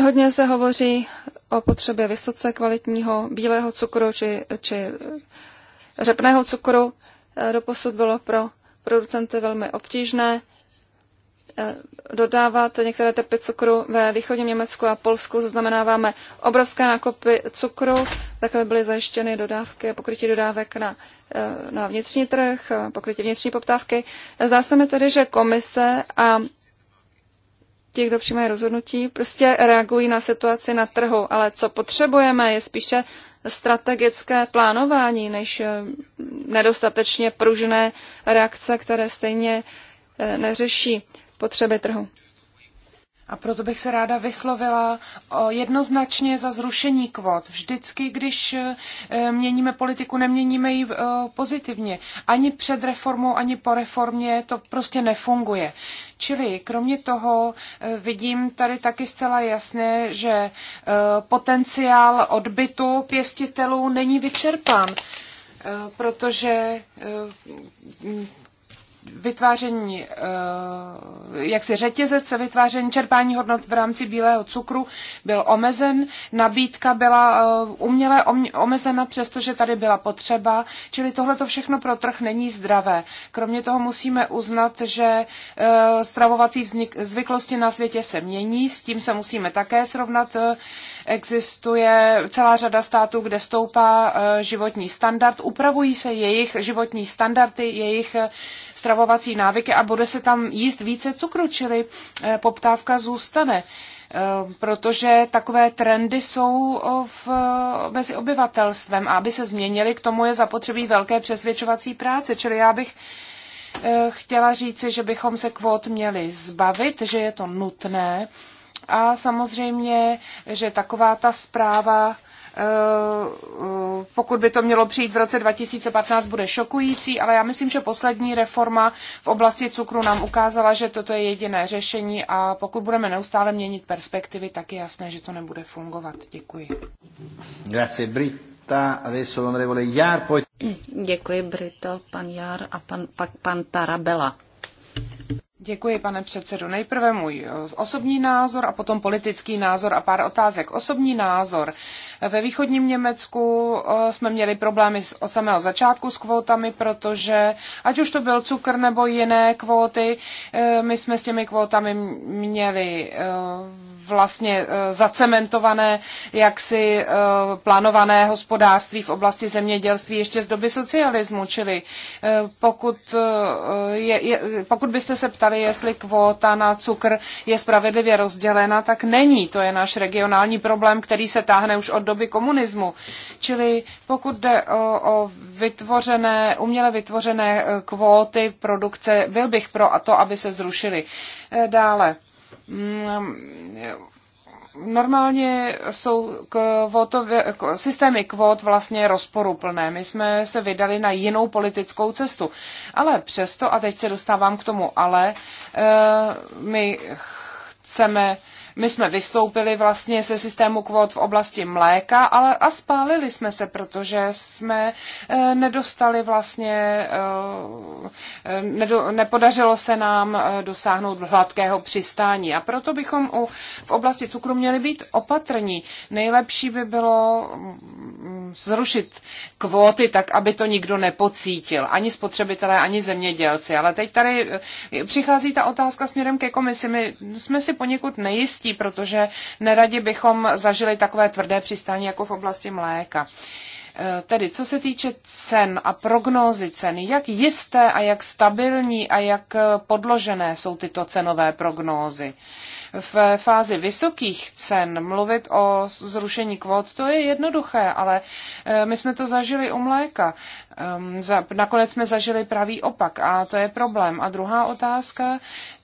Hodně se hovoří o potřebě vysoce kvalitního bílého cukru či, či řepného cukru. E, doposud bylo pro producenty velmi obtížné Eh, dodávat některé typy cukru ve východním Německu a Polsku. Zaznamenáváme obrovské nákupy cukru, tak aby byly zajištěny dodávky, pokrytí dodávek na, eh, na vnitřní trh, eh, pokrytí vnitřní poptávky. Zdá se mi tedy, že komise a ti, kdo přijímají rozhodnutí, prostě reagují na situaci na trhu, ale co potřebujeme je spíše strategické plánování, než nedostatečně pružné reakce, které stejně neřeší potřeby trhu. A proto bych se ráda vyslovila jednoznačně za zrušení kvot. Vždycky, když e, měníme politiku, neměníme ji e, pozitivně. Ani před reformou, ani po reformě to prostě nefunguje. Čili kromě toho e, vidím tady taky zcela jasně, že potenciál odbytu pěstitelů není vyčerpán protože vytváření, eh, jaksi řetězec vytváření čerpání hodnot v rámci bílého cukru byl omezen, nabídka byla eh, uměle omezena, přestože tady byla potřeba, čili tohle to všechno pro trh není zdravé. Kromě toho musíme uznat, že eh, stravovací vznik, zvyklosti na světě se mění, s tím se musíme také srovnat. Existuje celá řada států, kde stoupá životní standard, upravují se jejich životní standardy, jejich stravovací návyky a bude se tam jíst více cukru, čili eh, poptávka zůstane eh, protože takové trendy jsou v, mezi obyvatelstvem a aby se změnily, k tomu je zapotřebí velké přesvědčovací práce. Čili já bych eh, chtěla říci, že bychom se kvót měli zbavit, že je to nutné a samozřejmě, že taková ta zpráva Eh, eh, pokud by to mělo přijít v roce 2015, bude šokující, ale já myslím, že poslední reforma v oblasti cukru nám ukázala, že toto je jediné řešení a pokud budeme neustále měnit perspektivy, tak je jasné, že to nebude fungovat. Děkuji. Grazie, Britta. Adesso Jar, poi... Děkuji, Brito, pan Jar a pan, pak pan Tarabela. Děkuji, pane předsedu. Nejprve můj eh, osobní názor a potom politický názor a pár otázek. Osobní názor. Ve východním Německu eh, jsme měli problémy od samého začátku s kvótami, protože ať už to byl cukr nebo jiné kvóty, eh, my jsme s těmi kvótami měli vlastně eh, zacementované jaksi eh, plánované hospodářství v oblasti zemědělství ještě z doby socialismu, čili eh, pokud, je, je, pokud byste se ptali, jestli kvóta na cukr je spravedlivě rozdělena, tak není. To je náš regionální problém, který se táhne už od doby komunismu. Čili pokud jde o, o vytvořené, uměle vytvořené kvóty produkce, byl bych pro a to, aby se zrušily. Dále Mm, normálně jsou kvotově, systémy kvót vlastně rozporuplné. My jsme se vydali na jinou politickou cestu. Ale přesto, a teď se dostávám k tomu ale, eh, my chceme my jsme vystoupili vlastně se systému kvót v oblasti mléka ale a spálili jsme se, protože jsme eh, nedostali vlastně, eh, eh, nepodařilo se nám dosáhnout hladkého přistání. A proto bychom u, v oblasti cukru měli být opatrní. Nejlepší by bylo mm, zrušit kvóty tak, aby to nikdo nepocítil. Ani spotřebitelé, ani zemědělci. Ale teď tady přichází ta otázka směrem ke komisi. My jsme si poněkud nejistí, oblastí, protože neradi bychom zažili takové tvrdé přistání jako v oblasti mléka. E, tedy, co se týče cen a prognózy cen, jak jisté a jak stabilní a jak e, podložené jsou tyto cenové prognózy? V fázi vysokých cen mluvit o zrušení kvót, to je jednoduché, ale e, my jsme to zažili u mléka. Nakonec jsme zažili pravý opak a to je problém. A druhá otázka,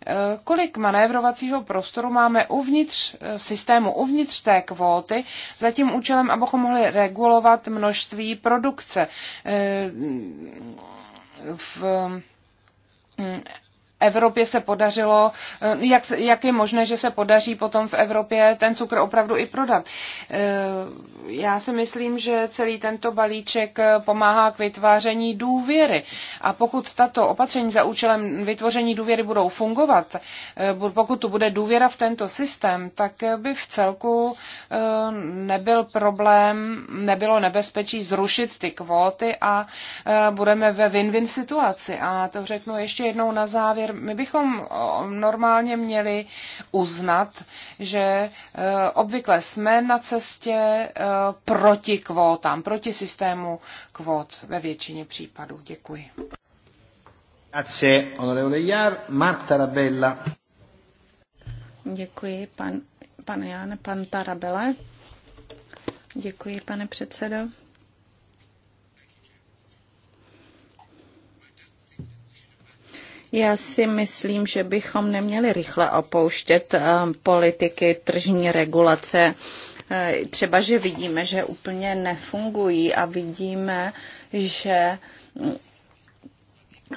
Eh, kolik manévrovacího prostoru máme uvnitř eh, systému, uvnitř té kvóty, za tím účelem, abychom mohli regulovat množství produkce. Eh, v mm, Evropě se podařilo, eh, jak, jak je možné, že se podaří potom v Evropě ten cukr opravdu i prodat. Eh, já si myslím, že celý tento balíček eh, pomáhá k vytváření důvěry. A pokud tato opatření za účelem vytvoření důvěry budou fungovat, pokud tu bude důvěra v tento systém, tak by v celku nebyl problém, nebylo nebezpečí zrušit ty kvóty a budeme ve win-win situaci. A to řeknu ještě jednou na závěr my bychom normálně měli uznat, že e, obvykle jsme na cestě e, proti kvótám, proti systému kvót ve většině případů. Děkuji. Grazie, onorevole Jar. Marta Rabella. Děkuji, pan, pan Jan, pan Tarabele. Děkuji, pane předsedo. Já si myslím, že bychom neměli rychle opouštět eh, politiky tržní regulace. Eh, třeba, že vidíme, že úplně nefungují a vidíme, že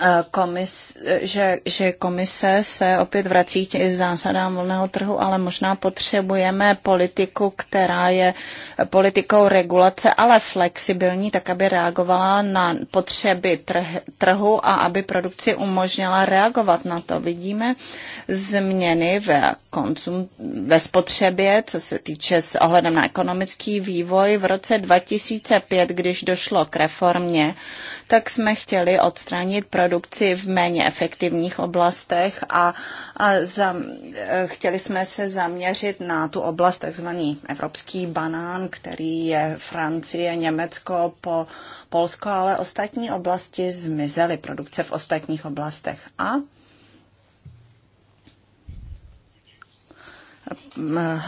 Eh, komis, že, že komise se opět vrací k zásadám volného trhu, ale možná potřebujeme politiku, která je politikou regulace, ale flexibilní, tak aby reagovala na potřeby trh, trhu a aby produkci umožnila reagovat na to. Vidíme změny ve, konzum, ve spotřebě, co se týče s ohledem na ekonomický vývoj. V roce 2005, když došlo k reformě, tak jsme chtěli odstranit pro produkci v méně efektivních oblastech a, a za, eh, chtěli jsme se zaměřit na tu oblast takzvaný evropský banán, který je Francie, Německo, po, Polsko, ale ostatní oblasti zmizely, produkce v ostatních oblastech. A eh,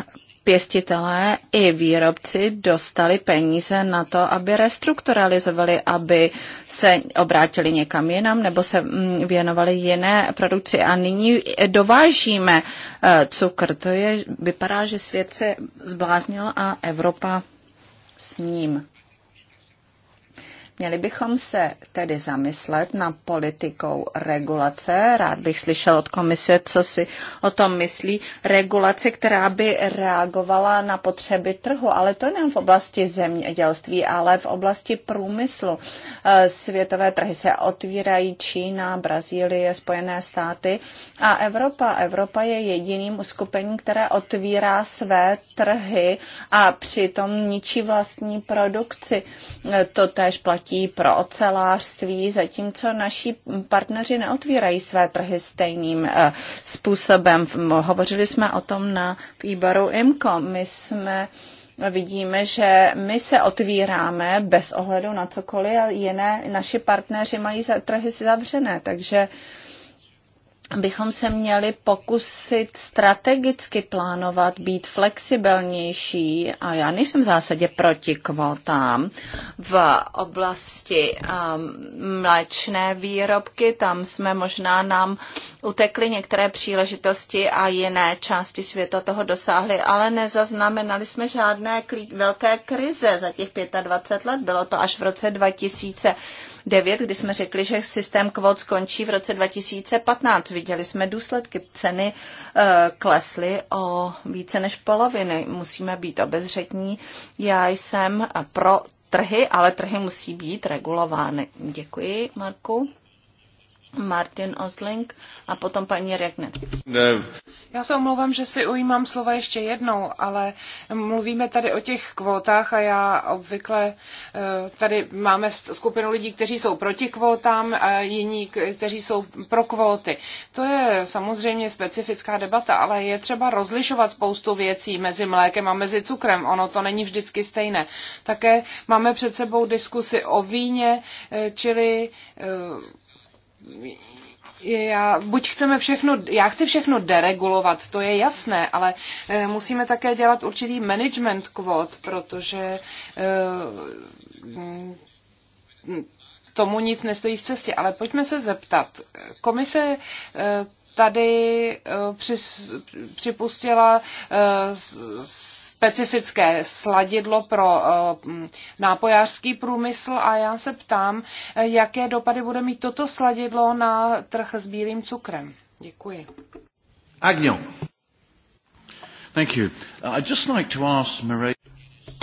pěstitelé i výrobci dostali peníze na to, aby restrukturalizovali, aby se obrátili někam jinam nebo se mm, věnovali jiné produkci. A nyní dovážíme eh, cukr. To je, vypadá, že svět se zbláznil a Evropa s ním. Měli bychom se tedy zamyslet na politikou regulace. Rád bych slyšel od komise, co si o tom myslí. Regulace, která by reagovala na potřeby trhu, ale to nejen v oblasti zemědělství, ale v oblasti průmyslu. E, světové trhy se otvírají Čína, Brazílie, Spojené státy a Evropa. Evropa je jediným uskupením, které otvírá své trhy a přitom ničí vlastní produkci. E, to též platí možností pro ocelářství, zatímco naši partneři neotvírají své trhy stejným eh, způsobem. Hovořili jsme o tom na výboru IMCO. My jsme vidíme, že my se otvíráme bez ohledu na cokoliv a jiné naši partneři mají trhy zavřené, takže uh, bychom se měli pokusit strategicky plánovat, být flexibilnější a já nejsem v zásadě proti kvotám v oblasti um, mléčné výrobky, tam jsme možná nám utekly některé příležitosti a jiné části světa toho dosáhly, ale nezaznamenali jsme žádné klí- velké krize za těch 25 let, bylo to až v roce 2000 2009, kdy jsme řekli, že systém kvot skončí v roce 2015. Viděli jsme důsledky. Ceny eh, klesly o více než poloviny. Musíme být obezřetní. Já jsem pro trhy, ale trhy musí být regulovány. Děkuji, Marku. Martin Osling a potom paní Regner. Ne. Já se omlouvám, že si ujímám slova ještě jednou, ale mluvíme tady o těch kvótách a já obvykle eh, tady máme skupinu lidí, kteří jsou proti kvótám a jiní, kteří jsou pro kvóty. To je samozřejmě specifická debata, ale je třeba rozlišovat spoustu věcí mezi mlékem a mezi cukrem. Ono to není vždycky stejné. Také máme před sebou diskusy o víně, eh, čili eh, já, buď chceme všechno, já chci všechno deregulovat, to je jasné, ale eh, musíme také dělat určitý management kvot, protože eh, tomu nic nestojí v cestě. Ale pojďme se zeptat. Komise eh, tady připustila specifické sladidlo pro eh, nápojářský průmysl a já se ptám, eh, jaké dopady bude mít toto sladidlo na trh s bílým cukrem. Děkuji. Agnion. Thank you. Uh, I'd just like to ask Marie...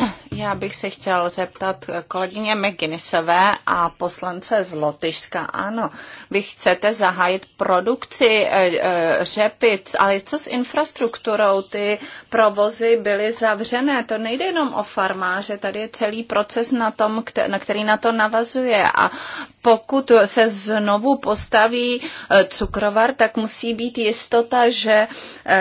Já bych se chtěl zeptat kolegyně McGinnisové a poslance z Lotyšska. Ano, vy chcete zahájit produkci eh, eh, řepic, ale co s infrastrukturou? Ty provozy byly zavřené. To nejde jenom o farmáře, tady je celý proces na tom, na který na to navazuje. A pokud se znovu postaví eh, cukrovar, tak musí být jistota, že,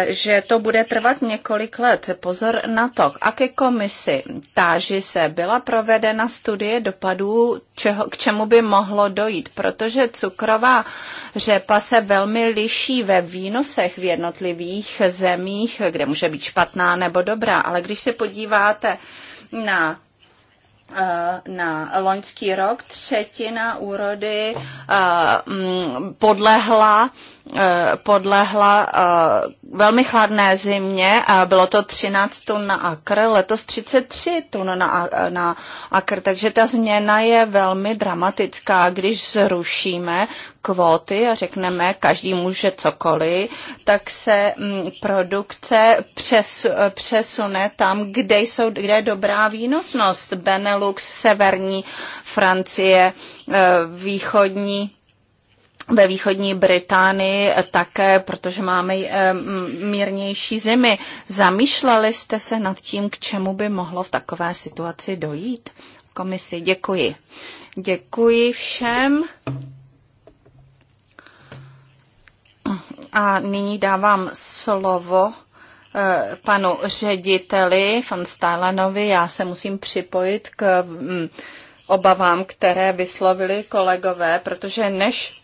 že to bude trvat několik let. Pozor na to. A ke komisi. Ta stáži se byla provedena studie dopadů, čeho, k čemu by mohlo dojít, protože cukrová řepa se velmi liší ve výnosech v jednotlivých zemích, kde může být špatná nebo dobrá. Ale když se podíváte na eh, na loňský rok třetina úrody eh, mm, podlehla Eh, podlehla eh, velmi chladné zimě a bylo to 13 tun na akr, letos 33 tun na, na akr, takže ta změna je velmi dramatická. Když zrušíme kvóty a řekneme, každý může cokoliv, tak se mm, produkce přes, přesune tam, kde, jsou, kde je dobrá výnosnost. Benelux, severní Francie, eh, východní ve východní Británii také, protože máme eh, mírnější zimy. Zamýšleli jste se nad tím, k čemu by mohlo v takové situaci dojít? Komisi, děkuji. Děkuji všem. A nyní dávám slovo eh, panu řediteli van Stalanovi. Já se musím připojit k mm, obavám, které vyslovili kolegové, protože než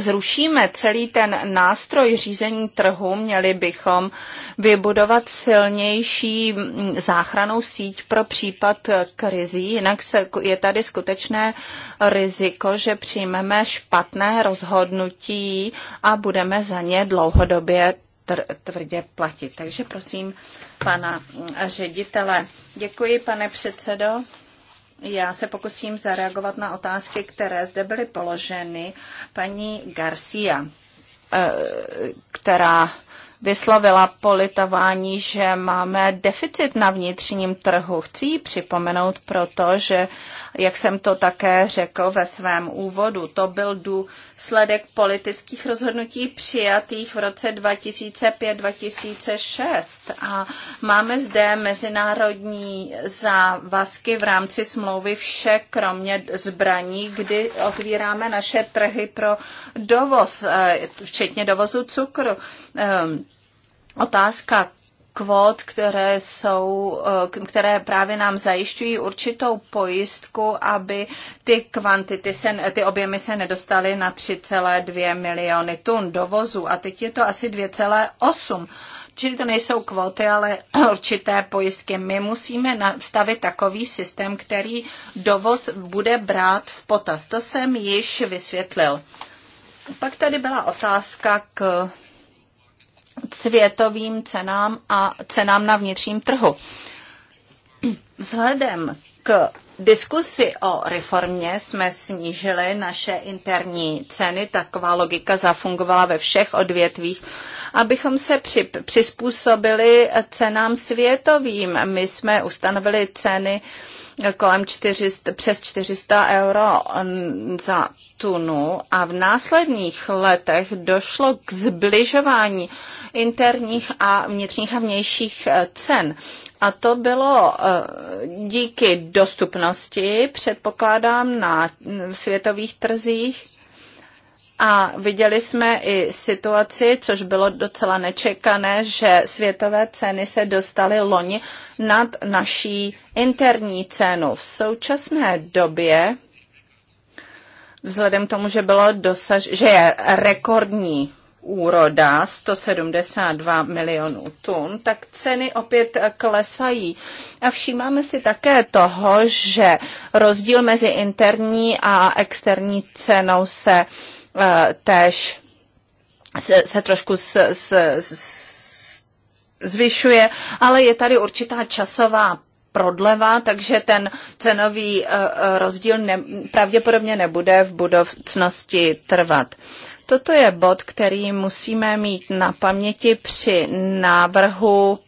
zrušíme celý ten nástroj řízení trhu, měli bychom vybudovat silnější záchranou síť pro případ krizí, jinak se, je tady skutečné riziko, že přijmeme špatné rozhodnutí a budeme za ně dlouhodobě tvrdě platit. Takže prosím pana ředitele. Děkuji, pane předsedo. Já se pokusím zareagovat na otázky, které zde byly položeny. Paní Garcia, eh, která vyslovila politování, že máme deficit na vnitřním trhu. Chci ji připomenout proto, že, jak jsem to také řekl ve svém úvodu, to byl dů, sledek politických rozhodnutí přijatých v roce 2005-2006. A máme zde mezinárodní závazky v rámci smlouvy vše, kromě zbraní, kdy otvíráme naše trhy pro dovoz, eh, včetně dovozu cukru. Ehm, otázka kvót, které, jsou, eh, které právě nám zajišťují určitou pojistku, aby ty kvantity, se, ty objemy se nedostaly na 3,2 miliony tun dovozu a teď je to asi 2,8 Čili to nejsou kvóty, ale určité pojistky. My musíme nastavit takový systém, který dovoz bude brát v potaz. To jsem již vysvětlil. Pak tady byla otázka k světovým cenám a cenám na vnitřním trhu. Vzhledem k diskusi o reformě jsme snížili naše interní ceny, taková logika zafungovala ve všech odvětvích, abychom se při, přizpůsobili cenám světovým. My jsme ustanovili ceny kolem 400, přes 400 euro za tunu a v následných letech došlo k zbližování interních a vnitřních a vnějších eh, cen. A to bylo eh, díky dostupnosti, předpokládám, na mm, světových trzích. A viděli jsme i situaci, což bylo docela nečekané, že světové ceny se dostaly loni nad naší interní cenu. V současné době vzhledem k tomu, že, bylo dosaž, že je rekordní úroda 172 milionů tun, tak ceny opět klesají. A všímáme si také toho, že rozdíl mezi interní a externí cenou se uh, též se, se trošku s, s, s, zvyšuje, ale je tady určitá časová prodleva, takže ten cenový eh, eh, rozdíl ne, pravděpodobně nebude v budoucnosti trvat. Toto je bod, který musíme mít na paměti při návrhu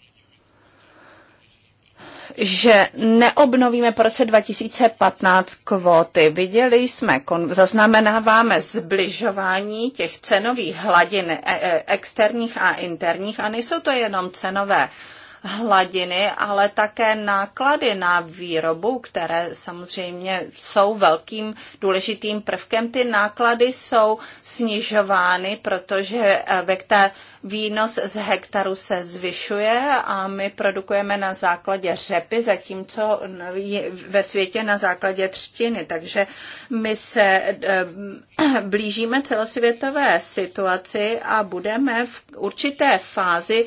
že neobnovíme po roce 2015 kvóty. Viděli jsme, zaznamenáváme zbližování těch cenových hladin e, e, externích a interních a nejsou to jenom cenové uh, hladiny, ale také náklady na výrobu, které samozřejmě jsou velkým důležitým prvkem. Ty náklady jsou snižovány, protože eh, vektor výnos z hektaru se zvyšuje a my produkujeme na základě řepy, zatímco ve světě na základě třtiny. Takže my se eh, blížíme celosvětové situaci a budeme v určité fázi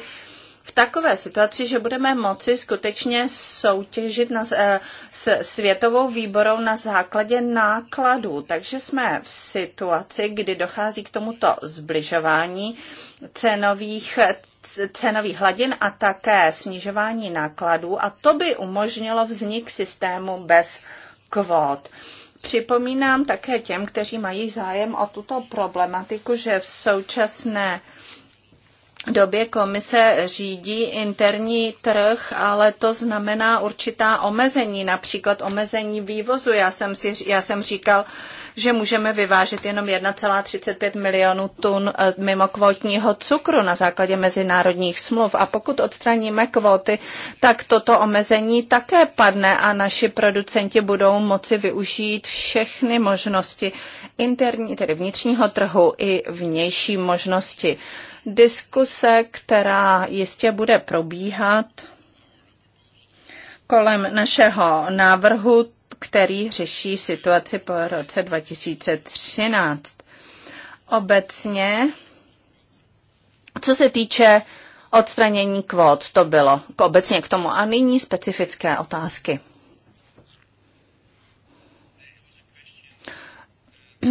takové situaci, že budeme moci skutečně soutěžit na, eh, s světovou výborou na základě nákladů. Takže jsme v situaci, kdy dochází k tomuto zbližování cenových cenových hladin a také snižování nákladů a to by umožnilo vznik systému bez kvót. Připomínám také těm, kteří mají zájem o tuto problematiku, že v současné době komise řídí interní trh, ale to znamená určitá omezení, například omezení vývozu. Já jsem, si, já jsem říkal, že můžeme vyvážet jenom 1,35 milionů tun eh, mimo kvotního cukru na základě mezinárodních smluv. A pokud odstraníme kvóty, tak toto omezení také padne a naši producenti budou moci využít všechny možnosti interní, tedy vnitřního trhu i vnější možnosti. Diskuse, která jistě bude probíhat kolem našeho návrhu, který řeší situaci po roce 2013. Obecně, co se týče odstranění kvót, to bylo k obecně k tomu. A nyní specifické otázky.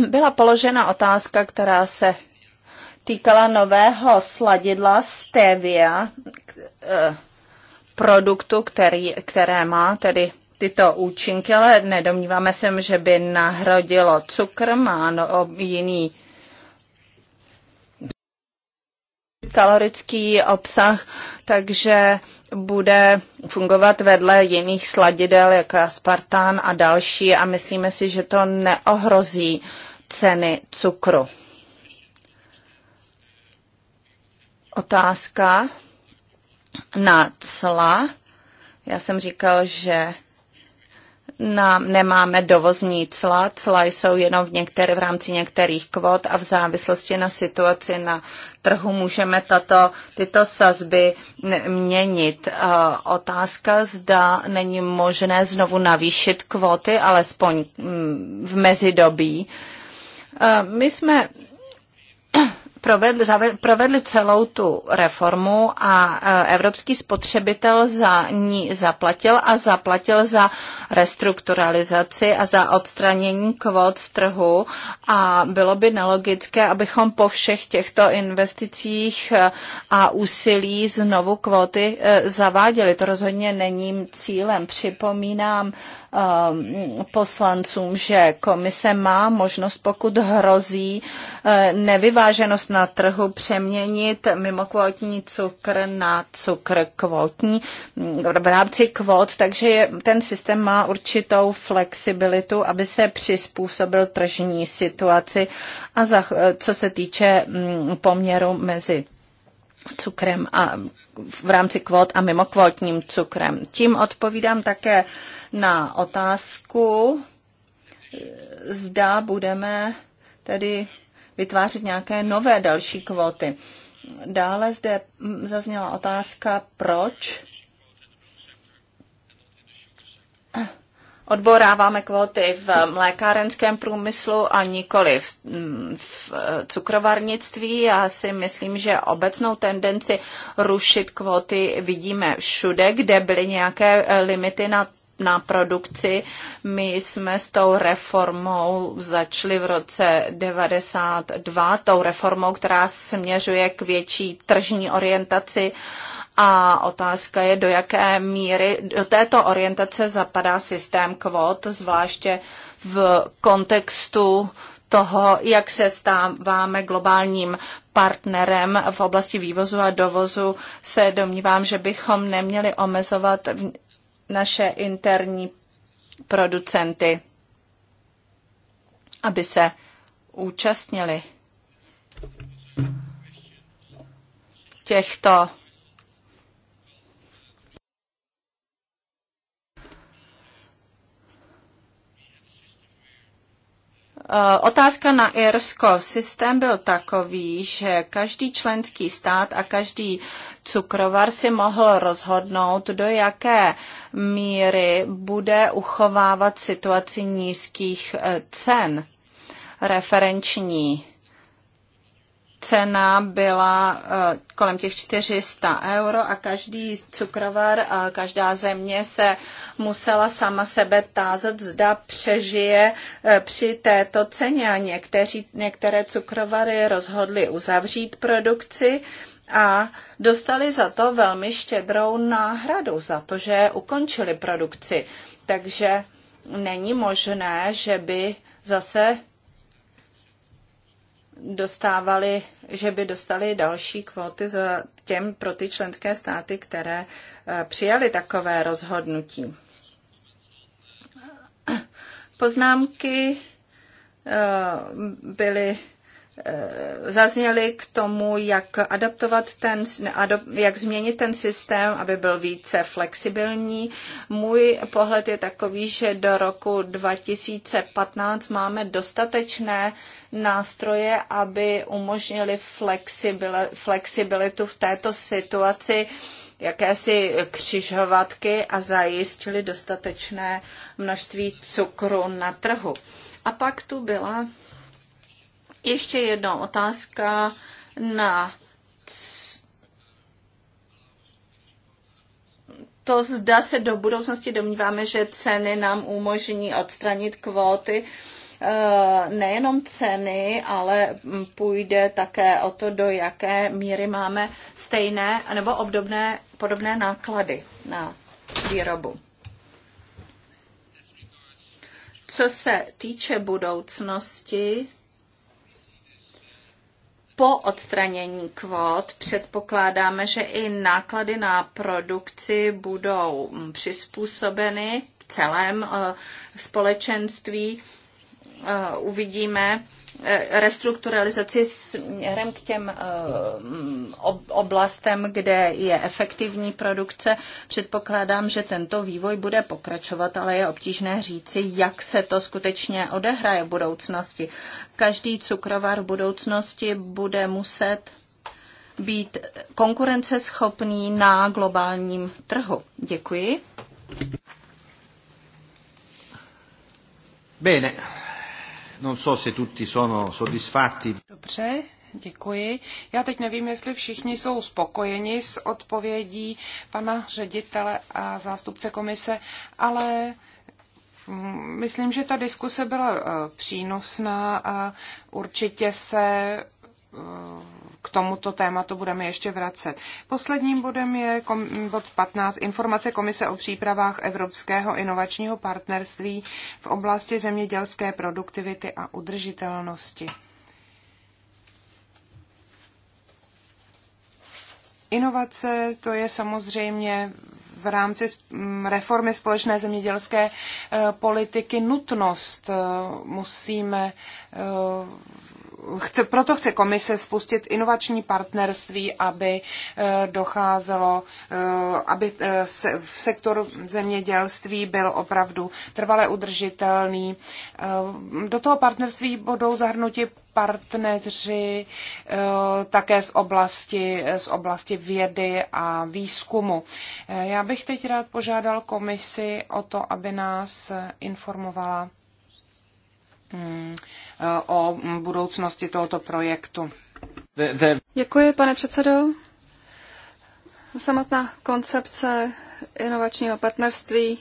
Byla položena otázka, která se týkala nového sladidla stevia eh, produktu, který, které má tedy tyto účinky, ale nedomníváme se, že by nahrodilo cukr, má no, jiný kalorický obsah, takže bude fungovat vedle jiných sladidel, jako aspartán a další a myslíme si, že to neohrozí ceny cukru. Otázka na cla. Já jsem říkal, že nám nemáme dovozní cla. Cla jsou jenom v, některé, v rámci některých kvot a v závislosti na situaci na trhu můžeme tato, tyto sazby měnit. Otázka, zda není možné znovu navýšit kvoty, alespoň mm, v mezidobí. My jsme provedli, provedli celou tu reformu a e, evropský spotřebitel za ní zaplatil a zaplatil za restrukturalizaci a za odstranění kvot z trhu a bylo by nelogické, abychom po všech těchto investicích e, a úsilí znovu kvóty e, zaváděli. To rozhodně není cílem. Připomínám, Um, poslancům, že komise má možnost, pokud hrozí eh, nevyváženost na trhu, přeměnit mimokvotní cukr na cukr kvotní mm, v rámci kvot, takže ten systém má určitou flexibilitu, aby se přizpůsobil tržní situaci a za, co se týče mm, poměru mezi cukrem a v rámci kvót a mimo kvótním cukrem. Tím odpovídám také na otázku, zda budeme tedy vytvářet nějaké nové další kvóty. Dále zde zazněla otázka, proč odboráváme kvóty v mlékárenském průmyslu a nikoli v, v cukrovarnictví. Já si myslím, že obecnou tendenci rušit kvóty vidíme všude, kde byly nějaké limity na na produkci. My jsme s tou reformou začali v roce 92, tou reformou, která směřuje k větší tržní orientaci uh, a otázka je, do jaké míry do této orientace zapadá systém kvot, zvláště v kontextu toho, jak se stáváme globálním partnerem v oblasti vývozu a dovozu, se domnívám, že bychom neměli omezovat naše interní producenty, aby se účastnili těchto Eh, otázka na Irsko. Systém byl takový, že každý členský stát a každý cukrovar si mohl rozhodnout, do jaké míry bude uchovávat situaci nízkých eh, cen referenční cena byla eh, kolem těch 400 euro a každý cukrovar a eh, každá země se musela sama sebe tázat, zda přežije eh, při této ceně. A někteří, některé cukrovary rozhodly uzavřít produkci a dostali za to velmi štědrou náhradu, za to, že ukončili produkci. Takže není možné, že by zase dostávali, že by dostali další kvóty za těm pro ty členské státy, které eh, přijali takové rozhodnutí. Poznámky eh, byly Eh, zazněly k tomu, jak adaptovat ten, jak změnit ten systém, aby byl více flexibilní. Můj pohled je takový, že do roku 2015 máme dostatečné nástroje, aby umožnili flexibilitu v této situaci jakési křižovatky a zajistili dostatečné množství cukru na trhu. A pak tu byla ještě jedna otázka na to zda se do budoucnosti domníváme, že ceny nám umožní odstranit kvóty. Eh, nejenom ceny, ale půjde také o to, do jaké míry máme stejné nebo obdobné, podobné náklady na výrobu. Co se týče budoucnosti, po odstranění kvót předpokládáme, že i náklady na produkci budou přizpůsobeny v celém eh, společenství. Eh, uvidíme, Eh, restrukturalizaci směrem k těm eh, oblastem, kde je efektivní produkce. Předpokládám, že tento vývoj bude pokračovat, ale je obtížné říci, jak se to skutečně odehraje v budoucnosti. Každý cukrovar v budoucnosti bude muset být konkurenceschopný na globálním trhu. Děkuji. Bene. Non so se tutti sono soddisfatti. Dobře, děkuji. Já teď nevím, jestli všichni jsou spokojeni s odpovědí pana ředitele a zástupce komise, ale mm, myslím, že ta diskuse byla eh, přínosná a určitě se eh, k tomuto tématu budeme ještě vracet. Posledním bodem je bod 15. Informace Komise o přípravách Evropského inovačního partnerství v oblasti zemědělské produktivity a udržitelnosti. Inovace to je samozřejmě v rámci reformy společné zemědělské e, politiky nutnost. E, musíme e, chce, proto chce komise spustit inovační partnerství, aby eh, docházelo, eh, aby eh, se, sektor zemědělství byl opravdu trvale udržitelný. Do toho partnerství budou zahrnuti partneři také z oblasti, z oblasti vědy a výzkumu. Já bych teď rád požádal komisi o to, aby nás informovala Eh, o budoucnosti tohoto projektu. Děkuji, pane předsedo. Samotná koncepce inovačního partnerství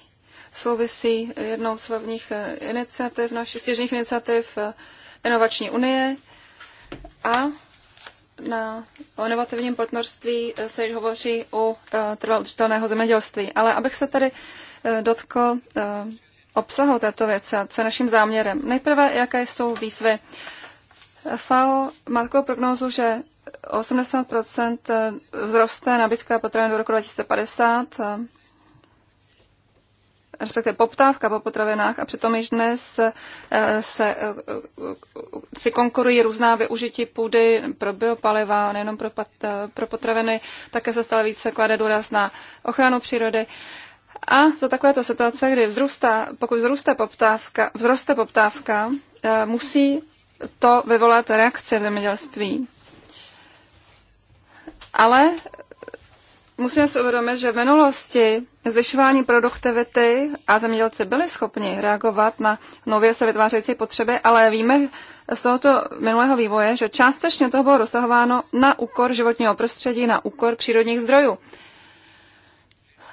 souvisí jednou z hlavních eh, iniciativ, našich no, stěžních iniciativ eh, Inovační unie a na o inovativním partnerství se již hovoří u trvalo zemědělství. Ale abych se tady dotkl obsahu této věci a co je naším záměrem. Nejprve, jaké jsou výzvy. FAO má takovou prognózu, že 80 eh, vzroste nabídka potravin do roku 2050, eh, respektive poptávka po potravinách a přitom již dnes eh, se, si konkurují různá využití půdy pro biopaliva, nejenom pro, pro potraviny, také se stále více klade důraz na ochranu přírody. A za takovéto situace, kdy vzrůstá, pokud vzroste poptávka, vzroste poptávka, eh, musí to vyvolat reakce v zemědělství. Ale musíme si uvědomit, že v minulosti zvyšování produktivity a zemědělci byli schopni reagovat na nově se vytvářející potřeby, ale víme z tohoto minulého vývoje, že částečně toho bylo dosahováno na úkor životního prostředí, na úkor přírodních zdrojů.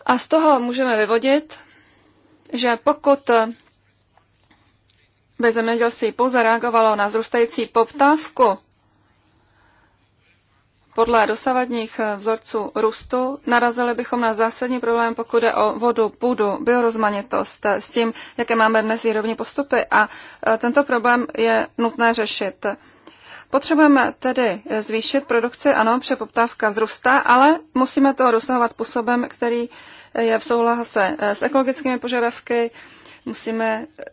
A z toho můžeme vyvodit, že pokud by zemědělství pouze reagovalo na zrůstající poptávku podle dosavadních vzorců růstu, narazili bychom na zásadní problém, pokud jde o vodu, půdu, biorozmanitost, s tím, jaké máme dnes výrobní postupy. A e, tento problém je nutné řešit. Potřebujeme tedy zvýšit produkci, ano, přepoptávka vzrůstá, ale musíme to dosahovat způsobem, který je v souhlase eh, s ekologickými požadavky, musíme eh,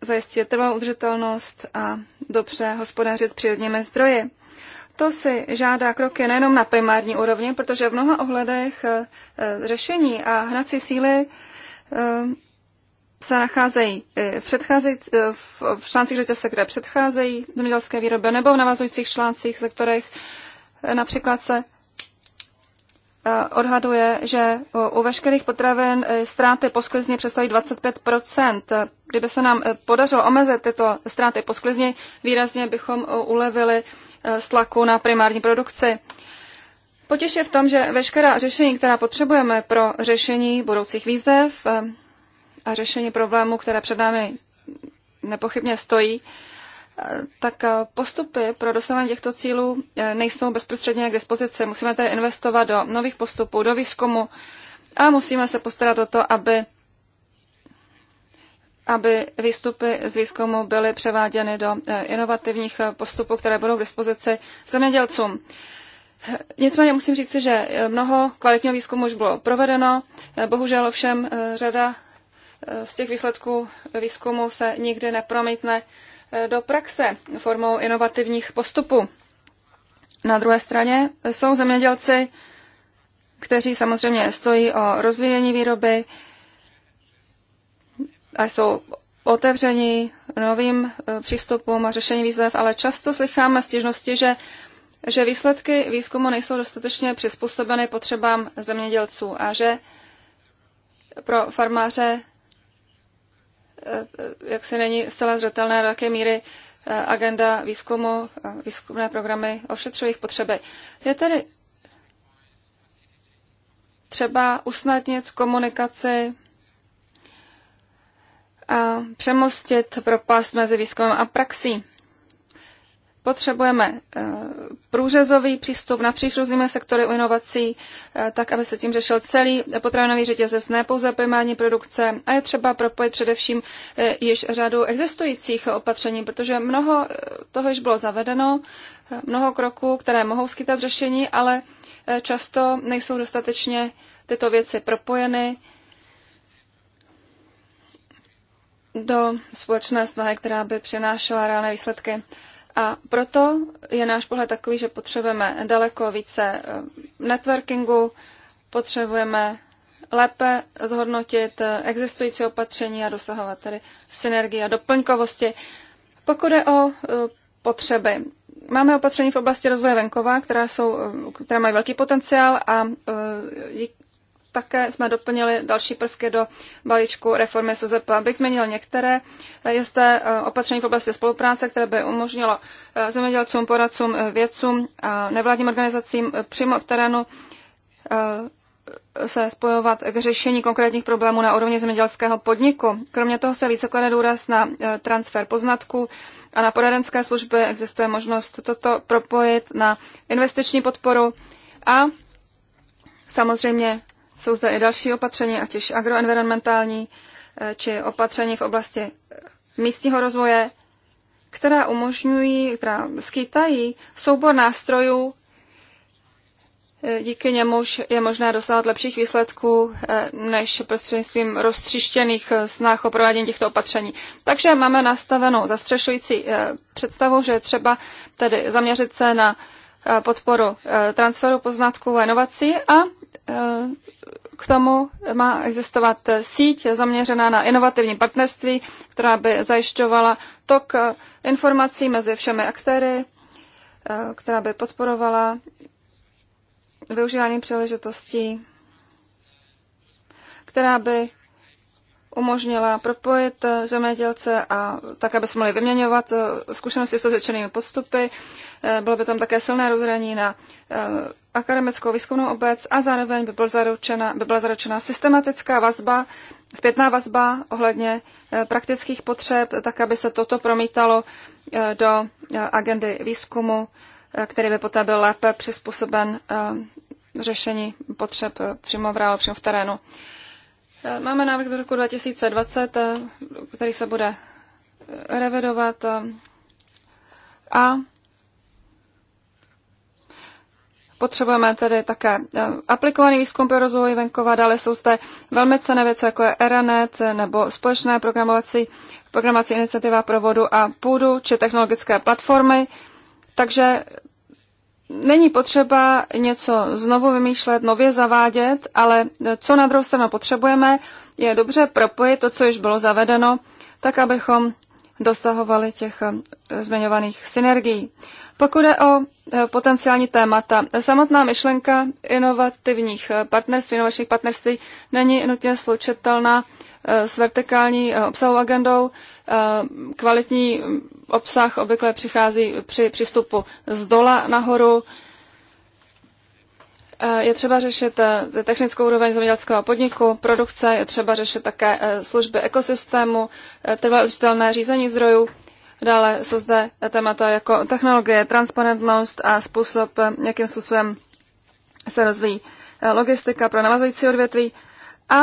zajistit trvalou udržitelnost a dobře hospodařit s přírodními zdroji. To si žádá kroky nejenom na primární úrovni, protože v mnoha ohledech eh, řešení a hnací síly se nacházejí eh, eh, v, v článcích řetězce, které předcházejí zemědělské výroby, nebo v navazujících článcích, ze kterých eh, například se odhaduje, že u veškerých potravin ztráty po sklizni představí 25 Kdyby se nám podařilo omezit tyto ztráty po sklizni, výrazně bychom ulevili z tlaku na primární produkci. Potěš je v tom, že veškerá řešení, která potřebujeme pro řešení budoucích výzev, a řešení problémů, které před námi nepochybně stojí, tak postupy pro dosahování těchto cílů nejsou bezprostředně k dispozici. Musíme tedy investovat do nových postupů, do výzkumu a musíme se postarat o to, aby, aby výstupy z výzkumu byly převáděny do inovativních postupů, které budou k dispozici zemědělcům. Nicméně musím říci, že mnoho kvalitního výzkumu už bylo provedeno, bohužel ovšem řada z těch výsledků výzkumu se nikdy nepromítne eh, do praxe formou inovativních postupů. Na druhé straně jsou zemědělci, kteří samozřejmě stojí o rozvíjení výroby a jsou otevření novým eh, přístupům a řešení výzev, ale často slycháme stížnosti, že, že výsledky výzkumu nejsou dostatečně přizpůsobeny potřebám zemědělců a že pro farmáře Eh, jak se není zcela zřetelné, do jaké míry eh, agenda výzkumu, eh, výzkumné programy ošetřují jejich potřeby. Je tedy třeba usnadnit komunikaci a přemostit propast mezi výzkumem a praxí. Potřebujeme eh, průřezový přístup na různými sektory u inovací, eh, tak aby se tím řešil celý potravinový řetězec, ne pouze primární produkce. A je třeba propojit především eh, již řadu existujících opatření, protože mnoho toho již bylo zavedeno, mnoho kroků, které mohou skytat řešení, ale často nejsou dostatečně tyto věci propojeny do společné snahy, která by přinášela reálné výsledky. A proto je náš pohled takový, že potřebujeme daleko více eh, networkingu, potřebujeme lépe zhodnotit eh, existující opatření a dosahovat tedy synergie a doplňkovosti. Pokud je o eh, potřeby, máme opatření v oblasti rozvoje venkova, která, jsou, která mají velký potenciál a také jsme doplnili další prvky do balíčku reformy SZP. Abych změnil některé, je zde eh, opatření v oblasti spolupráce, které by umožnilo eh, zemědělcům, poradcům, eh, vědcům a nevládním organizacím přímo v terénu se spojovat k řešení konkrétních problémů na úrovni zemědělského podniku. Kromě toho se více klade důraz na transfer poznatků a na poradenské služby existuje možnost toto propojit na investiční podporu a samozřejmě jsou zde i další opatření, ať už agroenvironmentální, eh, či opatření v oblasti eh, místního rozvoje, která umožňují, která skýtají soubor nástrojů, eh, díky němuž je možné dosáhnout lepších výsledků než prostřednictvím roztřištěných snah o provádění těchto opatření. Takže máme nastavenou zastřešující představu, že je třeba tedy zaměřit se na podporu transferu poznatků a inovací a Eh, k tomu má existovat síť zaměřená na inovativní partnerství, která by zajišťovala tok informací mezi všemi aktéry, eh, která by podporovala využívání příležitostí, která by umožnila propojit eh, zemědělce a tak, aby se mohli vyměňovat eh, zkušenosti s osvědčenými postupy. Eh, bylo by tam také silné rozhraní na akademickou výzkumnou obec a zároveň by, byl zaručena, by byla zaručena systematická vazba, zpětná vazba ohledně praktických potřeb, tak, aby se toto promítalo do agendy výzkumu, který by poté byl lépe přizpůsoben řešení potřeb přímo v reálu, přímo v terénu. Máme návrh do roku 2020, eh, který se bude eh, revidovat eh, a Potřebujeme tedy také aplikovaný výzkum pro rozvoj venkova, dále jsou zde velmi cené věci, jako je ERANET nebo společné programovací, programovací iniciativa pro vodu a půdu či technologické platformy. Takže není potřeba něco znovu vymýšlet, nově zavádět, ale co na druhou stranu potřebujeme, je dobře propojit to, co již bylo zavedeno, tak abychom dosahovali těch eh, zmiňovaných synergií. Pokud je o eh, potenciální témata, samotná myšlenka inovativních eh, partnerství, inovačních partnerství není nutně slučitelná s vertikální obsahovou agendou. Kvalitní obsah obvykle přichází při přístupu z dola nahoru. Eh, je třeba řešit eh, technickou úroveň zemědělského podniku, produkce, je třeba řešit také eh, služby ekosystému, trvalé udržitelné řízení zdrojů. Dále jsou zde témata jako technologie, transparentnost a způsob, jakým způsobem se rozvíjí logistika pro navazující odvětví. A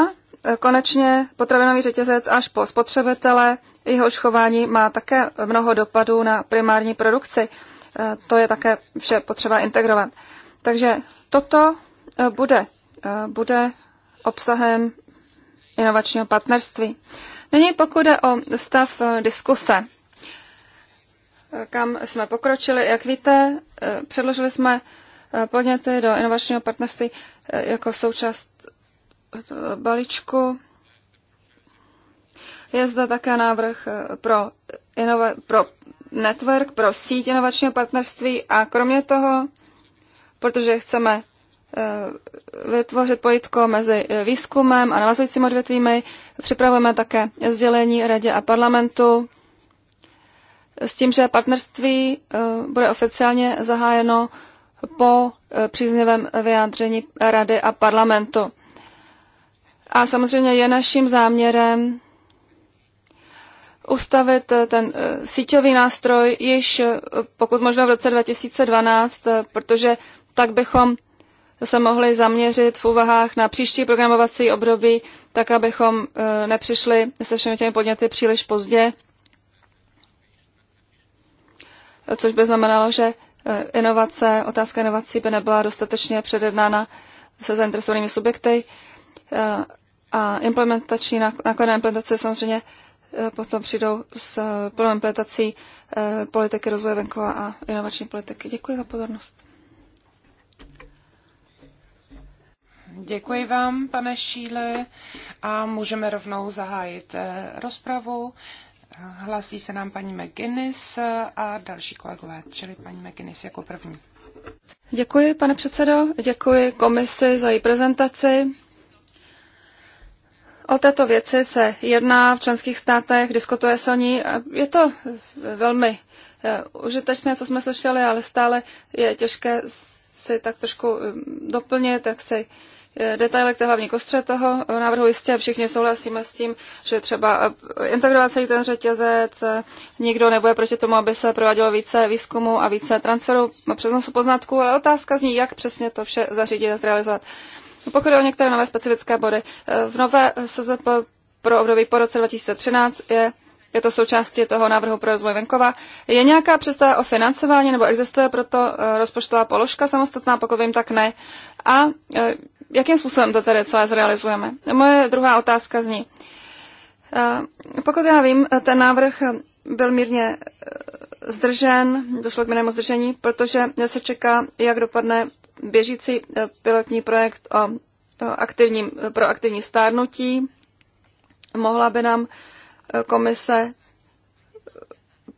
konečně potravinový řetězec až po spotřebitele, jeho schování má také mnoho dopadů na primární produkci. E, to je také vše potřeba integrovat. Takže toto e, bude, e, bude obsahem inovačního partnerství. Nyní pokud jde o stav diskuse, kam jsme pokročili, jak víte, předložili jsme podněty do inovačního partnerství jako součást balíčku je zde také návrh eh, pro, inova- pro network, pro síť inovačního partnerství a kromě toho, protože chceme eh, vytvořit pojitko mezi eh, výzkumem a navazujícím odvětvími. Připravujeme také sdělení radě a parlamentu s tím, že partnerství bude oficiálně zahájeno po příznivém vyjádření rady a parlamentu. A samozřejmě je naším záměrem ustavit eh, ten eh, síťový nástroj již eh, pokud možno v roce 2012, protože tak bychom se mohli zaměřit v úvahách na příští programovací období, tak abychom nepřišli se všemi těmi podněty příliš pozdě, což by znamenalo, že inovace, otázka inovací by nebyla dostatečně předjednána se zainteresovanými subjekty a implementační náklady na implementaci samozřejmě Eh, potom přijdou s eh, plnou implementací eh, politiky rozvoje venkova a inovační politiky. Děkuji za pozornost. Děkuji vám, pane Šíle, a můžeme rovnou zahájit rozpravu. Hlasí se nám paní McGuinness a další kolegové, čili paní McGuinness jako první. Děkuji, pane předsedo, děkuji komisi za její prezentaci. O této věci se jedná v členských státech, diskutuje se o ní. Je to velmi eh, užitečné, co jsme slyšeli, ale stále je těžké si tak trošku eh, doplnit, tak si eh, detaily k té hlavní kostře toho návrhu. Jistě všichni souhlasíme s tím, že třeba integrovat celý ten řetězec, nikdo nebude proti tomu, aby se provádělo více výzkumu a více transferu přenosu poznatků, ale otázka zní, jak přesně to vše zařídit a zrealizovat. No, pokud je o některé nové specifické body, eh, v nové SZP pro období po roce 2013 je je to součástí toho návrhu pro rozvoj venkova. Je nějaká představa o financování nebo existuje proto eh, rozpočtová položka samostatná, pokud vím, tak ne. A eh, jakým způsobem to tedy celé zrealizujeme? Moje druhá otázka zní. Pokud já vím, ten návrh byl mírně zdržen, došlo k minému zdržení, protože se čeká, jak dopadne běžící eh, pilotní projekt o aktivním, pro aktivní stárnutí. Mohla by nám eh, komise eh,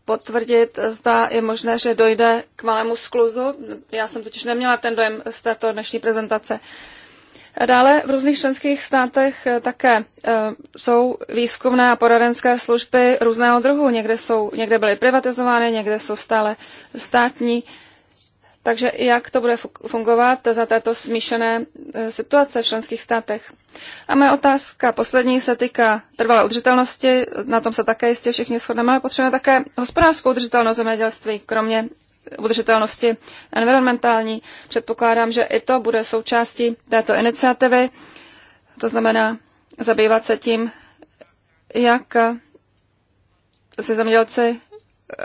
potvrdit, zda je možné, že dojde k malému skluzu. Já jsem totiž neměla ten dojem z této dnešní prezentace. Dále v různých členských státech také jsou výzkumné a poradenské služby různého druhu. Někde, jsou, někde byly privatizovány, někde jsou stále státní. Takže jak to bude fungovat za této smíšené e, situace v členských státech? A moje otázka poslední se týká trvalé udržitelnosti. Na tom se také jistě všichni shodneme, ale potřebujeme také hospodářskou udržitelnost zemědělství, kromě udržitelnosti environmentální. Předpokládám, že i to bude součástí této iniciativy, to znamená zabývat se tím, jak si zemědělci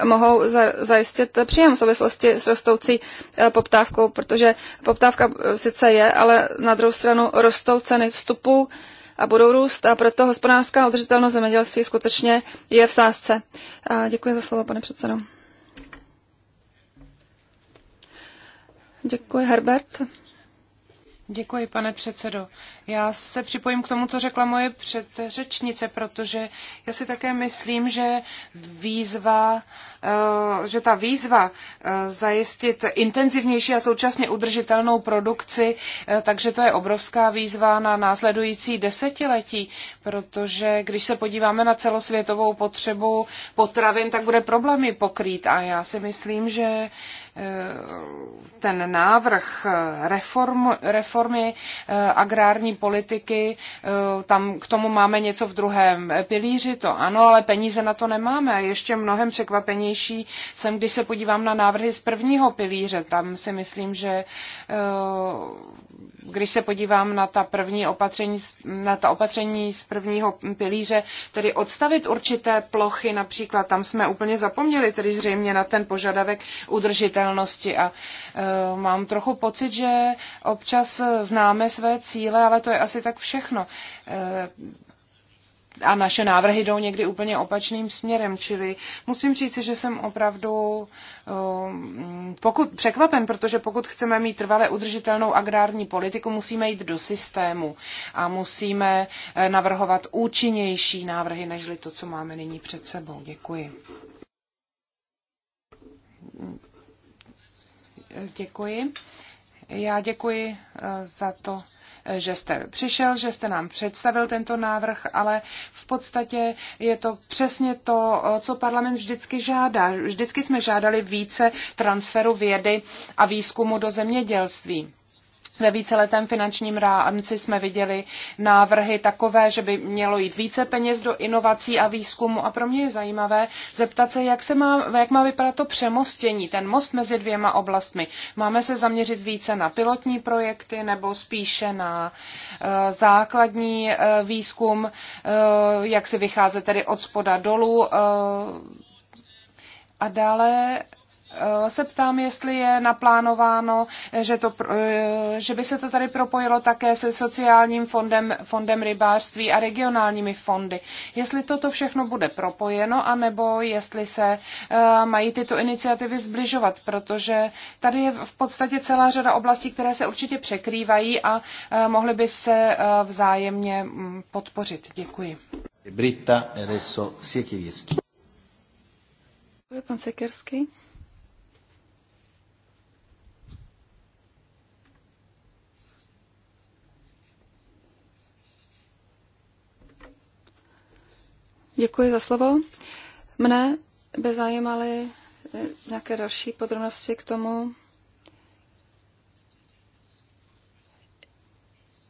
mohou zajistit příjem v souvislosti s rostoucí eh, poptávkou, protože poptávka eh, sice je, ale na druhou stranu rostou ceny vstupů a budou růst a proto hospodářská udržitelnost zemědělství skutečně je v sázce. A děkuji za slovo, pane předsedo. Děkuji, Herbert. Děkuji, pane předsedo. Já se připojím k tomu, co řekla moje předřečnice, protože já si také myslím, že výzva Eh, že ta výzva eh, zajistit intenzivnější a současně udržitelnou produkci, eh, takže to je obrovská výzva na následující desetiletí, protože když se podíváme na celosvětovou potřebu potravin, tak bude problémy pokrýt a já si myslím, že ten návrh reform, reformy agrární politiky, tam k tomu máme něco v druhém pilíři, to ano, ale peníze na to nemáme a ještě mnohem překvapení pozornější jsem, když se podívám na návrhy z prvního pilíře. Tam si myslím, že eh, když se podívám na ta první opatření, na ta opatření z prvního pilíře, tedy odstavit určité plochy, například tam jsme úplně zapomněli, tedy zřejmě na ten požadavek udržitelnosti a eh, mám trochu pocit, že občas známe své cíle, ale to je asi tak všechno. Eh, a naše návrhy jdou někdy úplně opačným směrem, čili musím říct, že jsem opravdu um, pokud, překvapen, protože pokud chceme mít trvale udržitelnou agrární politiku, musíme jít do systému a musíme eh, navrhovat účinnější návrhy, nežli to, co máme nyní před sebou. Děkuji. Děkuji. Já děkuji eh, za to, že jste přišel, že jste nám představil tento návrh, ale v podstatě je to přesně to, co parlament vždycky žádá. Vždycky jsme žádali více transferu vědy a výzkumu do zemědělství. Ve víceletém finančním rámci jsme viděli návrhy takové, že by mělo jít více peněz do inovací a výzkumu. A pro mě je zajímavé zeptat se, jak, se má, jak má vypadat to přemostění, ten most mezi dvěma oblastmi. Máme se zaměřit více na pilotní projekty nebo spíše na uh, základní uh, výzkum, uh, jak si vycházet tedy od spoda dolů. Uh, a dále Eh, se ptám, jestli je naplánováno, eh, že, to, eh, že by se to tady propojilo také se sociálním fondem, fondem rybářství a regionálními fondy. Jestli toto všechno bude propojeno, anebo jestli se mají tyto iniciativy zbližovat, protože tady je v podstatě celá řada oblastí, které se určitě překrývají a mohly by se vzájemně mm, podpořit. Děkuji. Britta, adesso Siekiewicz. Pan Sekerský. Děkuji za slovo. Mne by zajímaly eh, nějaké další podrobnosti k tomu,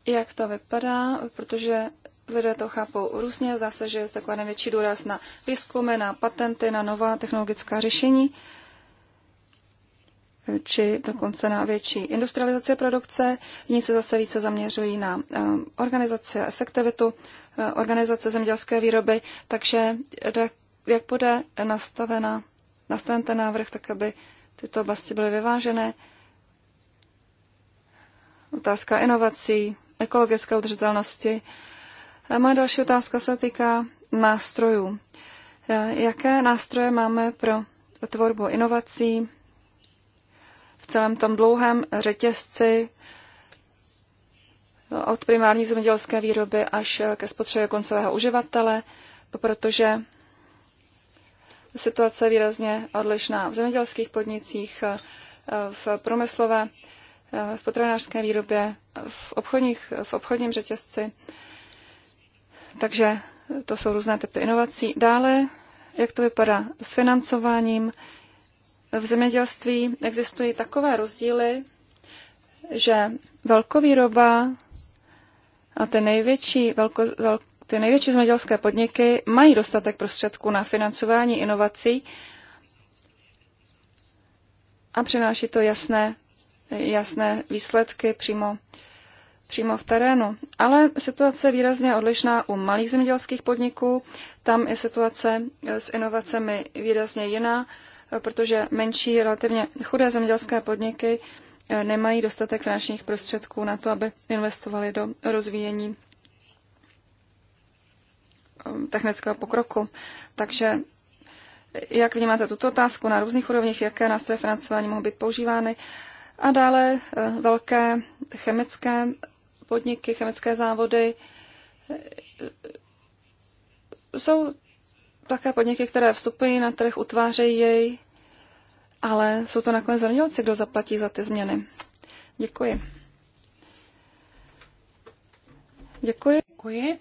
jak to vypadá, protože lidé to chápou různě. Zdá se, že je takový největší důraz na výzkumy, na patenty, na nová technologická řešení, či dokonce na větší industrializaci produkce. Jiní se zase více zaměřují na eh, organizaci a efektivitu. Eh, organizace zemědělské výroby, takže jak bude nastavena, nastaven ten návrh, tak aby tyto oblasti byly vyvážené. Otázka inovací, ekologické udržitelnosti. A moje další otázka se týká nástrojů. Eh, jaké nástroje máme pro tvorbu inovací v celém tom dlouhém řetězci od primární zemědělské výroby až ke spotřebě koncového uživatele, protože situace je výrazně odlišná v zemědělských podnicích, eh, v průmyslové, eh, v potravinářské výrobě, v, obchodních, v obchodním řetězci. Takže to jsou různé typy inovací. Dále, jak to vypadá s financováním. V zemědělství existují takové rozdíly, že velkovýroba a ty největší, velko, vel, ty největší zemědělské podniky mají dostatek prostředků na financování inovací a přináší to jasné, jasné výsledky přímo, přímo v terénu. Ale situace je výrazně odlišná u malých zemědělských podniků. Tam je situace eh, s inovacemi výrazně jiná, eh, protože menší, relativně chudé zemědělské podniky E, nemají dostatek finančních prostředků na to, aby investovali do rozvíjení e, technického pokroku. Takže e, jak vnímáte tuto otázku na různých úrovních, jaké nástroje financování mohou být používány? A dále velké chemické podniky, chemické závody jsou také podniky, které vstupují na trh, utvářejí jej ale jsou to nakonec zemědělci, kdo zaplatí za ty změny. Děkuji. Děkuji. Děkuji.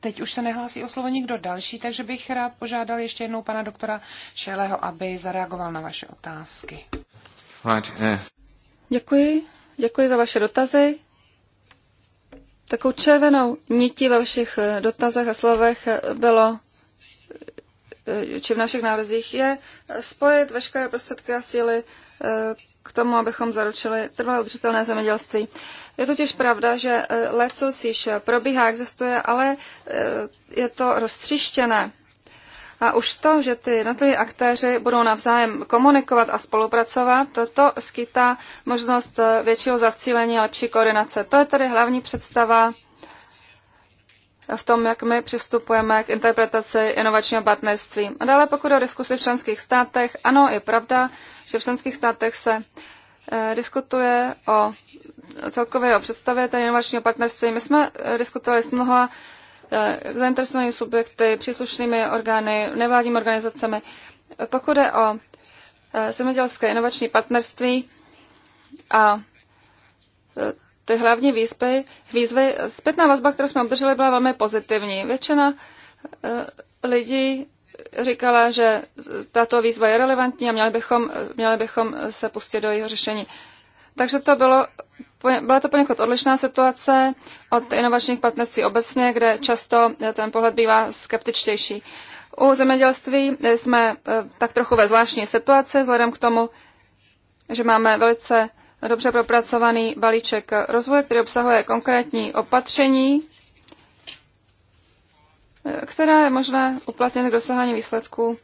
Teď už se nehlásí o slovo nikdo další, takže bych rád požádal ještě jednou pana doktora Šeleho, aby zareagoval na vaše otázky. Eh. Děkuji. Děkuji za vaše dotazy. Takovou červenou nití ve všech dotazech a slovech bylo či v našich návrzích, je spojit veškeré prostředky a síly eh, k tomu, abychom zaručili trvalé udržitelné zemědělství. Je totiž pravda, že eh, lecos již probíhá, existuje, ale eh, je to roztřištěné. A už to, že ty jednotliví aktéři budou navzájem komunikovat a spolupracovat, to skýtá možnost většího zacílení a lepší koordinace. To je tedy hlavní představa v tom, jak my přistupujeme k interpretaci inovačního partnerství. A dále pokud o diskusi v členských státech, ano, je pravda, že v členských státech se eh, diskutuje o celkově o představě té inovačního partnerství. My jsme eh, diskutovali s mnoha eh, zainteresovanými subjekty, příslušnými orgány, nevládními organizacemi. Pokud je o eh, zemědělské inovační partnerství a eh, ty hlavní výzvy, výzvy zpětná vazba, kterou jsme obdrželi, byla velmi pozitivní. Většina eh, lidí říkala, že tato výzva je relevantní a měli bychom, měli bychom se pustit do jeho řešení. Takže to bylo, byla to poněkud odlišná situace od inovačních partnerství obecně, kde často eh, ten pohled bývá skeptičtější. U zemědělství jsme eh, tak trochu ve zvláštní situaci, vzhledem k tomu, že máme velice dobře propracovaný balíček rozvoje, který obsahuje konkrétní opatření, která je možné uplatnit k dosahání výsledků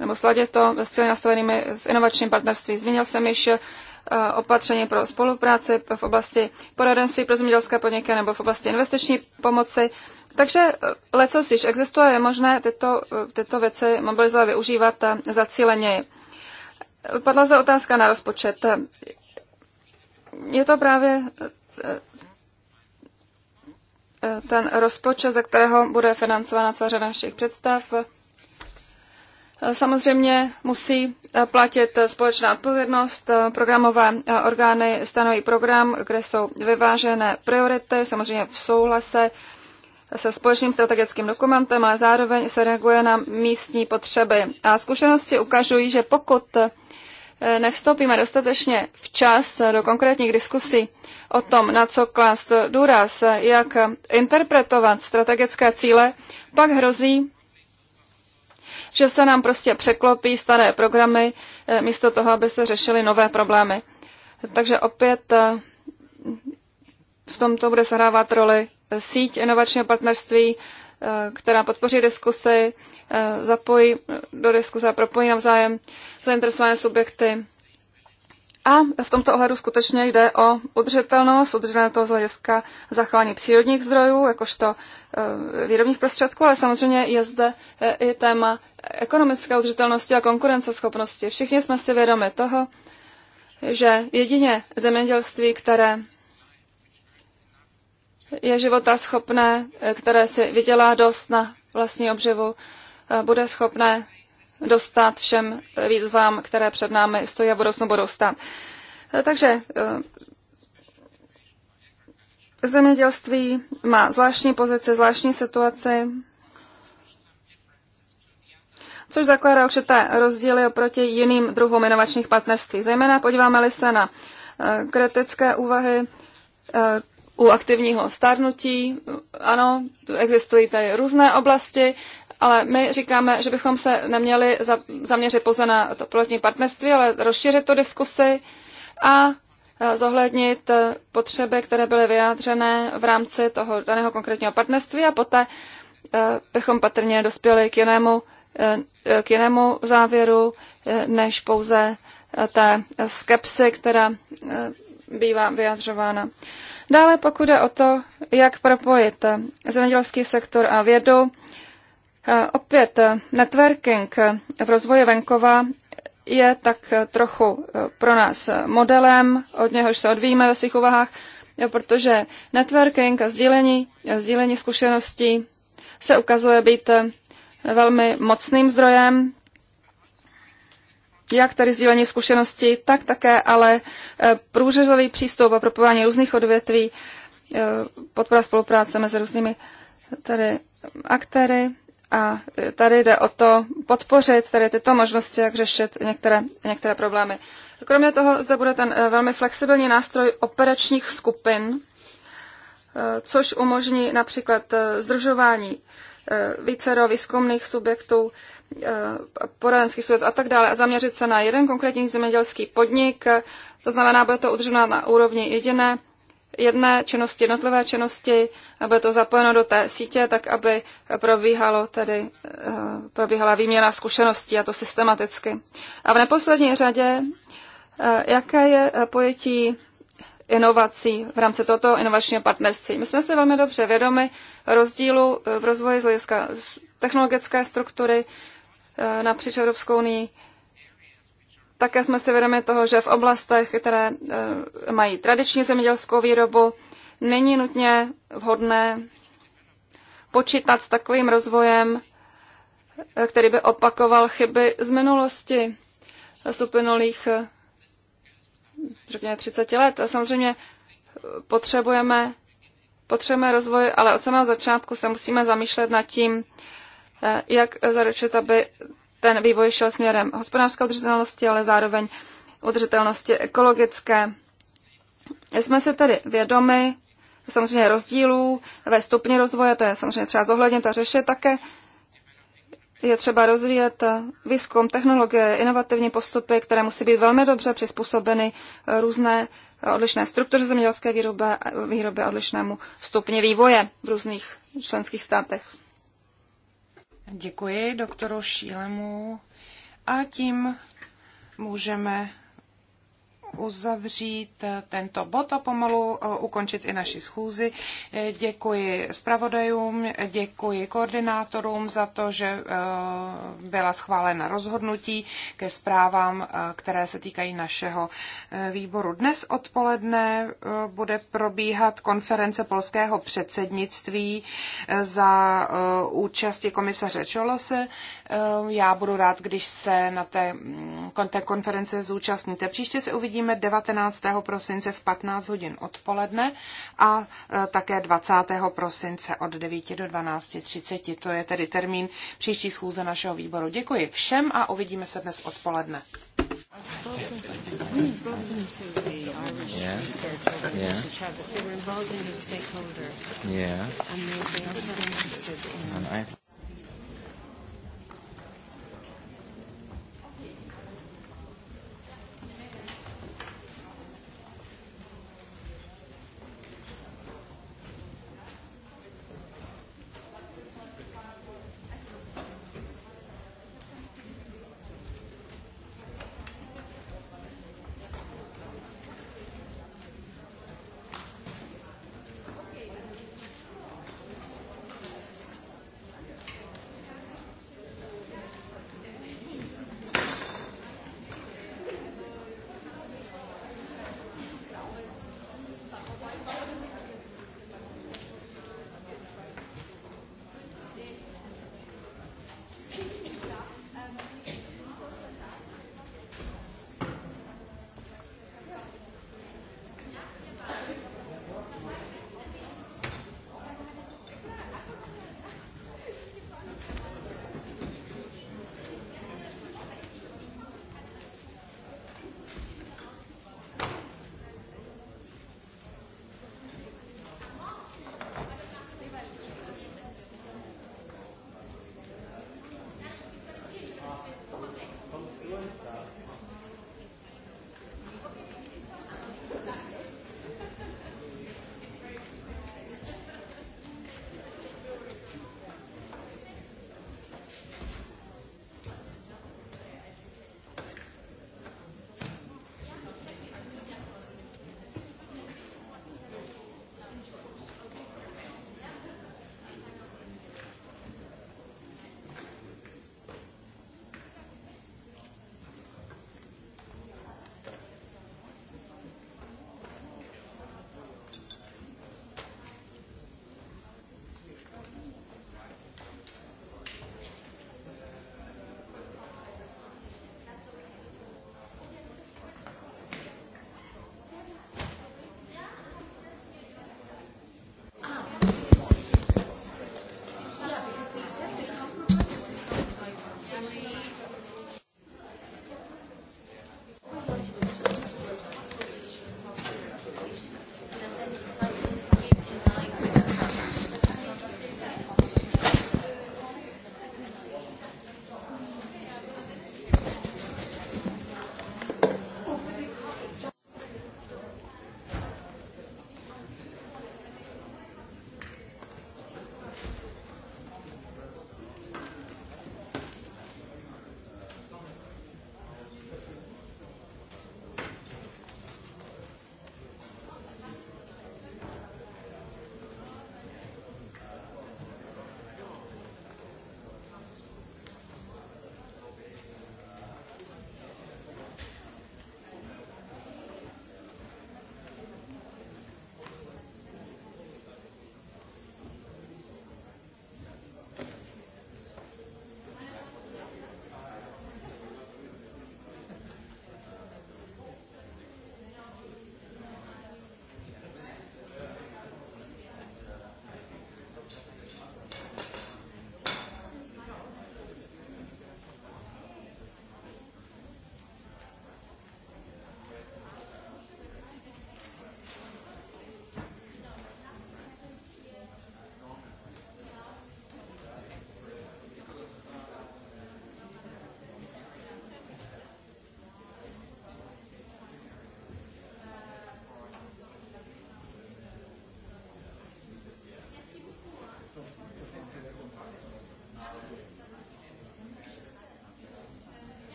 nebo sladě to s cíly nastavenými v inovačním partnerství. Zmínil jsem již eh, opatření pro spolupráci v oblasti poradenství pro zemědělské podniky nebo v oblasti investiční pomoci. Takže eh, leco již existuje, je možné tyto, eh, tyto věci mobilizovat, využívat zacíleněji. Padla zde otázka na rozpočet je to právě eh, eh, eh, ten rozpočet, ze kterého bude financována celá řada našich představ. Samozřejmě musí platit společná odpovědnost. Programové orgány stanoví program, kde jsou vyvážené priority, samozřejmě v souhlase se společným strategickým dokumentem, ale zároveň se reaguje na místní potřeby. A zkušenosti ukazují, že pokud Eh, nevstoupíme dostatečně včas eh, do konkrétních diskusí o tom, na co klást důraz, eh, jak interpretovat strategické cíle, pak hrozí, že se nám prostě překlopí staré programy místo toho, aby se řešily nové problémy. Takže opět v tomto bude sehrávat roli síť inovačního partnerství, Eh, která podpoří diskusy, eh, zapojí eh, do diskuse a propojí navzájem zainteresované subjekty. A v tomto ohledu skutečně jde o udržitelnost, udržitelné to z hlediska zachování přírodních zdrojů, jakožto výrobních prostředků, ale samozřejmě je zde i téma ekonomické udržitelnosti a konkurenceschopnosti. Všichni jsme si vědomi toho, že jedině zemědělství, které je života schopné, které si vydělá dost na vlastní obživu, eh, bude schopné dostat všem výzvám, které před námi stojí a v budoucnu budou stát. Eh, takže eh, zemědělství má zvláštní pozici, zvláštní situaci, což zakládá určité rozdíly oproti jiným druhům inovačních partnerství. Zejména podíváme-li se na kritické úvahy u aktivního stárnutí. Ano, existují tady různé oblasti, ale my říkáme, že bychom se neměli zaměřit pouze na to pilotní partnerství, ale rozšířit tu diskusi a e, zohlednit e, potřeby, které byly vyjádřené v rámci toho daného konkrétního partnerství a poté e, bychom patrně dospěli k jinému, k jinému závěru, než pouze té skepsy, která bývá vyjadřována. Dále pokud je o to, jak propojit zemědělský sektor a vědu, eh, opět eh, networking eh, v rozvoji venkova je tak trochu pro nás modelem, od něhož se odvíjíme ve svých uvahách, protože networking a sdílení, sdílení zkušeností se ukazuje být velmi mocným zdrojem jak tady sdílení zkušeností, tak také ale eh, průřezový přístup a propování různých odvětví, eh, podpora spolupráce mezi různými eh, tady aktéry. A tady jde o to podpořit tady tyto možnosti, jak řešit některé, některé problémy. Kromě toho zde bude ten velmi flexibilní nástroj operačních skupin, což umožní například združování Eh, vícero výzkumných subjektů, eh, poradenských subjektů a tak dále a zaměřit se na jeden konkrétní zemědělský podnik, eh, to znamená, bude to udržena na úrovni jediné, jedné činnosti, jednotlivé činnosti, aby to zapojeno do té sítě, tak aby probíhalo tedy, probíhala výměna zkušeností a to systematicky. A v neposlední řadě, jaké je pojetí inovací v rámci tohoto inovačního partnerství. My jsme si velmi dobře vědomi rozdílu eh, v rozvoji z hlediska technologické struktury eh, napříč Evropskou unii. Také jsme si vědomi toho, že v oblastech, které eh, mají tradiční zemědělskou výrobu, není nutně vhodné počítat s takovým rozvojem, který by opakoval chyby z minulosti z uplynulých řekněme 30 let. A samozřejmě potřebujeme, potřebujeme rozvoj, ale od samého začátku se musíme zamýšlet nad tím, eh, jak zaručit, aby ten vývoj šel směrem hospodářské udržitelnosti, ale zároveň udržitelnosti ekologické. Jsme si tedy vědomi samozřejmě rozdílů ve stupni rozvoje, to je samozřejmě třeba zohlednit a řešit také je třeba rozvíjet výzkum, technologie, inovativní postupy, které musí být velmi dobře přizpůsobeny různé odlišné struktuře zemědělské výroby, výroby odlišnému stupni vývoje v různých členských státech. Děkuji doktoru Šílemu a tím můžeme uzavřít eh, tento bod a pomalu eh, ukončit i naši schůzi. Eh, děkuji zpravodajům, děkuji koordinátorům za to, že byla schválena rozhodnutí ke zprávám, které se týkají našeho výboru. Dnes odpoledne bude probíhat konference polského předsednictví za účasti komisaře Čolose Ehm, já budu rád, když se na té, mm, té konference zúčastníte. Příště se uvidíme 19. prosince v 15 hodin odpoledne a eh, také 20. prosince od 9 do 12.30. To je tedy termín příští schůze našeho výboru. Děkuji všem a uvidíme se dnes odpoledne. yeah. yeah. Yeah.